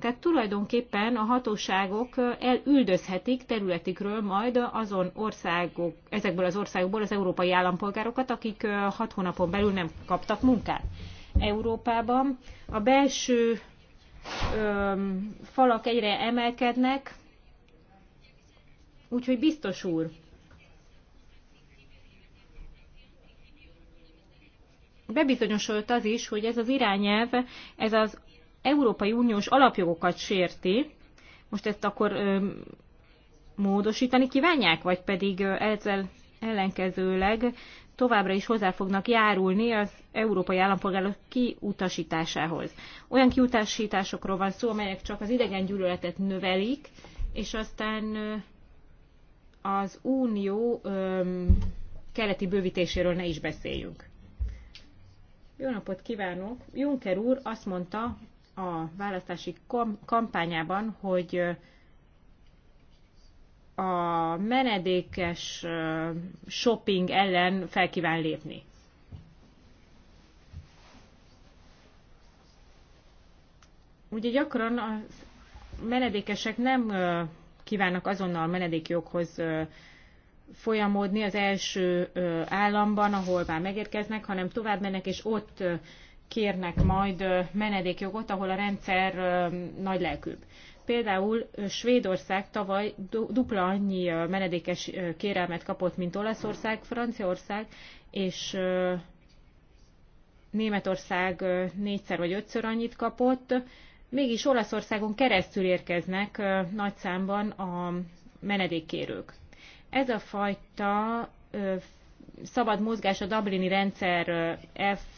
tehát tulajdonképpen a hatóságok elüldözhetik területikről majd azon országok, ezekből az országokból az európai állampolgárokat, akik hat hónapon belül nem kaptak munkát. Európában a belső falak egyre emelkednek, úgyhogy biztos úr, bebizonyosodott az is, hogy ez az irányelv, ez az Európai Uniós alapjogokat sérti. Most ezt akkor ö, módosítani kívánják, vagy pedig ezzel ellenkezőleg továbbra is hozzá fognak járulni az európai állampolgárok kiutasításához. Olyan kiutasításokról van szó, amelyek csak az idegen gyűlöletet növelik, és aztán az unió keleti bővítéséről ne is beszéljünk. Jó napot kívánok! Juncker úr azt mondta a választási kampányában, hogy a menedékes shopping ellen felkíván lépni. Ugye gyakran a menedékesek nem kívánnak azonnal menedékjoghoz folyamodni az első államban, ahol már megérkeznek, hanem tovább mennek, és ott kérnek majd menedékjogot, ahol a rendszer nagy lelkűbb. Például Svédország tavaly dupla annyi menedékes kérelmet kapott, mint Olaszország, Franciaország, és Németország négyszer vagy ötször annyit kapott. Mégis Olaszországon keresztül érkeznek nagy számban a menedékkérők. Ez a fajta szabad mozgás a Dublini rendszer F ezt,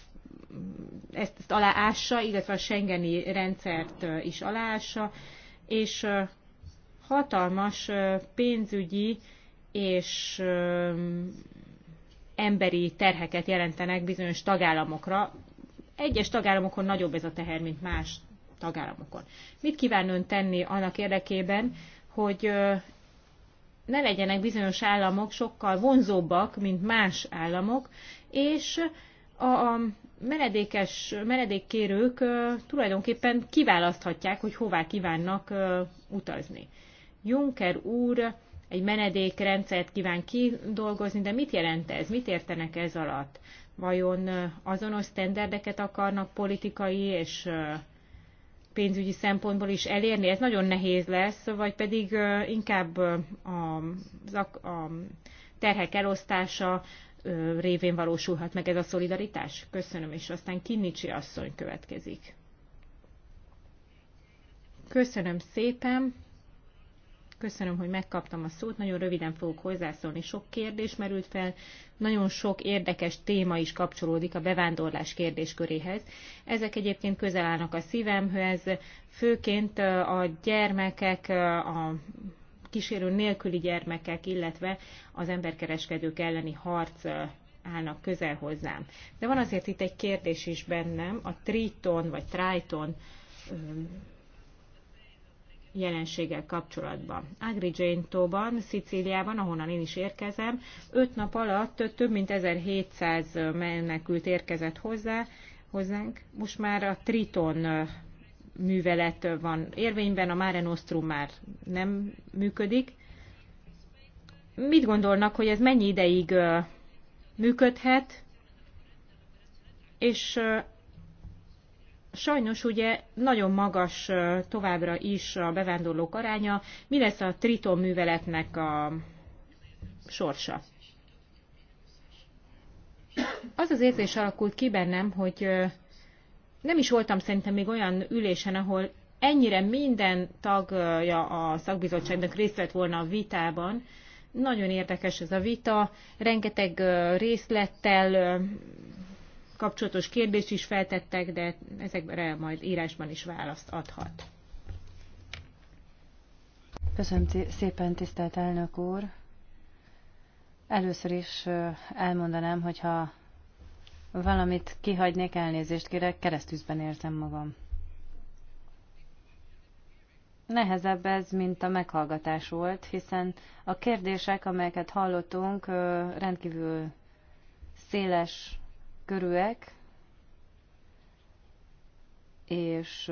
ezt aláássa, illetve a Schengeni rendszert is aláássa, és hatalmas pénzügyi és emberi terheket jelentenek bizonyos tagállamokra. Egyes tagállamokon nagyobb ez a teher, mint más tagállamokon. Mit kíván ön tenni annak érdekében, hogy ne legyenek bizonyos államok sokkal vonzóbbak, mint más államok, és a menedékes, menedékkérők tulajdonképpen kiválaszthatják, hogy hová kívánnak utazni. Juncker úr egy menedékrendszert kíván kidolgozni, de mit jelent ez? Mit értenek ez alatt? Vajon azonos sztenderdeket akarnak politikai és pénzügyi szempontból is elérni? Ez nagyon nehéz lesz, vagy pedig inkább a, a terhek elosztása révén valósulhat meg ez a szolidaritás? Köszönöm, és aztán Kinnicsi asszony következik. Köszönöm szépen. Köszönöm, hogy megkaptam a szót. Nagyon röviden fogok hozzászólni. Sok kérdés merült fel, nagyon sok érdekes téma is kapcsolódik a bevándorlás kérdésköréhez. Ezek egyébként közel állnak a szívemhez, főként a gyermekek, a kísérő nélküli gyermekek, illetve az emberkereskedők elleni harc állnak közel hozzám. De van azért itt egy kérdés is bennem, a Triton vagy Triton jelenséggel kapcsolatban. Agri Jane-tóban, Szicíliában, ahonnan én is érkezem, öt nap alatt több mint 1700 menekült érkezett hozzá, hozzánk. Most már a Triton művelet van érvényben, a Mare Nostrum már nem működik. Mit gondolnak, hogy ez mennyi ideig működhet, és sajnos ugye nagyon magas továbbra is a bevándorlók aránya. Mi lesz a Triton műveletnek a sorsa? Az az érzés alakult ki bennem, hogy nem is voltam szerintem még olyan ülésen, ahol ennyire minden tagja a szakbizottságnak részt vett volna a vitában. Nagyon érdekes ez a vita, rengeteg részlettel kapcsolatos kérdést is feltettek, de ezekre majd írásban is választ adhat. Köszönöm szépen, tisztelt elnök úr! Először is elmondanám, hogyha valamit kihagynék, elnézést kérek, keresztűzben értem magam. Nehezebb ez, mint a meghallgatás volt, hiszen a kérdések, amelyeket hallottunk, rendkívül széles körűek, és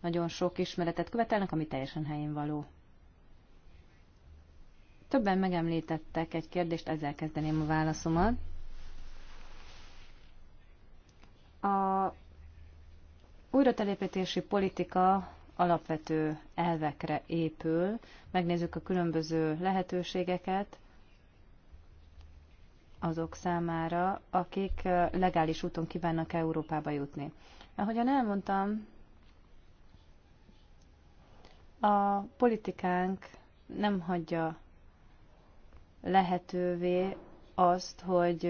nagyon sok ismeretet követelnek, ami teljesen helyén való. Többen megemlítettek egy kérdést, ezzel kezdeném a válaszomat. A újratelépítési politika alapvető elvekre épül, megnézzük a különböző lehetőségeket azok számára, akik legális úton kívánnak Európába jutni. Ahogyan elmondtam, a politikánk nem hagyja lehetővé azt, hogy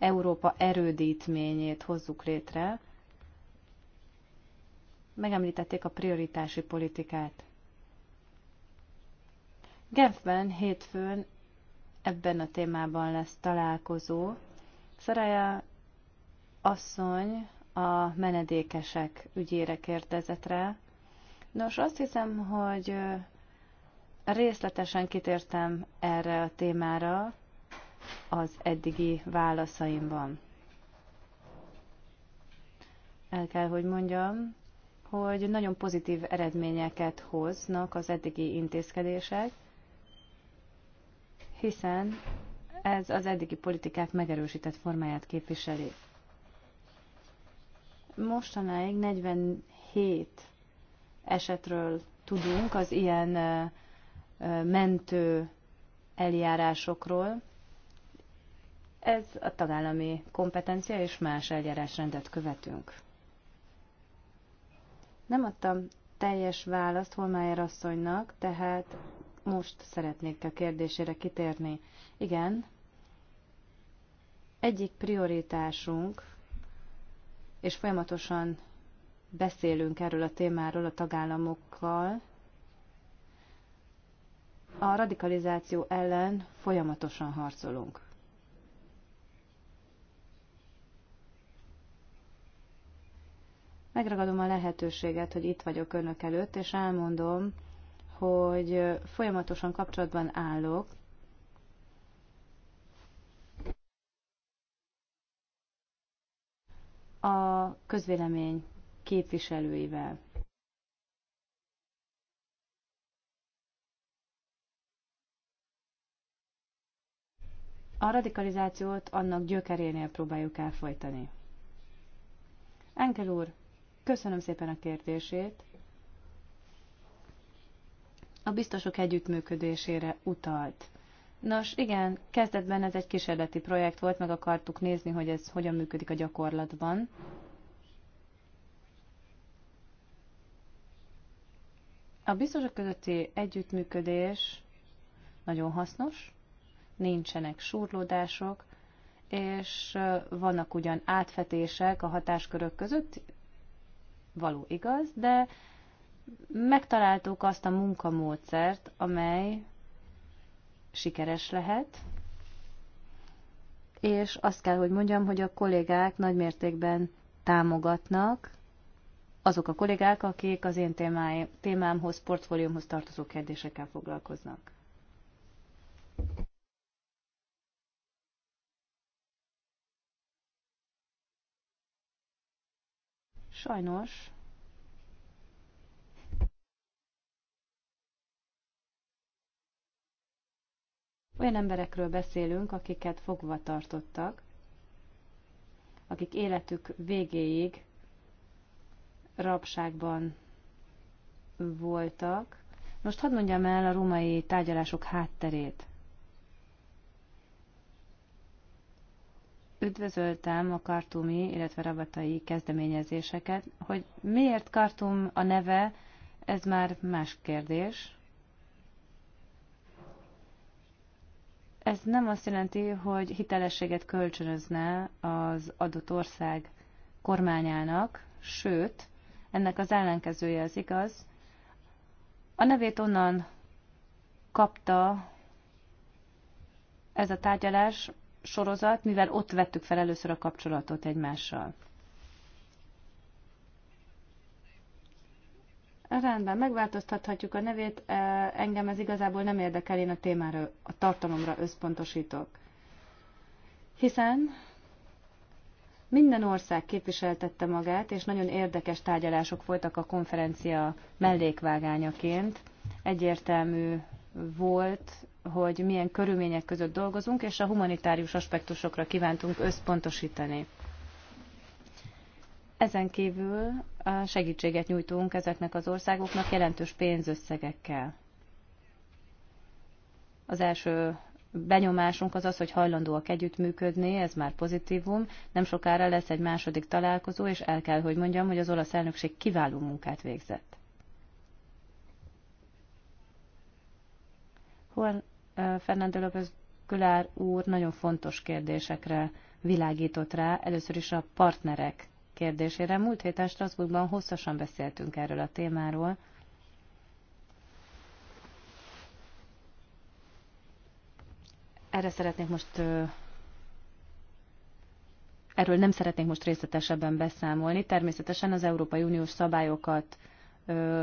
Európa erődítményét hozzuk létre. Megemlítették a prioritási politikát. Genfben hétfőn ebben a témában lesz találkozó. Szaraja asszony a menedékesek ügyére kérdezett rá. Nos, azt hiszem, hogy részletesen kitértem erre a témára, az eddigi válaszaimban. El kell, hogy mondjam, hogy nagyon pozitív eredményeket hoznak az eddigi intézkedések, hiszen ez az eddigi politikák megerősített formáját képviseli. Mostanáig 47 esetről tudunk az ilyen mentő eljárásokról, ez a tagállami kompetencia és más eljárásrendet követünk. Nem adtam teljes választ Holmájer asszonynak, tehát most szeretnék a kérdésére kitérni. Igen, egyik prioritásunk, és folyamatosan beszélünk erről a témáról a tagállamokkal, a radikalizáció ellen folyamatosan harcolunk. Megragadom a lehetőséget, hogy itt vagyok önök előtt, és elmondom, hogy folyamatosan kapcsolatban állok a közvélemény képviselőivel. A radikalizációt annak gyökerénél próbáljuk elfolytani. Enkel úr, Köszönöm szépen a kérdését. A biztosok együttműködésére utalt. Nos, igen, kezdetben ez egy kísérleti projekt volt, meg akartuk nézni, hogy ez hogyan működik a gyakorlatban. A biztosok közötti együttműködés nagyon hasznos, nincsenek súrlódások, és vannak ugyan átfetések a hatáskörök között, való igaz, de megtaláltuk azt a munkamódszert, amely sikeres lehet, és azt kell, hogy mondjam, hogy a kollégák nagymértékben támogatnak, azok a kollégák, akik az én témáimhoz, témámhoz, tartozó kérdésekkel foglalkoznak. Sajnos olyan emberekről beszélünk, akiket fogva tartottak, akik életük végéig rabságban voltak. Most hadd mondjam el a római tárgyalások hátterét. üdvözöltem a kartumi, illetve rabatai kezdeményezéseket. Hogy miért kartum a neve, ez már más kérdés. Ez nem azt jelenti, hogy hitelességet kölcsönözne az adott ország kormányának, sőt, ennek az ellenkezője az igaz. A nevét onnan kapta ez a tárgyalás, sorozat, mivel ott vettük fel először a kapcsolatot egymással. Rendben, megváltoztathatjuk a nevét, engem ez igazából nem érdekel, én a témára, a tartalomra összpontosítok. Hiszen minden ország képviseltette magát, és nagyon érdekes tárgyalások folytak a konferencia mellékvágányaként. Egyértelmű volt hogy milyen körülmények között dolgozunk, és a humanitárius aspektusokra kívántunk összpontosítani. Ezen kívül segítséget nyújtunk ezeknek az országoknak jelentős pénzösszegekkel. Az első benyomásunk az az, hogy hajlandóak együttműködni, ez már pozitívum. Nem sokára lesz egy második találkozó, és el kell, hogy mondjam, hogy az olasz elnökség kiváló munkát végzett. Juan Fernando López Gülár úr nagyon fontos kérdésekre világított rá, először is a partnerek kérdésére. Múlt héten Strasbourgban hosszasan beszéltünk erről a témáról. Erre szeretnék most erről nem szeretnék most részletesebben beszámolni. Természetesen az Európai Uniós szabályokat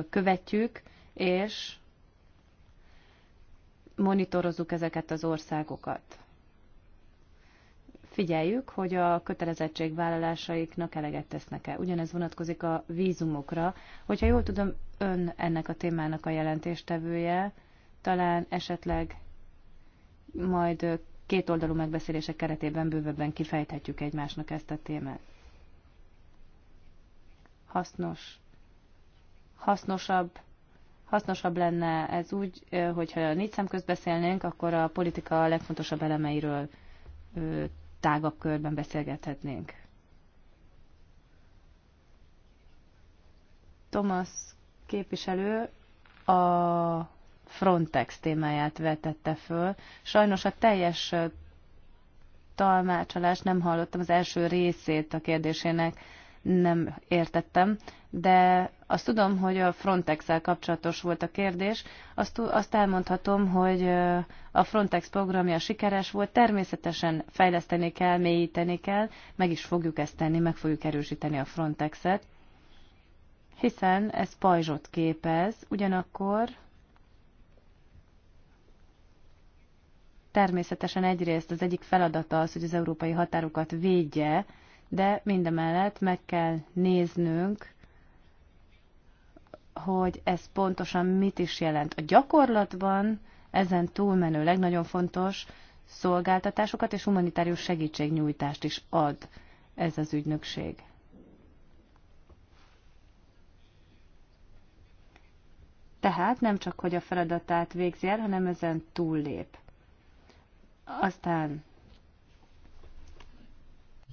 követjük, és monitorozzuk ezeket az országokat. Figyeljük, hogy a kötelezettségvállalásaiknak eleget tesznek-e. Ugyanez vonatkozik a vízumokra. Hogyha jól tudom, ön ennek a témának a jelentéstevője, talán esetleg majd kétoldalú megbeszélések keretében bővebben kifejthetjük egymásnak ezt a témát. Hasznos, hasznosabb Hasznosabb lenne ez úgy, hogyha négy szem közt beszélnénk, akkor a politika legfontosabb elemeiről tágabb körben beszélgethetnénk. Thomas képviselő a Frontex témáját vetette föl. Sajnos a teljes talmácsolást nem hallottam az első részét a kérdésének nem értettem, de azt tudom, hogy a frontex kapcsolatos volt a kérdés. Azt, azt elmondhatom, hogy a Frontex programja sikeres volt, természetesen fejleszteni kell, mélyíteni kell, meg is fogjuk ezt tenni, meg fogjuk erősíteni a Frontexet, hiszen ez pajzsot képez, ugyanakkor természetesen egyrészt az egyik feladata az, hogy az európai határokat védje, de mindemellett meg kell néznünk, hogy ez pontosan mit is jelent. A gyakorlatban ezen túlmenőleg nagyon fontos szolgáltatásokat és humanitárius segítségnyújtást is ad ez az ügynökség. Tehát nem csak, hogy a feladatát végzi el, hanem ezen túllép. Aztán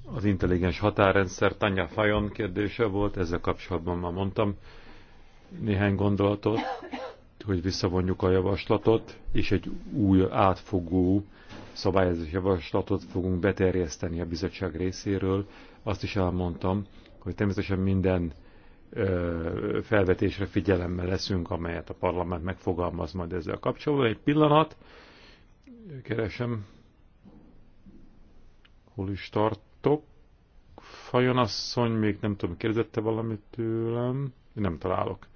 az intelligens határrendszer Tanya Fajon kérdése volt, ezzel kapcsolatban már mondtam néhány gondolatot, hogy visszavonjuk a javaslatot, és egy új átfogó szabályozási javaslatot fogunk beterjeszteni a bizottság részéről. Azt is elmondtam, hogy természetesen minden ö, felvetésre figyelemmel leszünk, amelyet a parlament megfogalmaz majd ezzel kapcsolatban. Egy pillanat, keresem, hol is tart. Fajon asszony, még nem tudom, kérdezette valamit tőlem? Én nem találok.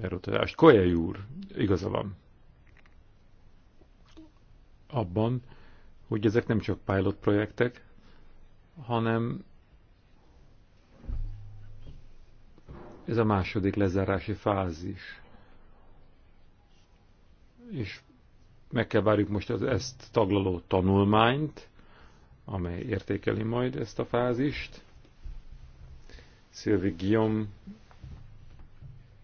Erőtadást. Koelyei úr, igaza van. Abban, hogy ezek nem csak pilot projektek, hanem ez a második lezárási fázis. És meg kell várjuk most az ezt taglaló tanulmányt, amely értékeli majd ezt a fázist. Szilvi Guillaume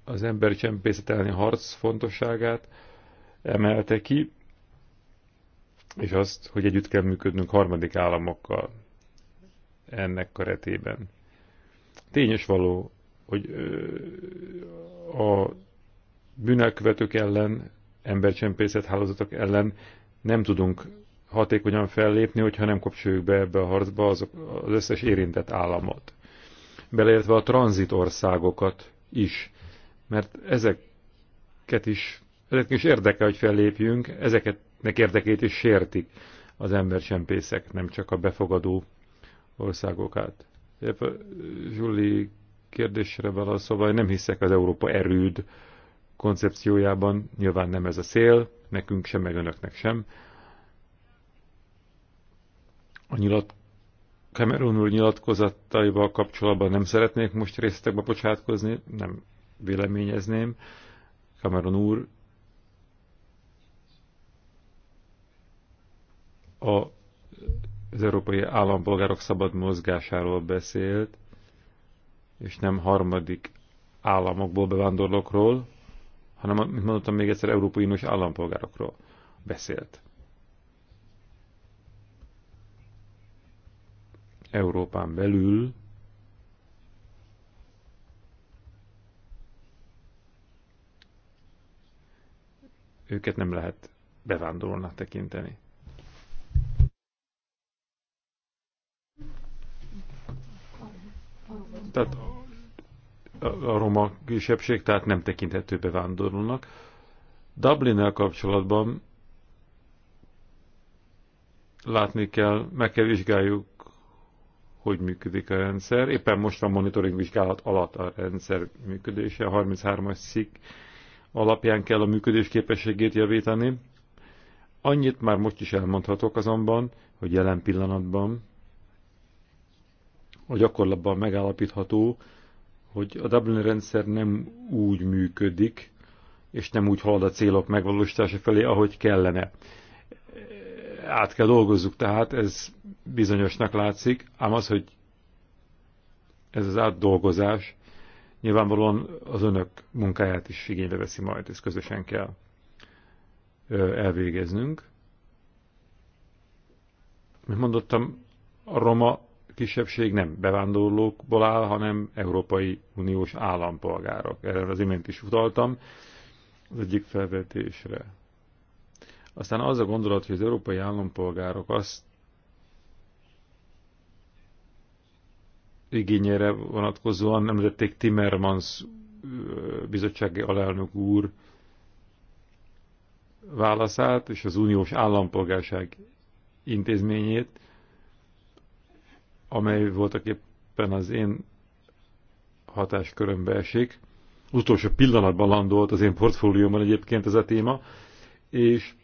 az emberi csempészet elleni harc fontosságát emelte ki, és azt, hogy együtt kell működnünk harmadik államokkal ennek keretében. Tényes való, hogy a bűnelkövetők ellen, embercsempészet hálózatok ellen nem tudunk hatékonyan fellépni, hogyha nem kapcsoljuk be ebbe a harcba az, az összes érintett államot. Beleértve a tranzit országokat is, mert ezeket is, ezek is érdekel, hogy fellépjünk, ezeknek érdekét is sértik az embercsempészek, nem csak a befogadó országokat. Épp a Zsuli kérdésre válaszolva, nem hiszek az Európa erőd koncepciójában, nyilván nem ez a cél, nekünk sem, meg önöknek sem, a nyilat Cameron úr nyilatkozataival kapcsolatban nem szeretnék most részletekbe bocsátkozni, nem véleményezném. Cameron úr a, az európai állampolgárok szabad mozgásáról beszélt, és nem harmadik államokból bevándorlókról, hanem, mint mondottam, még egyszer Európai Uniós állampolgárokról beszélt. Európán belül őket nem lehet bevándorolnak tekinteni. Tehát a roma kisebbség, tehát nem tekinthető bevándorolnak. el kapcsolatban látni kell, meg kell vizsgáljuk hogy működik a rendszer. Éppen most van monitoring vizsgálat alatt a rendszer működése, a 33-as szik alapján kell a működés képességét javítani. Annyit már most is elmondhatok azonban, hogy jelen pillanatban a gyakorlatban megállapítható, hogy a Dublin rendszer nem úgy működik, és nem úgy halad a célok megvalósítása felé, ahogy kellene át kell dolgozzuk, tehát ez bizonyosnak látszik, ám az, hogy ez az átdolgozás nyilvánvalóan az önök munkáját is igénybe veszi majd, ezt közösen kell elvégeznünk. Mint mondottam, a roma kisebbség nem bevándorlókból áll, hanem Európai Uniós állampolgárok. Erre az imént is utaltam az egyik felvetésre. Aztán az a gondolat, hogy az európai állampolgárok azt igényére vonatkozóan nemzették Timmermans bizottsági alelnök úr válaszát és az uniós állampolgárság intézményét, amely voltak éppen az én hatáskörömbe esik. Utolsó pillanatban landolt az én portfóliómban egyébként ez a téma, és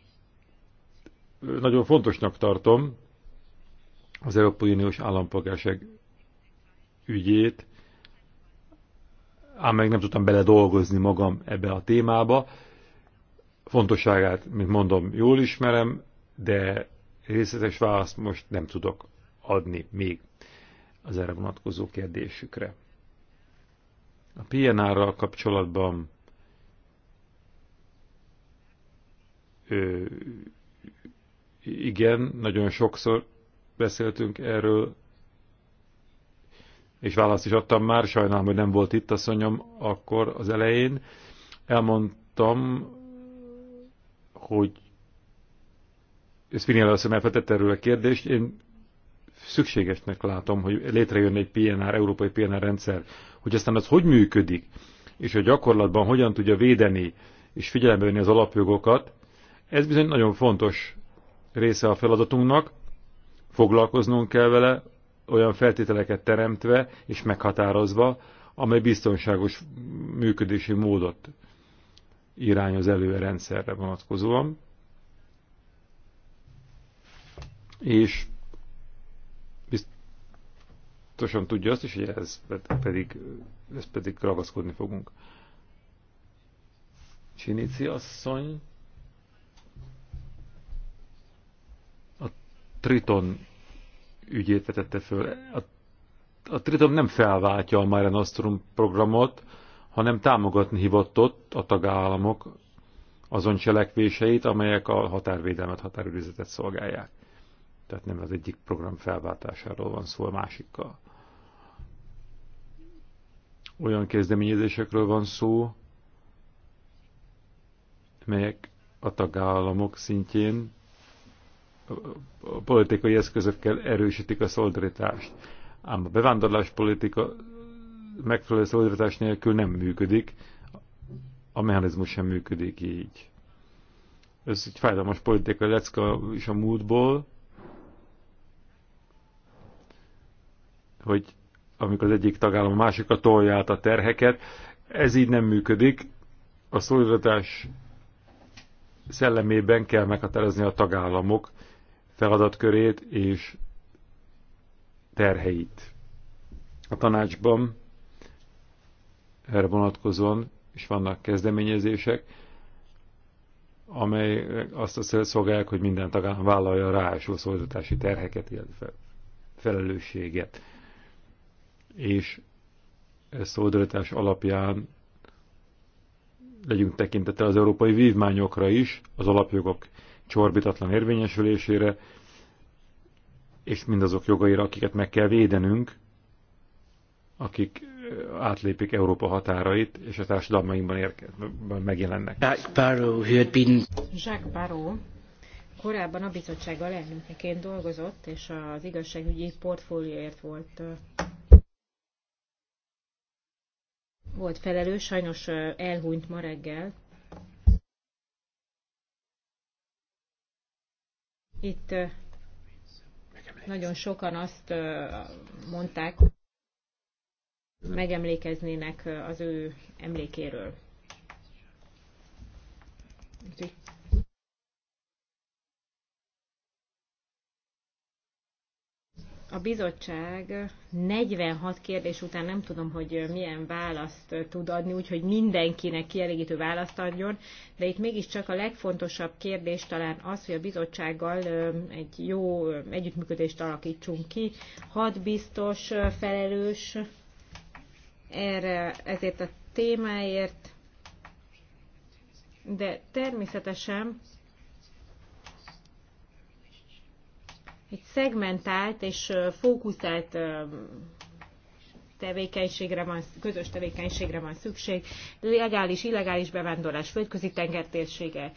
nagyon fontosnak tartom az Európai Uniós állampolgárság ügyét, ám meg nem tudtam beledolgozni magam ebbe a témába. Fontosságát, mint mondom, jól ismerem, de részletes választ most nem tudok adni még az erre vonatkozó kérdésükre. A PNR-ral kapcsolatban igen, nagyon sokszor beszéltünk erről, és választ is adtam már, sajnálom, hogy nem volt itt a szonyom akkor az elején. Elmondtam, hogy Spinelli először megfetett erről a kérdést, én szükségesnek látom, hogy létrejön egy PNR, európai PNR rendszer, hogy aztán az hogy működik, és a gyakorlatban hogyan tudja védeni és figyelembe venni az alapjogokat, ez bizony nagyon fontos része a feladatunknak, foglalkoznunk kell vele, olyan feltételeket teremtve és meghatározva, amely biztonságos működési módot irányoz elő a rendszerre vonatkozóan. És biztosan tudja azt is, hogy ez pedig, ez pedig ragaszkodni fogunk. Csinici asszony Triton ügyét vetette föl. A, a Triton nem felváltja a Mare Nostrum programot, hanem támogatni hivatott a tagállamok azon cselekvéseit, amelyek a határvédelmet, határőrizetet szolgálják. Tehát nem az egyik program felváltásáról van szó a másikkal. Olyan kezdeményezésekről van szó, melyek a tagállamok szintjén a politikai eszközökkel erősítik a szolidaritást. Ám a bevándorláspolitika megfelelő szolidaritás nélkül nem működik, a mechanizmus sem működik így. Ez egy fájdalmas politikai lecka is a múltból, hogy amikor az egyik tagállam a másikra tolja át a terheket, ez így nem működik. A szolidaritás szellemében kell meghatározni a tagállamok feladatkörét és terheit. A tanácsban erre vonatkozóan is vannak kezdeményezések, amely azt a szolgálják, hogy minden tagállam vállalja rá és szolgáltatási terheket, illetve felelősséget. És ez szolgáltatás alapján legyünk tekintettel az európai vívmányokra is, az alapjogok csorbitatlan érvényesülésére, és mindazok jogaira, akiket meg kell védenünk, akik átlépik Európa határait, és a társadalmainkban érke, megjelennek. Jacques Barrow, Barrow korábban a bizottsággal elnökeként dolgozott, és az igazságügyi portfólióért volt volt felelős, sajnos elhunyt ma reggel. Itt nagyon sokan azt mondták, megemlékeznének az ő emlékéről. Úgyhogy a bizottság 46 kérdés után nem tudom, hogy milyen választ tud adni, úgyhogy mindenkinek kielégítő választ adjon, de itt mégiscsak a legfontosabb kérdés talán az, hogy a bizottsággal egy jó együttműködést alakítsunk ki. Hat biztos felelős erre, ezért a témáért, de természetesen egy szegmentált és fókuszált tevékenységre van, közös tevékenységre van szükség, legális, illegális bevándorlás, földközi tengertérsége.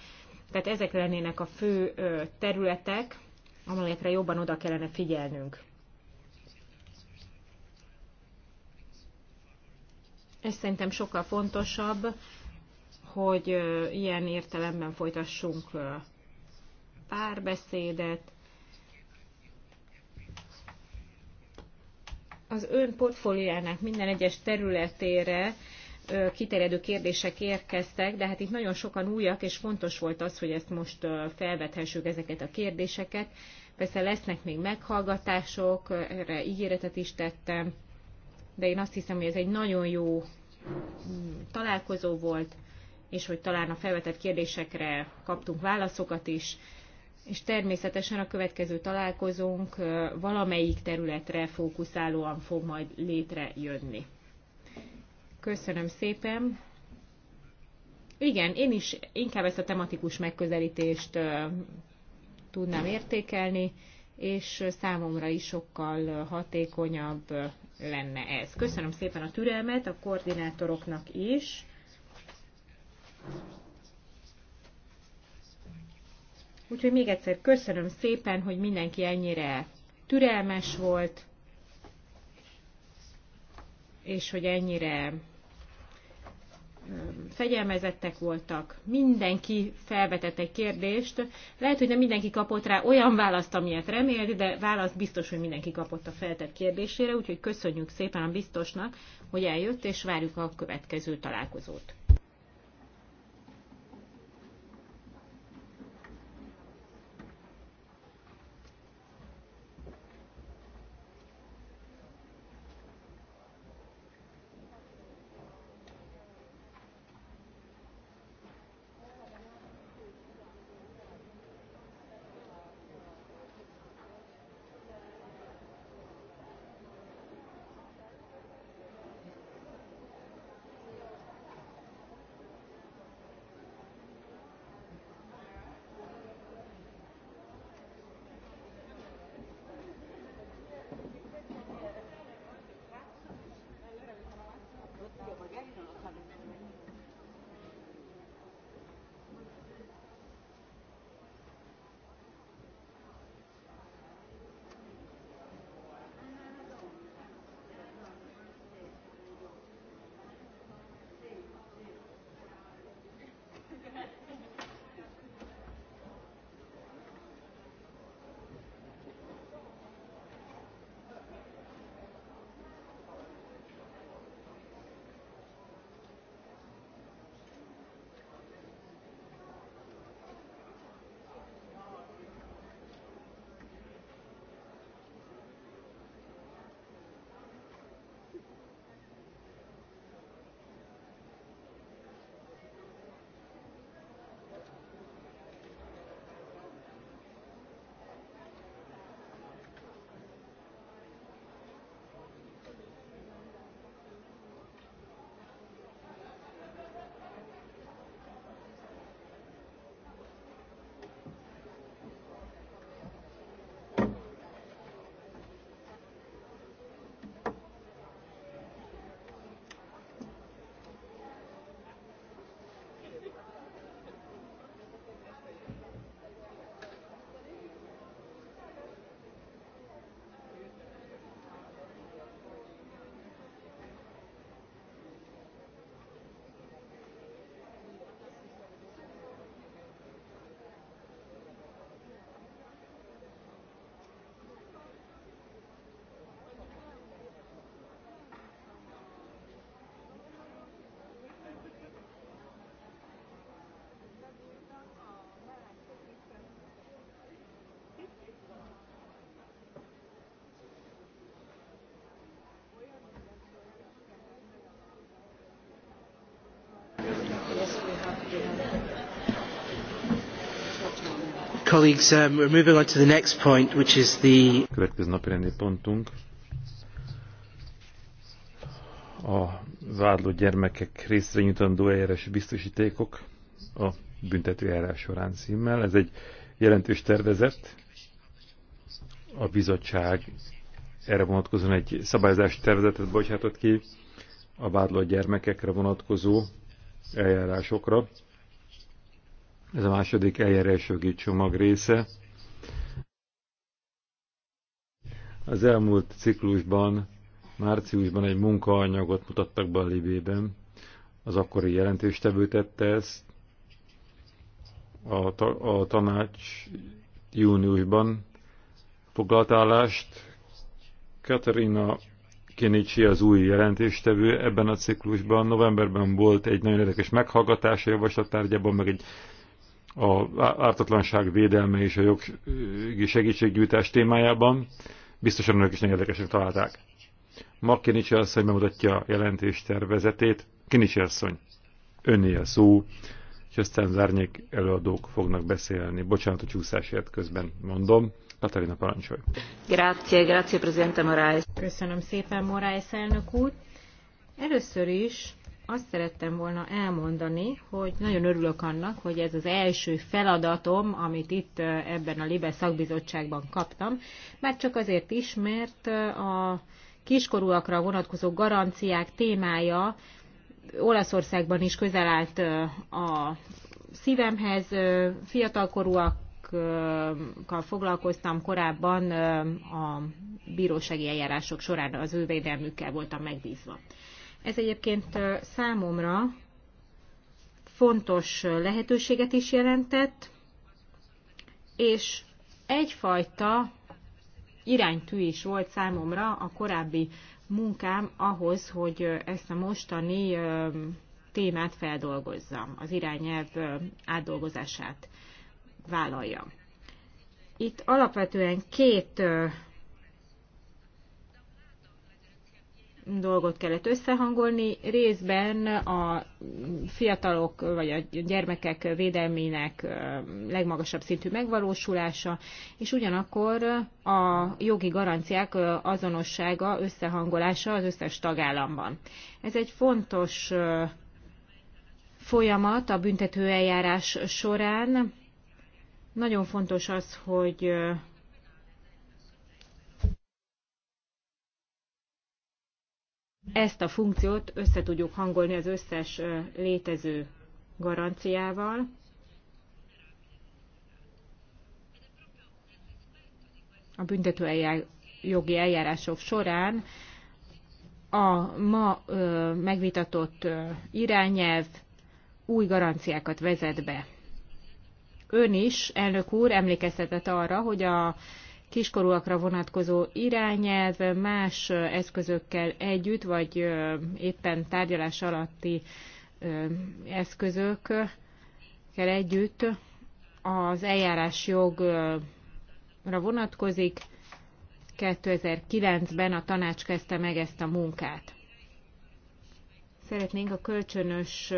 Tehát ezek lennének a fő területek, amelyekre jobban oda kellene figyelnünk. Ez szerintem sokkal fontosabb, hogy ilyen értelemben folytassunk párbeszédet, az ön portfóliának minden egyes területére kiterjedő kérdések érkeztek, de hát itt nagyon sokan újak, és fontos volt az, hogy ezt most felvethessük ezeket a kérdéseket. Persze lesznek még meghallgatások, erre ígéretet is tettem, de én azt hiszem, hogy ez egy nagyon jó mm, találkozó volt, és hogy talán a felvetett kérdésekre kaptunk válaszokat is, és természetesen a következő találkozónk valamelyik területre fókuszálóan fog majd létrejönni. Köszönöm szépen! Igen, én is inkább ezt a tematikus megközelítést tudnám értékelni, és számomra is sokkal hatékonyabb lenne ez. Köszönöm szépen a türelmet a koordinátoroknak is. Úgyhogy még egyszer köszönöm szépen, hogy mindenki ennyire türelmes volt, és hogy ennyire fegyelmezettek voltak. Mindenki felvetett egy kérdést. Lehet, hogy nem mindenki kapott rá olyan választ, amilyet remélt, de választ biztos, hogy mindenki kapott a feltett kérdésére, úgyhogy köszönjük szépen a biztosnak, hogy eljött, és várjuk a következő találkozót. Colleagues, um, we're moving on to the next point, which is the... Következő napi rendi pontunk a vádló gyermekek részre nyújtandó eljárási biztosítékok a büntető eljárás során címmel. Ez egy jelentős tervezet. A bizottság erre vonatkozóan egy szabályozási tervezetet bocsátott ki a vádló gyermekekre vonatkozó eljárásokra. Ez a második eljárásjogi csomag része. Az elmúlt ciklusban, márciusban egy munkaanyagot mutattak be a Libében. Az akkori jelentéstevő tette ezt. A, ta a tanács júniusban foglalt állást. Katarina Kenichi, az új jelentéstevő ebben a ciklusban. Novemberben volt egy nagyon érdekes meghallgatás a javaslattárgyában, meg egy a ártatlanság védelme és a jogi segítséggyűjtás témájában. Biztosan önök is nagyon érdekesek találták. Ma Kenichi asszony bemutatja a jelentés tervezetét. Kinicsi asszony, önné a szó, és aztán zárnyék előadók fognak beszélni. Bocsánat a csúszásért közben mondom. Katarina parancsolj. Grazie, grazie, Presidente Moraes. Köszönöm szépen, Moraes elnök úr. Először is azt szerettem volna elmondani, hogy nagyon örülök annak, hogy ez az első feladatom, amit itt eh, ebben a Libe szakbizottságban kaptam, mert csak azért is, mert eh, a kiskorúakra vonatkozó garanciák témája Olaszországban is közel állt eh, a szívemhez, fiatalkorúak jogokkal foglalkoztam korábban, a bírósági eljárások során az ő védelmükkel voltam megbízva. Ez egyébként számomra fontos lehetőséget is jelentett, és egyfajta iránytű is volt számomra a korábbi munkám ahhoz, hogy ezt a mostani témát feldolgozzam, az irányelv átdolgozását vállalja. Itt alapvetően két dolgot kellett összehangolni. Részben a fiatalok vagy a gyermekek védelmének legmagasabb szintű megvalósulása, és ugyanakkor a jogi garanciák azonossága, összehangolása az összes tagállamban. Ez egy fontos folyamat a büntetőeljárás során, nagyon fontos az, hogy ezt a funkciót össze tudjuk hangolni az összes létező garanciával. A büntető eljár, jogi eljárások során a ma ö, megvitatott irányelv új garanciákat vezet be ön is, elnök úr, emlékeztetett arra, hogy a kiskorúakra vonatkozó irányelv más eszközökkel együtt, vagy éppen tárgyalás alatti eszközökkel együtt az eljárás jogra vonatkozik. 2009-ben a tanács kezdte meg ezt a munkát. Szeretnénk a kölcsönös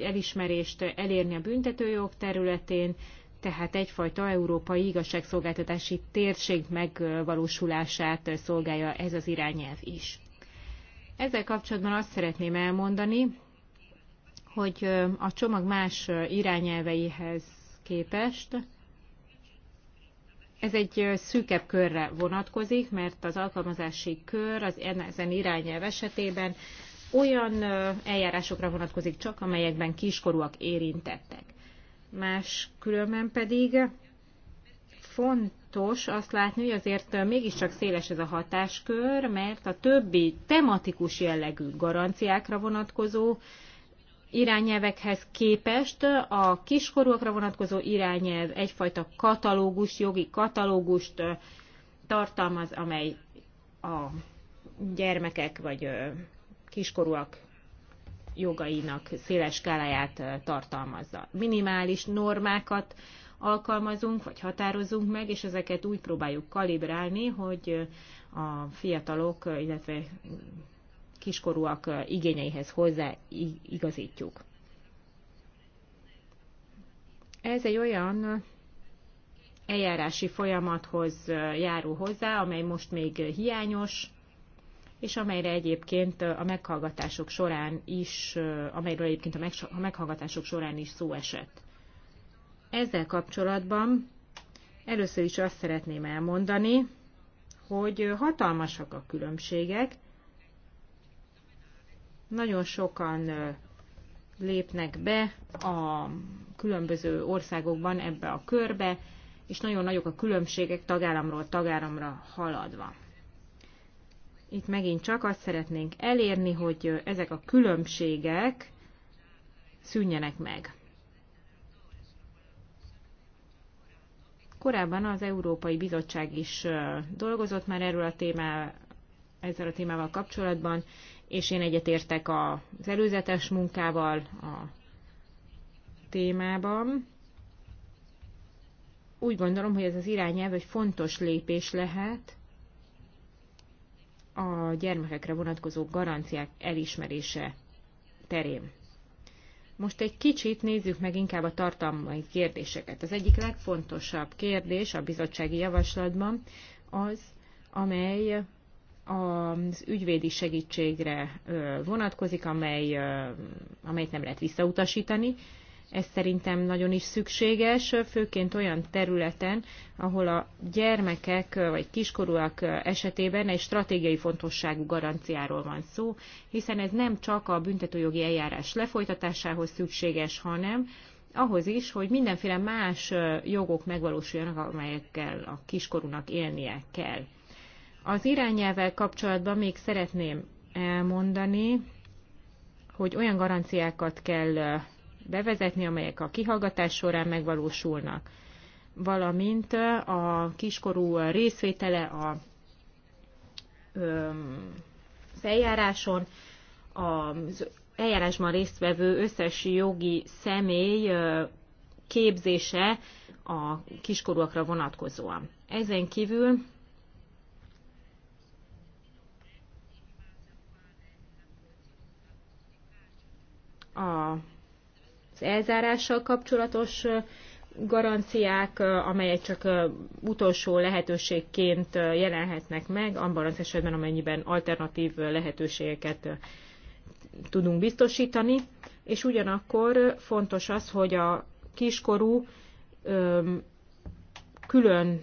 elismerést elérni a büntetőjog területén, tehát egyfajta európai igazságszolgáltatási térség megvalósulását szolgálja ez az irányelv is. Ezzel kapcsolatban azt szeretném elmondani, hogy a csomag más irányelveihez képest ez egy szűkebb körre vonatkozik, mert az alkalmazási kör az ezen irányelv esetében olyan eljárásokra vonatkozik csak, amelyekben kiskorúak érintettek. Más különben pedig fontos azt látni, hogy azért mégiscsak széles ez a hatáskör, mert a többi tematikus jellegű garanciákra vonatkozó irányelvekhez képest a kiskorúakra vonatkozó irányelv egyfajta katalógus, jogi katalógust tartalmaz, amely a gyermekek vagy kiskorúak jogainak széles skáláját tartalmazza. Minimális normákat alkalmazunk, vagy határozunk meg, és ezeket úgy próbáljuk kalibrálni, hogy a fiatalok, illetve kiskorúak igényeihez hozzá igazítjuk. Ez egy olyan eljárási folyamathoz járó hozzá, amely most még hiányos, és amelyre egyébként a meghallgatások során is, amelyről egyébként a meghallgatások során is szó esett. Ezzel kapcsolatban először is azt szeretném elmondani, hogy hatalmasak a különbségek, nagyon sokan lépnek be a különböző országokban ebbe a körbe, és nagyon nagyok a különbségek tagállamról tagállamra haladva. Itt megint csak azt szeretnénk elérni, hogy ezek a különbségek szűnjenek meg. Korábban az Európai Bizottság is dolgozott már erről a témával, ezzel a témával kapcsolatban, és én egyetértek az előzetes munkával a témában. Úgy gondolom, hogy ez az irányelv egy fontos lépés lehet a gyermekekre vonatkozó garanciák elismerése terén. Most egy kicsit nézzük meg inkább a tartalmai kérdéseket. Az egyik legfontosabb kérdés a bizottsági javaslatban az, amely az ügyvédi segítségre vonatkozik, amely, amelyet nem lehet visszautasítani, ez szerintem nagyon is szükséges, főként olyan területen, ahol a gyermekek vagy kiskorúak esetében egy stratégiai fontosságú garanciáról van szó, hiszen ez nem csak a büntetőjogi eljárás lefolytatásához szükséges, hanem ahhoz is, hogy mindenféle más jogok megvalósuljanak, amelyekkel a kiskorúnak élnie kell. Az irányelvvel kapcsolatban még szeretném elmondani, hogy olyan garanciákat kell bevezetni, amelyek a kihallgatás során megvalósulnak, valamint a kiskorú részvétele a feljáráson, az eljárásban résztvevő összes jogi személy képzése a kiskorúakra vonatkozóan. Ezen kívül a elzárással kapcsolatos garanciák, amelyek csak utolsó lehetőségként jelenhetnek meg, abban az esetben, amennyiben alternatív lehetőségeket tudunk biztosítani, és ugyanakkor fontos az, hogy a kiskorú külön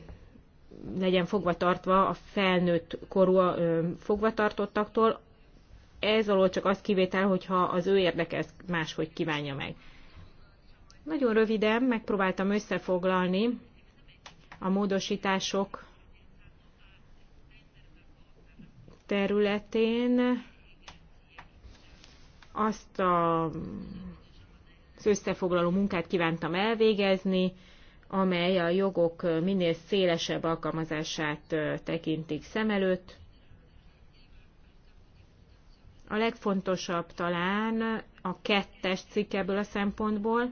legyen fogvatartva a felnőtt korú fogvatartottaktól, ez alól csak az kivétel, hogyha az ő érdeke ezt máshogy kívánja meg. Nagyon röviden megpróbáltam összefoglalni a módosítások területén azt a, az összefoglaló munkát kívántam elvégezni, amely a jogok minél szélesebb alkalmazását tekintik szem előtt. A legfontosabb talán a kettes cikk ebből a szempontból,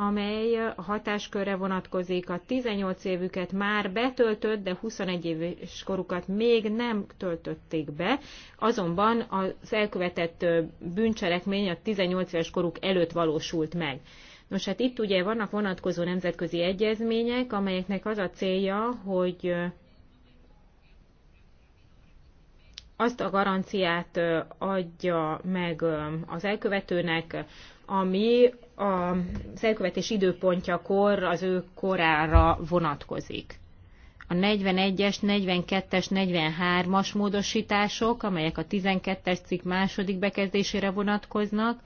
amely a hatáskörre vonatkozik, a 18 évüket már betöltött, de 21 éves korukat még nem töltötték be, azonban az elkövetett bűncselekmény a 18 éves koruk előtt valósult meg. Nos, hát itt ugye vannak vonatkozó nemzetközi egyezmények, amelyeknek az a célja, hogy azt a garanciát adja meg az elkövetőnek, ami a elkövetés időpontjakor az ő korára vonatkozik. A 41-es, 42-es, 43-as módosítások, amelyek a 12-es cikk második bekezdésére vonatkoznak,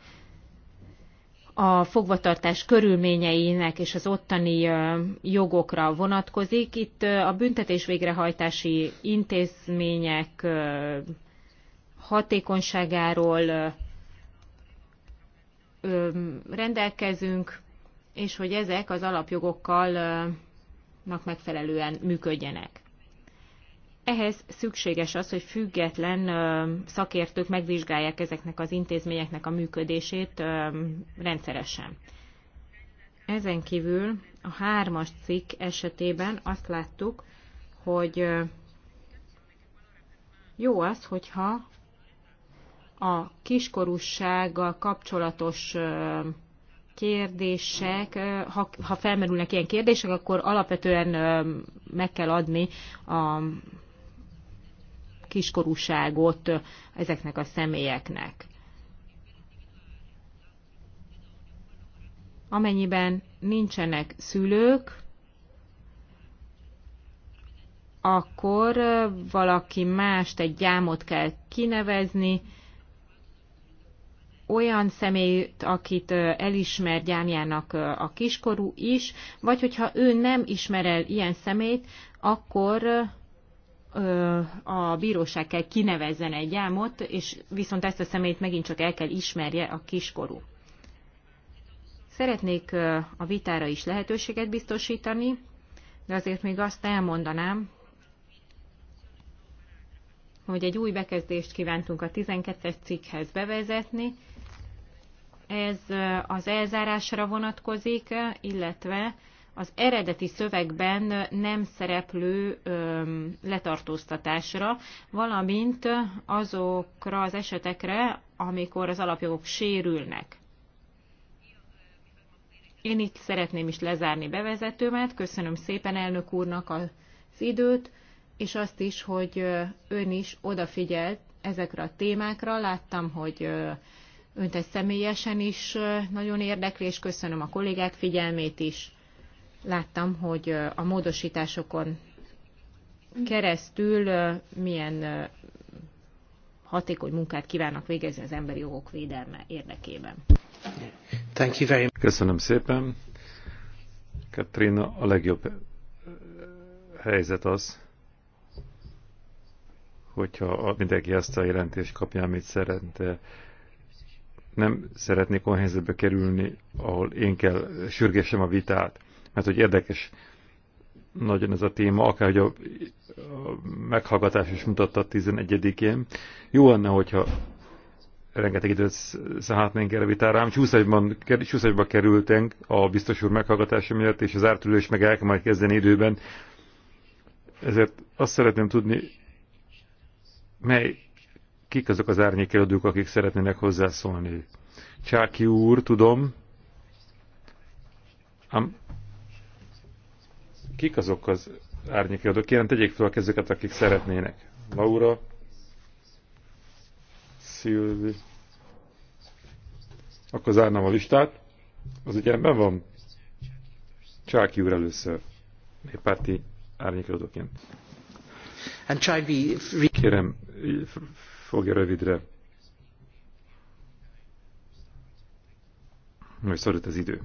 a fogvatartás körülményeinek és az ottani jogokra vonatkozik. Itt a büntetés végrehajtási intézmények hatékonyságáról rendelkezünk, és hogy ezek az alapjogokkal megfelelően működjenek. Ehhez szükséges az, hogy független szakértők megvizsgálják ezeknek az intézményeknek a működését rendszeresen. Ezen kívül a hármas cikk esetében azt láttuk, hogy jó az, hogyha a kiskorúsággal kapcsolatos kérdések, ha, ha felmerülnek ilyen kérdések, akkor alapvetően meg kell adni a kiskorúságot ezeknek a személyeknek. Amennyiben nincsenek szülők, akkor valaki mást, egy gyámot kell kinevezni, olyan személyt, akit elismer gyámjának a kiskorú is, vagy hogyha ő nem ismer el ilyen szemét, akkor a bíróság kell kinevezzen egy gyámot, és viszont ezt a szemét megint csak el kell ismerje a kiskorú. Szeretnék a vitára is lehetőséget biztosítani, de azért még azt elmondanám, hogy egy új bekezdést kívántunk a 12-es cikkhez bevezetni, ez az elzárásra vonatkozik, illetve az eredeti szövegben nem szereplő letartóztatásra, valamint azokra az esetekre, amikor az alapjogok sérülnek. Én itt szeretném is lezárni bevezetőmet. Köszönöm szépen elnök úrnak az időt, és azt is, hogy ön is odafigyelt ezekre a témákra. Láttam, hogy Önt ez személyesen is nagyon érdekli, és köszönöm a kollégák figyelmét is. Láttam, hogy a módosításokon keresztül milyen hatékony munkát kívánnak végezni az emberi jogok védelme érdekében. Thank you very much. Köszönöm szépen. Katrina, a legjobb helyzet az, hogyha mindenki azt a jelentést kapja, amit szeretne, nem szeretnék olyan helyzetbe kerülni, ahol én kell sürgessem a vitát, mert hogy érdekes nagyon ez a téma, akár a, a meghallgatás is mutatta a 11-én. Jó lenne, hogyha rengeteg időt szállhatnánk erre vitára, ám csúszásban kerültünk a biztos úr meghallgatása miatt, és az ártülés meg el kell majd kezdeni időben. Ezért azt szeretném tudni, mely Kik azok az árnyékelődők, akik szeretnének hozzászólni? Csáki úr, tudom. Am... kik azok az árnyékelődők? Kérem, tegyék fel a kezüket, akik szeretnének. Laura, Szilvi. Akkor zárnám a listát. Az ügyemben van? Csáki úr először. Néppárti árnyékelődőként. Kérem, fogja rövidre. Most szorít az idő.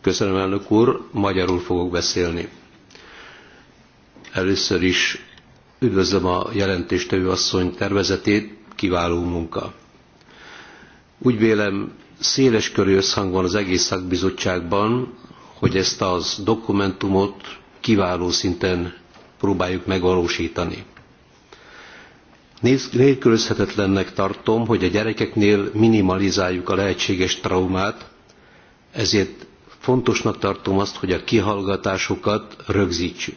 Köszönöm, elnök úr, magyarul fogok beszélni. Először is üdvözlöm a jelentéstevő asszony tervezetét, kiváló munka. Úgy vélem, széles körű összhang van az egész szakbizottságban, hogy ezt az dokumentumot kiváló szinten próbáljuk megvalósítani. Nélkülözhetetlennek tartom, hogy a gyerekeknél minimalizáljuk a lehetséges traumát, ezért fontosnak tartom azt, hogy a kihallgatásokat rögzítsük.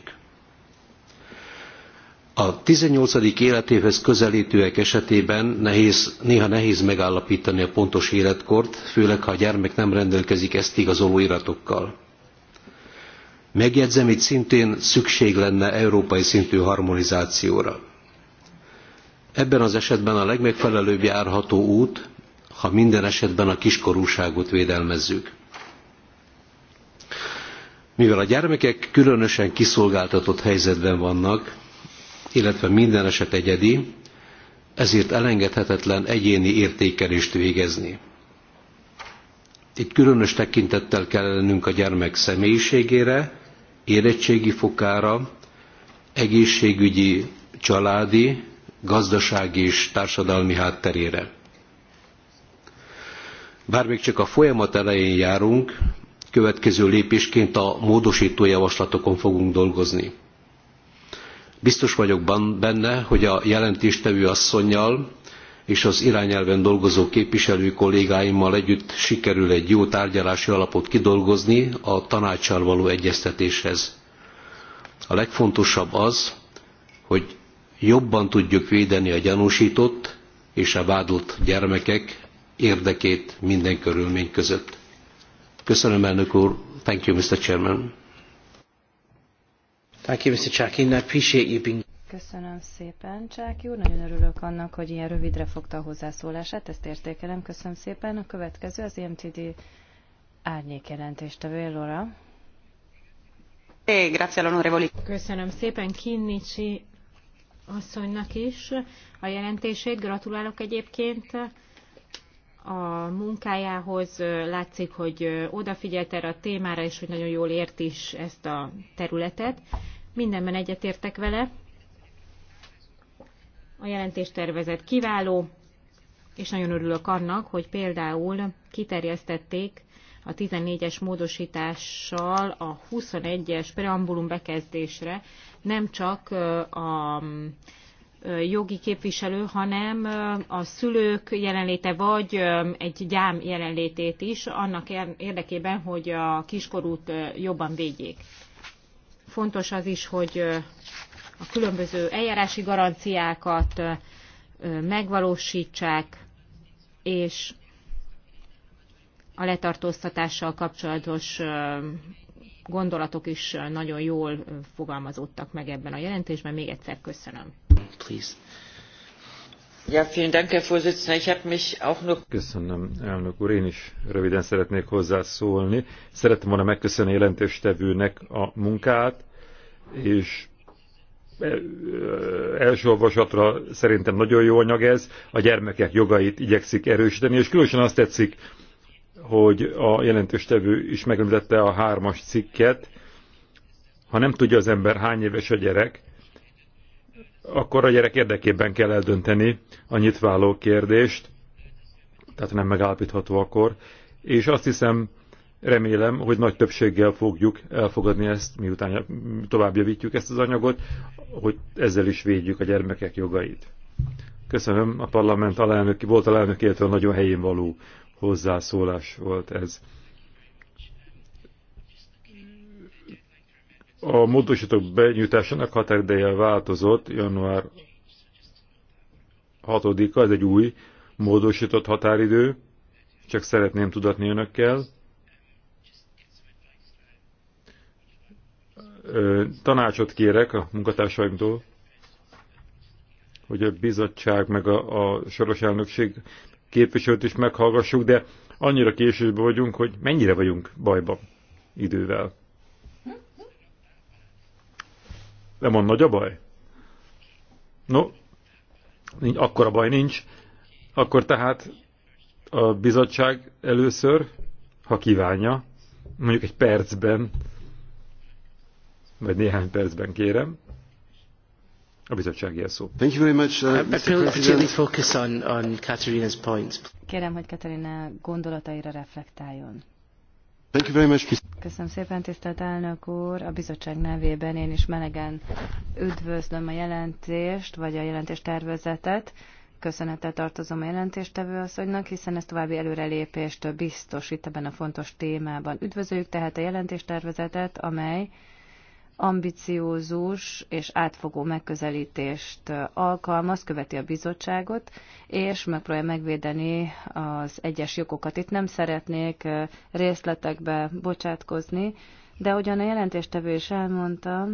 A 18. életévhez közelítőek esetében nehéz, néha nehéz megállapítani a pontos életkort, főleg ha a gyermek nem rendelkezik ezt igazoló iratokkal. Megjegyzem, itt szintén szükség lenne európai szintű harmonizációra. Ebben az esetben a legmegfelelőbb járható út, ha minden esetben a kiskorúságot védelmezzük. Mivel a gyermekek különösen kiszolgáltatott helyzetben vannak, illetve minden eset egyedi, ezért elengedhetetlen egyéni értékelést végezni. Itt különös tekintettel kell lennünk a gyermek személyiségére, érettségi fokára, egészségügyi, családi gazdasági és társadalmi hátterére. Bár még csak a folyamat elején járunk, következő lépésként a módosító javaslatokon fogunk dolgozni. Biztos vagyok benne, hogy a jelentéstevő asszonynal és az irányelven dolgozó képviselő kollégáimmal együtt sikerül egy jó tárgyalási alapot kidolgozni a tanácssal való egyeztetéshez. A legfontosabb az, hogy jobban tudjuk védeni a gyanúsított és a vádolt gyermekek érdekét minden körülmény között. Köszönöm, elnök úr. Thank you, Mr. Chairman. Thank you, Mr. Chakin. I appreciate you being... Köszönöm szépen, Csák úr. Nagyon örülök annak, hogy ilyen rövidre fogta a hozzászólását. Ezt értékelem. Köszönöm szépen. A következő az MTD árnyék A Laura. Eh, Köszönöm szépen, Kinnicsi asszonynak is a jelentését. Gratulálok egyébként a munkájához. Látszik, hogy odafigyelt erre a témára, és hogy nagyon jól ért is ezt a területet. Mindenben egyetértek vele. A jelentéstervezet kiváló, és nagyon örülök annak, hogy például kiterjesztették a 14-es módosítással a 21-es preambulum bekezdésre nem csak a jogi képviselő, hanem a szülők jelenléte vagy egy gyám jelenlétét is annak érdekében, hogy a kiskorút jobban védjék. Fontos az is, hogy a különböző eljárási garanciákat megvalósítsák, és a letartóztatással kapcsolatos gondolatok is nagyon jól fogalmazódtak meg ebben a jelentésben. Még egyszer köszönöm. Please. Ja, vielen Dank, Herr Vorsitzender. Ich habe mich auch nur... Köszönöm, elnök úr. Én is röviden szeretnék hozzászólni. Szerettem volna megköszönni a jelentéstevőnek a munkát, és e, e, első olvasatra szerintem nagyon jó anyag ez, a gyermekek jogait igyekszik erősíteni, és különösen azt tetszik, hogy a jelentőstevő is megemlítette a hármas cikket. Ha nem tudja az ember hány éves a gyerek, akkor a gyerek érdekében kell eldönteni a nyitváló kérdést, tehát nem megállapítható akkor. És azt hiszem, remélem, hogy nagy többséggel fogjuk elfogadni ezt, miután tovább javítjuk ezt az anyagot, hogy ezzel is védjük a gyermekek jogait. Köszönöm a parlament alelnöki, volt lelnökétől nagyon helyén való hozzászólás volt ez. A módosítók benyújtásának határideje változott, január 6-a, ez egy új módosított határidő, csak szeretném tudatni önökkel. Tanácsot kérek a munkatársaimtól, hogy a bizottság meg a, a soros elnökség képviselőt is meghallgassuk, de annyira későben vagyunk, hogy mennyire vagyunk bajban idővel. Nem van nagy a baj? No, akkor a baj nincs. Akkor tehát a bizottság először, ha kívánja, mondjuk egy percben, vagy néhány percben kérem, a bizottság szó. Thank you very much, uh, uh, Mr. Kérem, hogy Katarina gondolataira reflektáljon. Thank you very much. Köszönöm szépen, tisztelt elnök úr. A bizottság nevében én is melegen üdvözlöm a jelentést, vagy a jelentéstervezetet. Köszönettel tartozom a jelentéstevő asszonynak, hiszen ez további előrelépést biztosít ebben a fontos témában. Üdvözöljük tehát a jelentéstervezetet, amely ambiciózus és átfogó megközelítést alkalmaz, követi a bizottságot, és megpróbálja megvédeni az egyes jogokat. Itt nem szeretnék részletekbe bocsátkozni, de ugyan a jelentéstevő is elmondta,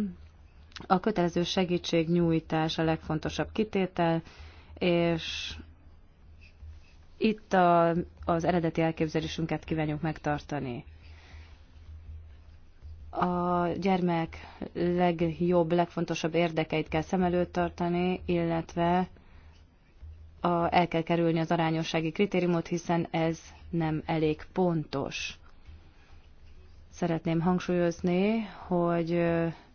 a kötelező segítségnyújtás a legfontosabb kitétel, és itt a, az eredeti elképzelésünket kívánjuk megtartani a gyermek legjobb, legfontosabb érdekeit kell szem előtt tartani, illetve a, el kell kerülni az arányossági kritériumot, hiszen ez nem elég pontos. Szeretném hangsúlyozni, hogy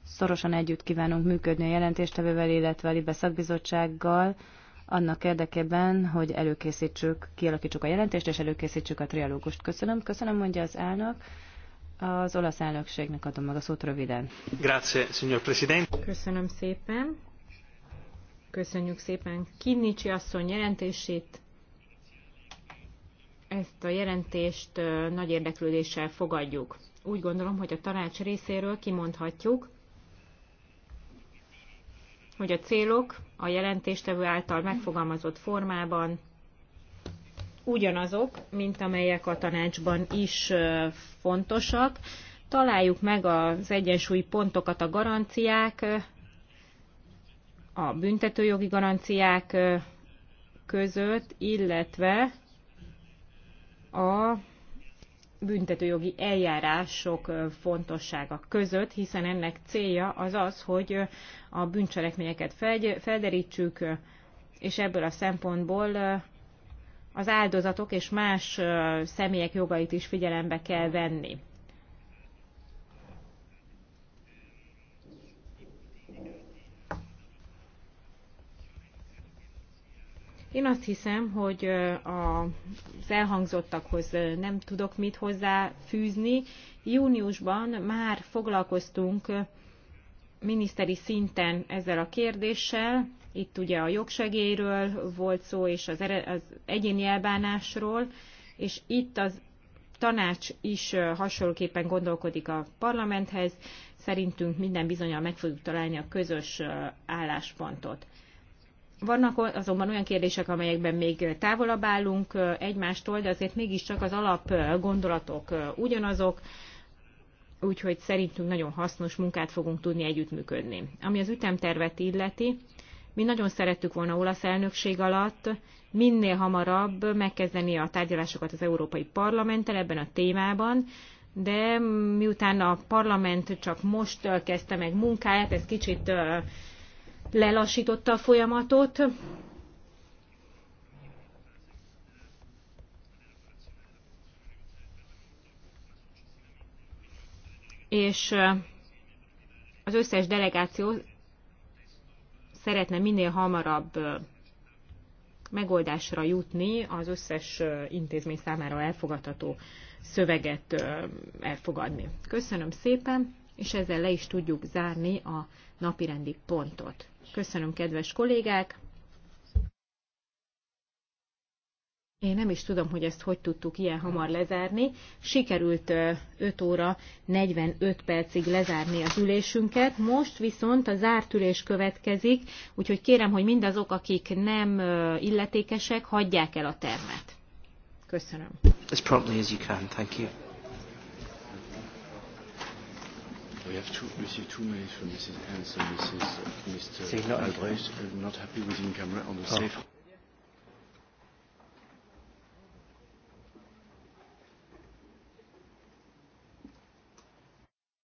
szorosan együtt kívánunk működni a jelentéstevővel, illetve a Libe szakbizottsággal, annak érdekében, hogy előkészítsük, kialakítsuk a jelentést, és előkészítsük a trialógust. Köszönöm, köszönöm, mondja az elnök. Az olasz elnökségnek adom meg a szót röviden. Grazie, signor Presidente. Köszönöm szépen. Köszönjük szépen Kinnicsi asszony jelentését. Ezt a jelentést nagy érdeklődéssel fogadjuk. Úgy gondolom, hogy a tanács részéről kimondhatjuk, hogy a célok a jelentéstevő által megfogalmazott formában ugyanazok, mint amelyek a tanácsban is fontosak. Találjuk meg az egyensúlyi pontokat a garanciák, a büntetőjogi garanciák között, illetve a büntetőjogi eljárások fontossága között, hiszen ennek célja az az, hogy a bűncselekményeket felderítsük, és ebből a szempontból az áldozatok és más személyek jogait is figyelembe kell venni. Én azt hiszem, hogy az elhangzottakhoz nem tudok mit hozzáfűzni. Júniusban már foglalkoztunk miniszteri szinten ezzel a kérdéssel, itt ugye a jogsegélyről volt szó, és az, ere, az egyéni elbánásról, és itt az tanács is hasonlóképpen gondolkodik a parlamenthez. Szerintünk minden bizonyal meg fogjuk találni a közös álláspontot. Vannak azonban olyan kérdések, amelyekben még távolabb állunk egymástól, de azért mégiscsak az alap gondolatok ugyanazok, úgyhogy szerintünk nagyon hasznos munkát fogunk tudni együttműködni. Ami az ütemtervet illeti, mi nagyon szerettük volna olasz elnökség alatt minél hamarabb megkezdeni a tárgyalásokat az Európai Parlamenttel ebben a témában, de miután a parlament csak most kezdte meg munkáját, ez kicsit lelassította a folyamatot. És az összes delegáció szeretne minél hamarabb megoldásra jutni az összes intézmény számára elfogadható szöveget elfogadni. Köszönöm szépen, és ezzel le is tudjuk zárni a napirendi pontot. Köszönöm, kedves kollégák! Én nem is tudom, hogy ezt hogy tudtuk ilyen hamar lezárni. Sikerült 5 óra 45 percig lezárni az ülésünket. Most viszont a zárt ülés következik, úgyhogy kérem, hogy mindazok, akik nem illetékesek, hagyják el a termet. Köszönöm. As promptly as you can. Thank you. We have two, received two mails from Mrs. Hansen, Mrs. Mr. Albrecht, not happy with in camera on the oh. safe.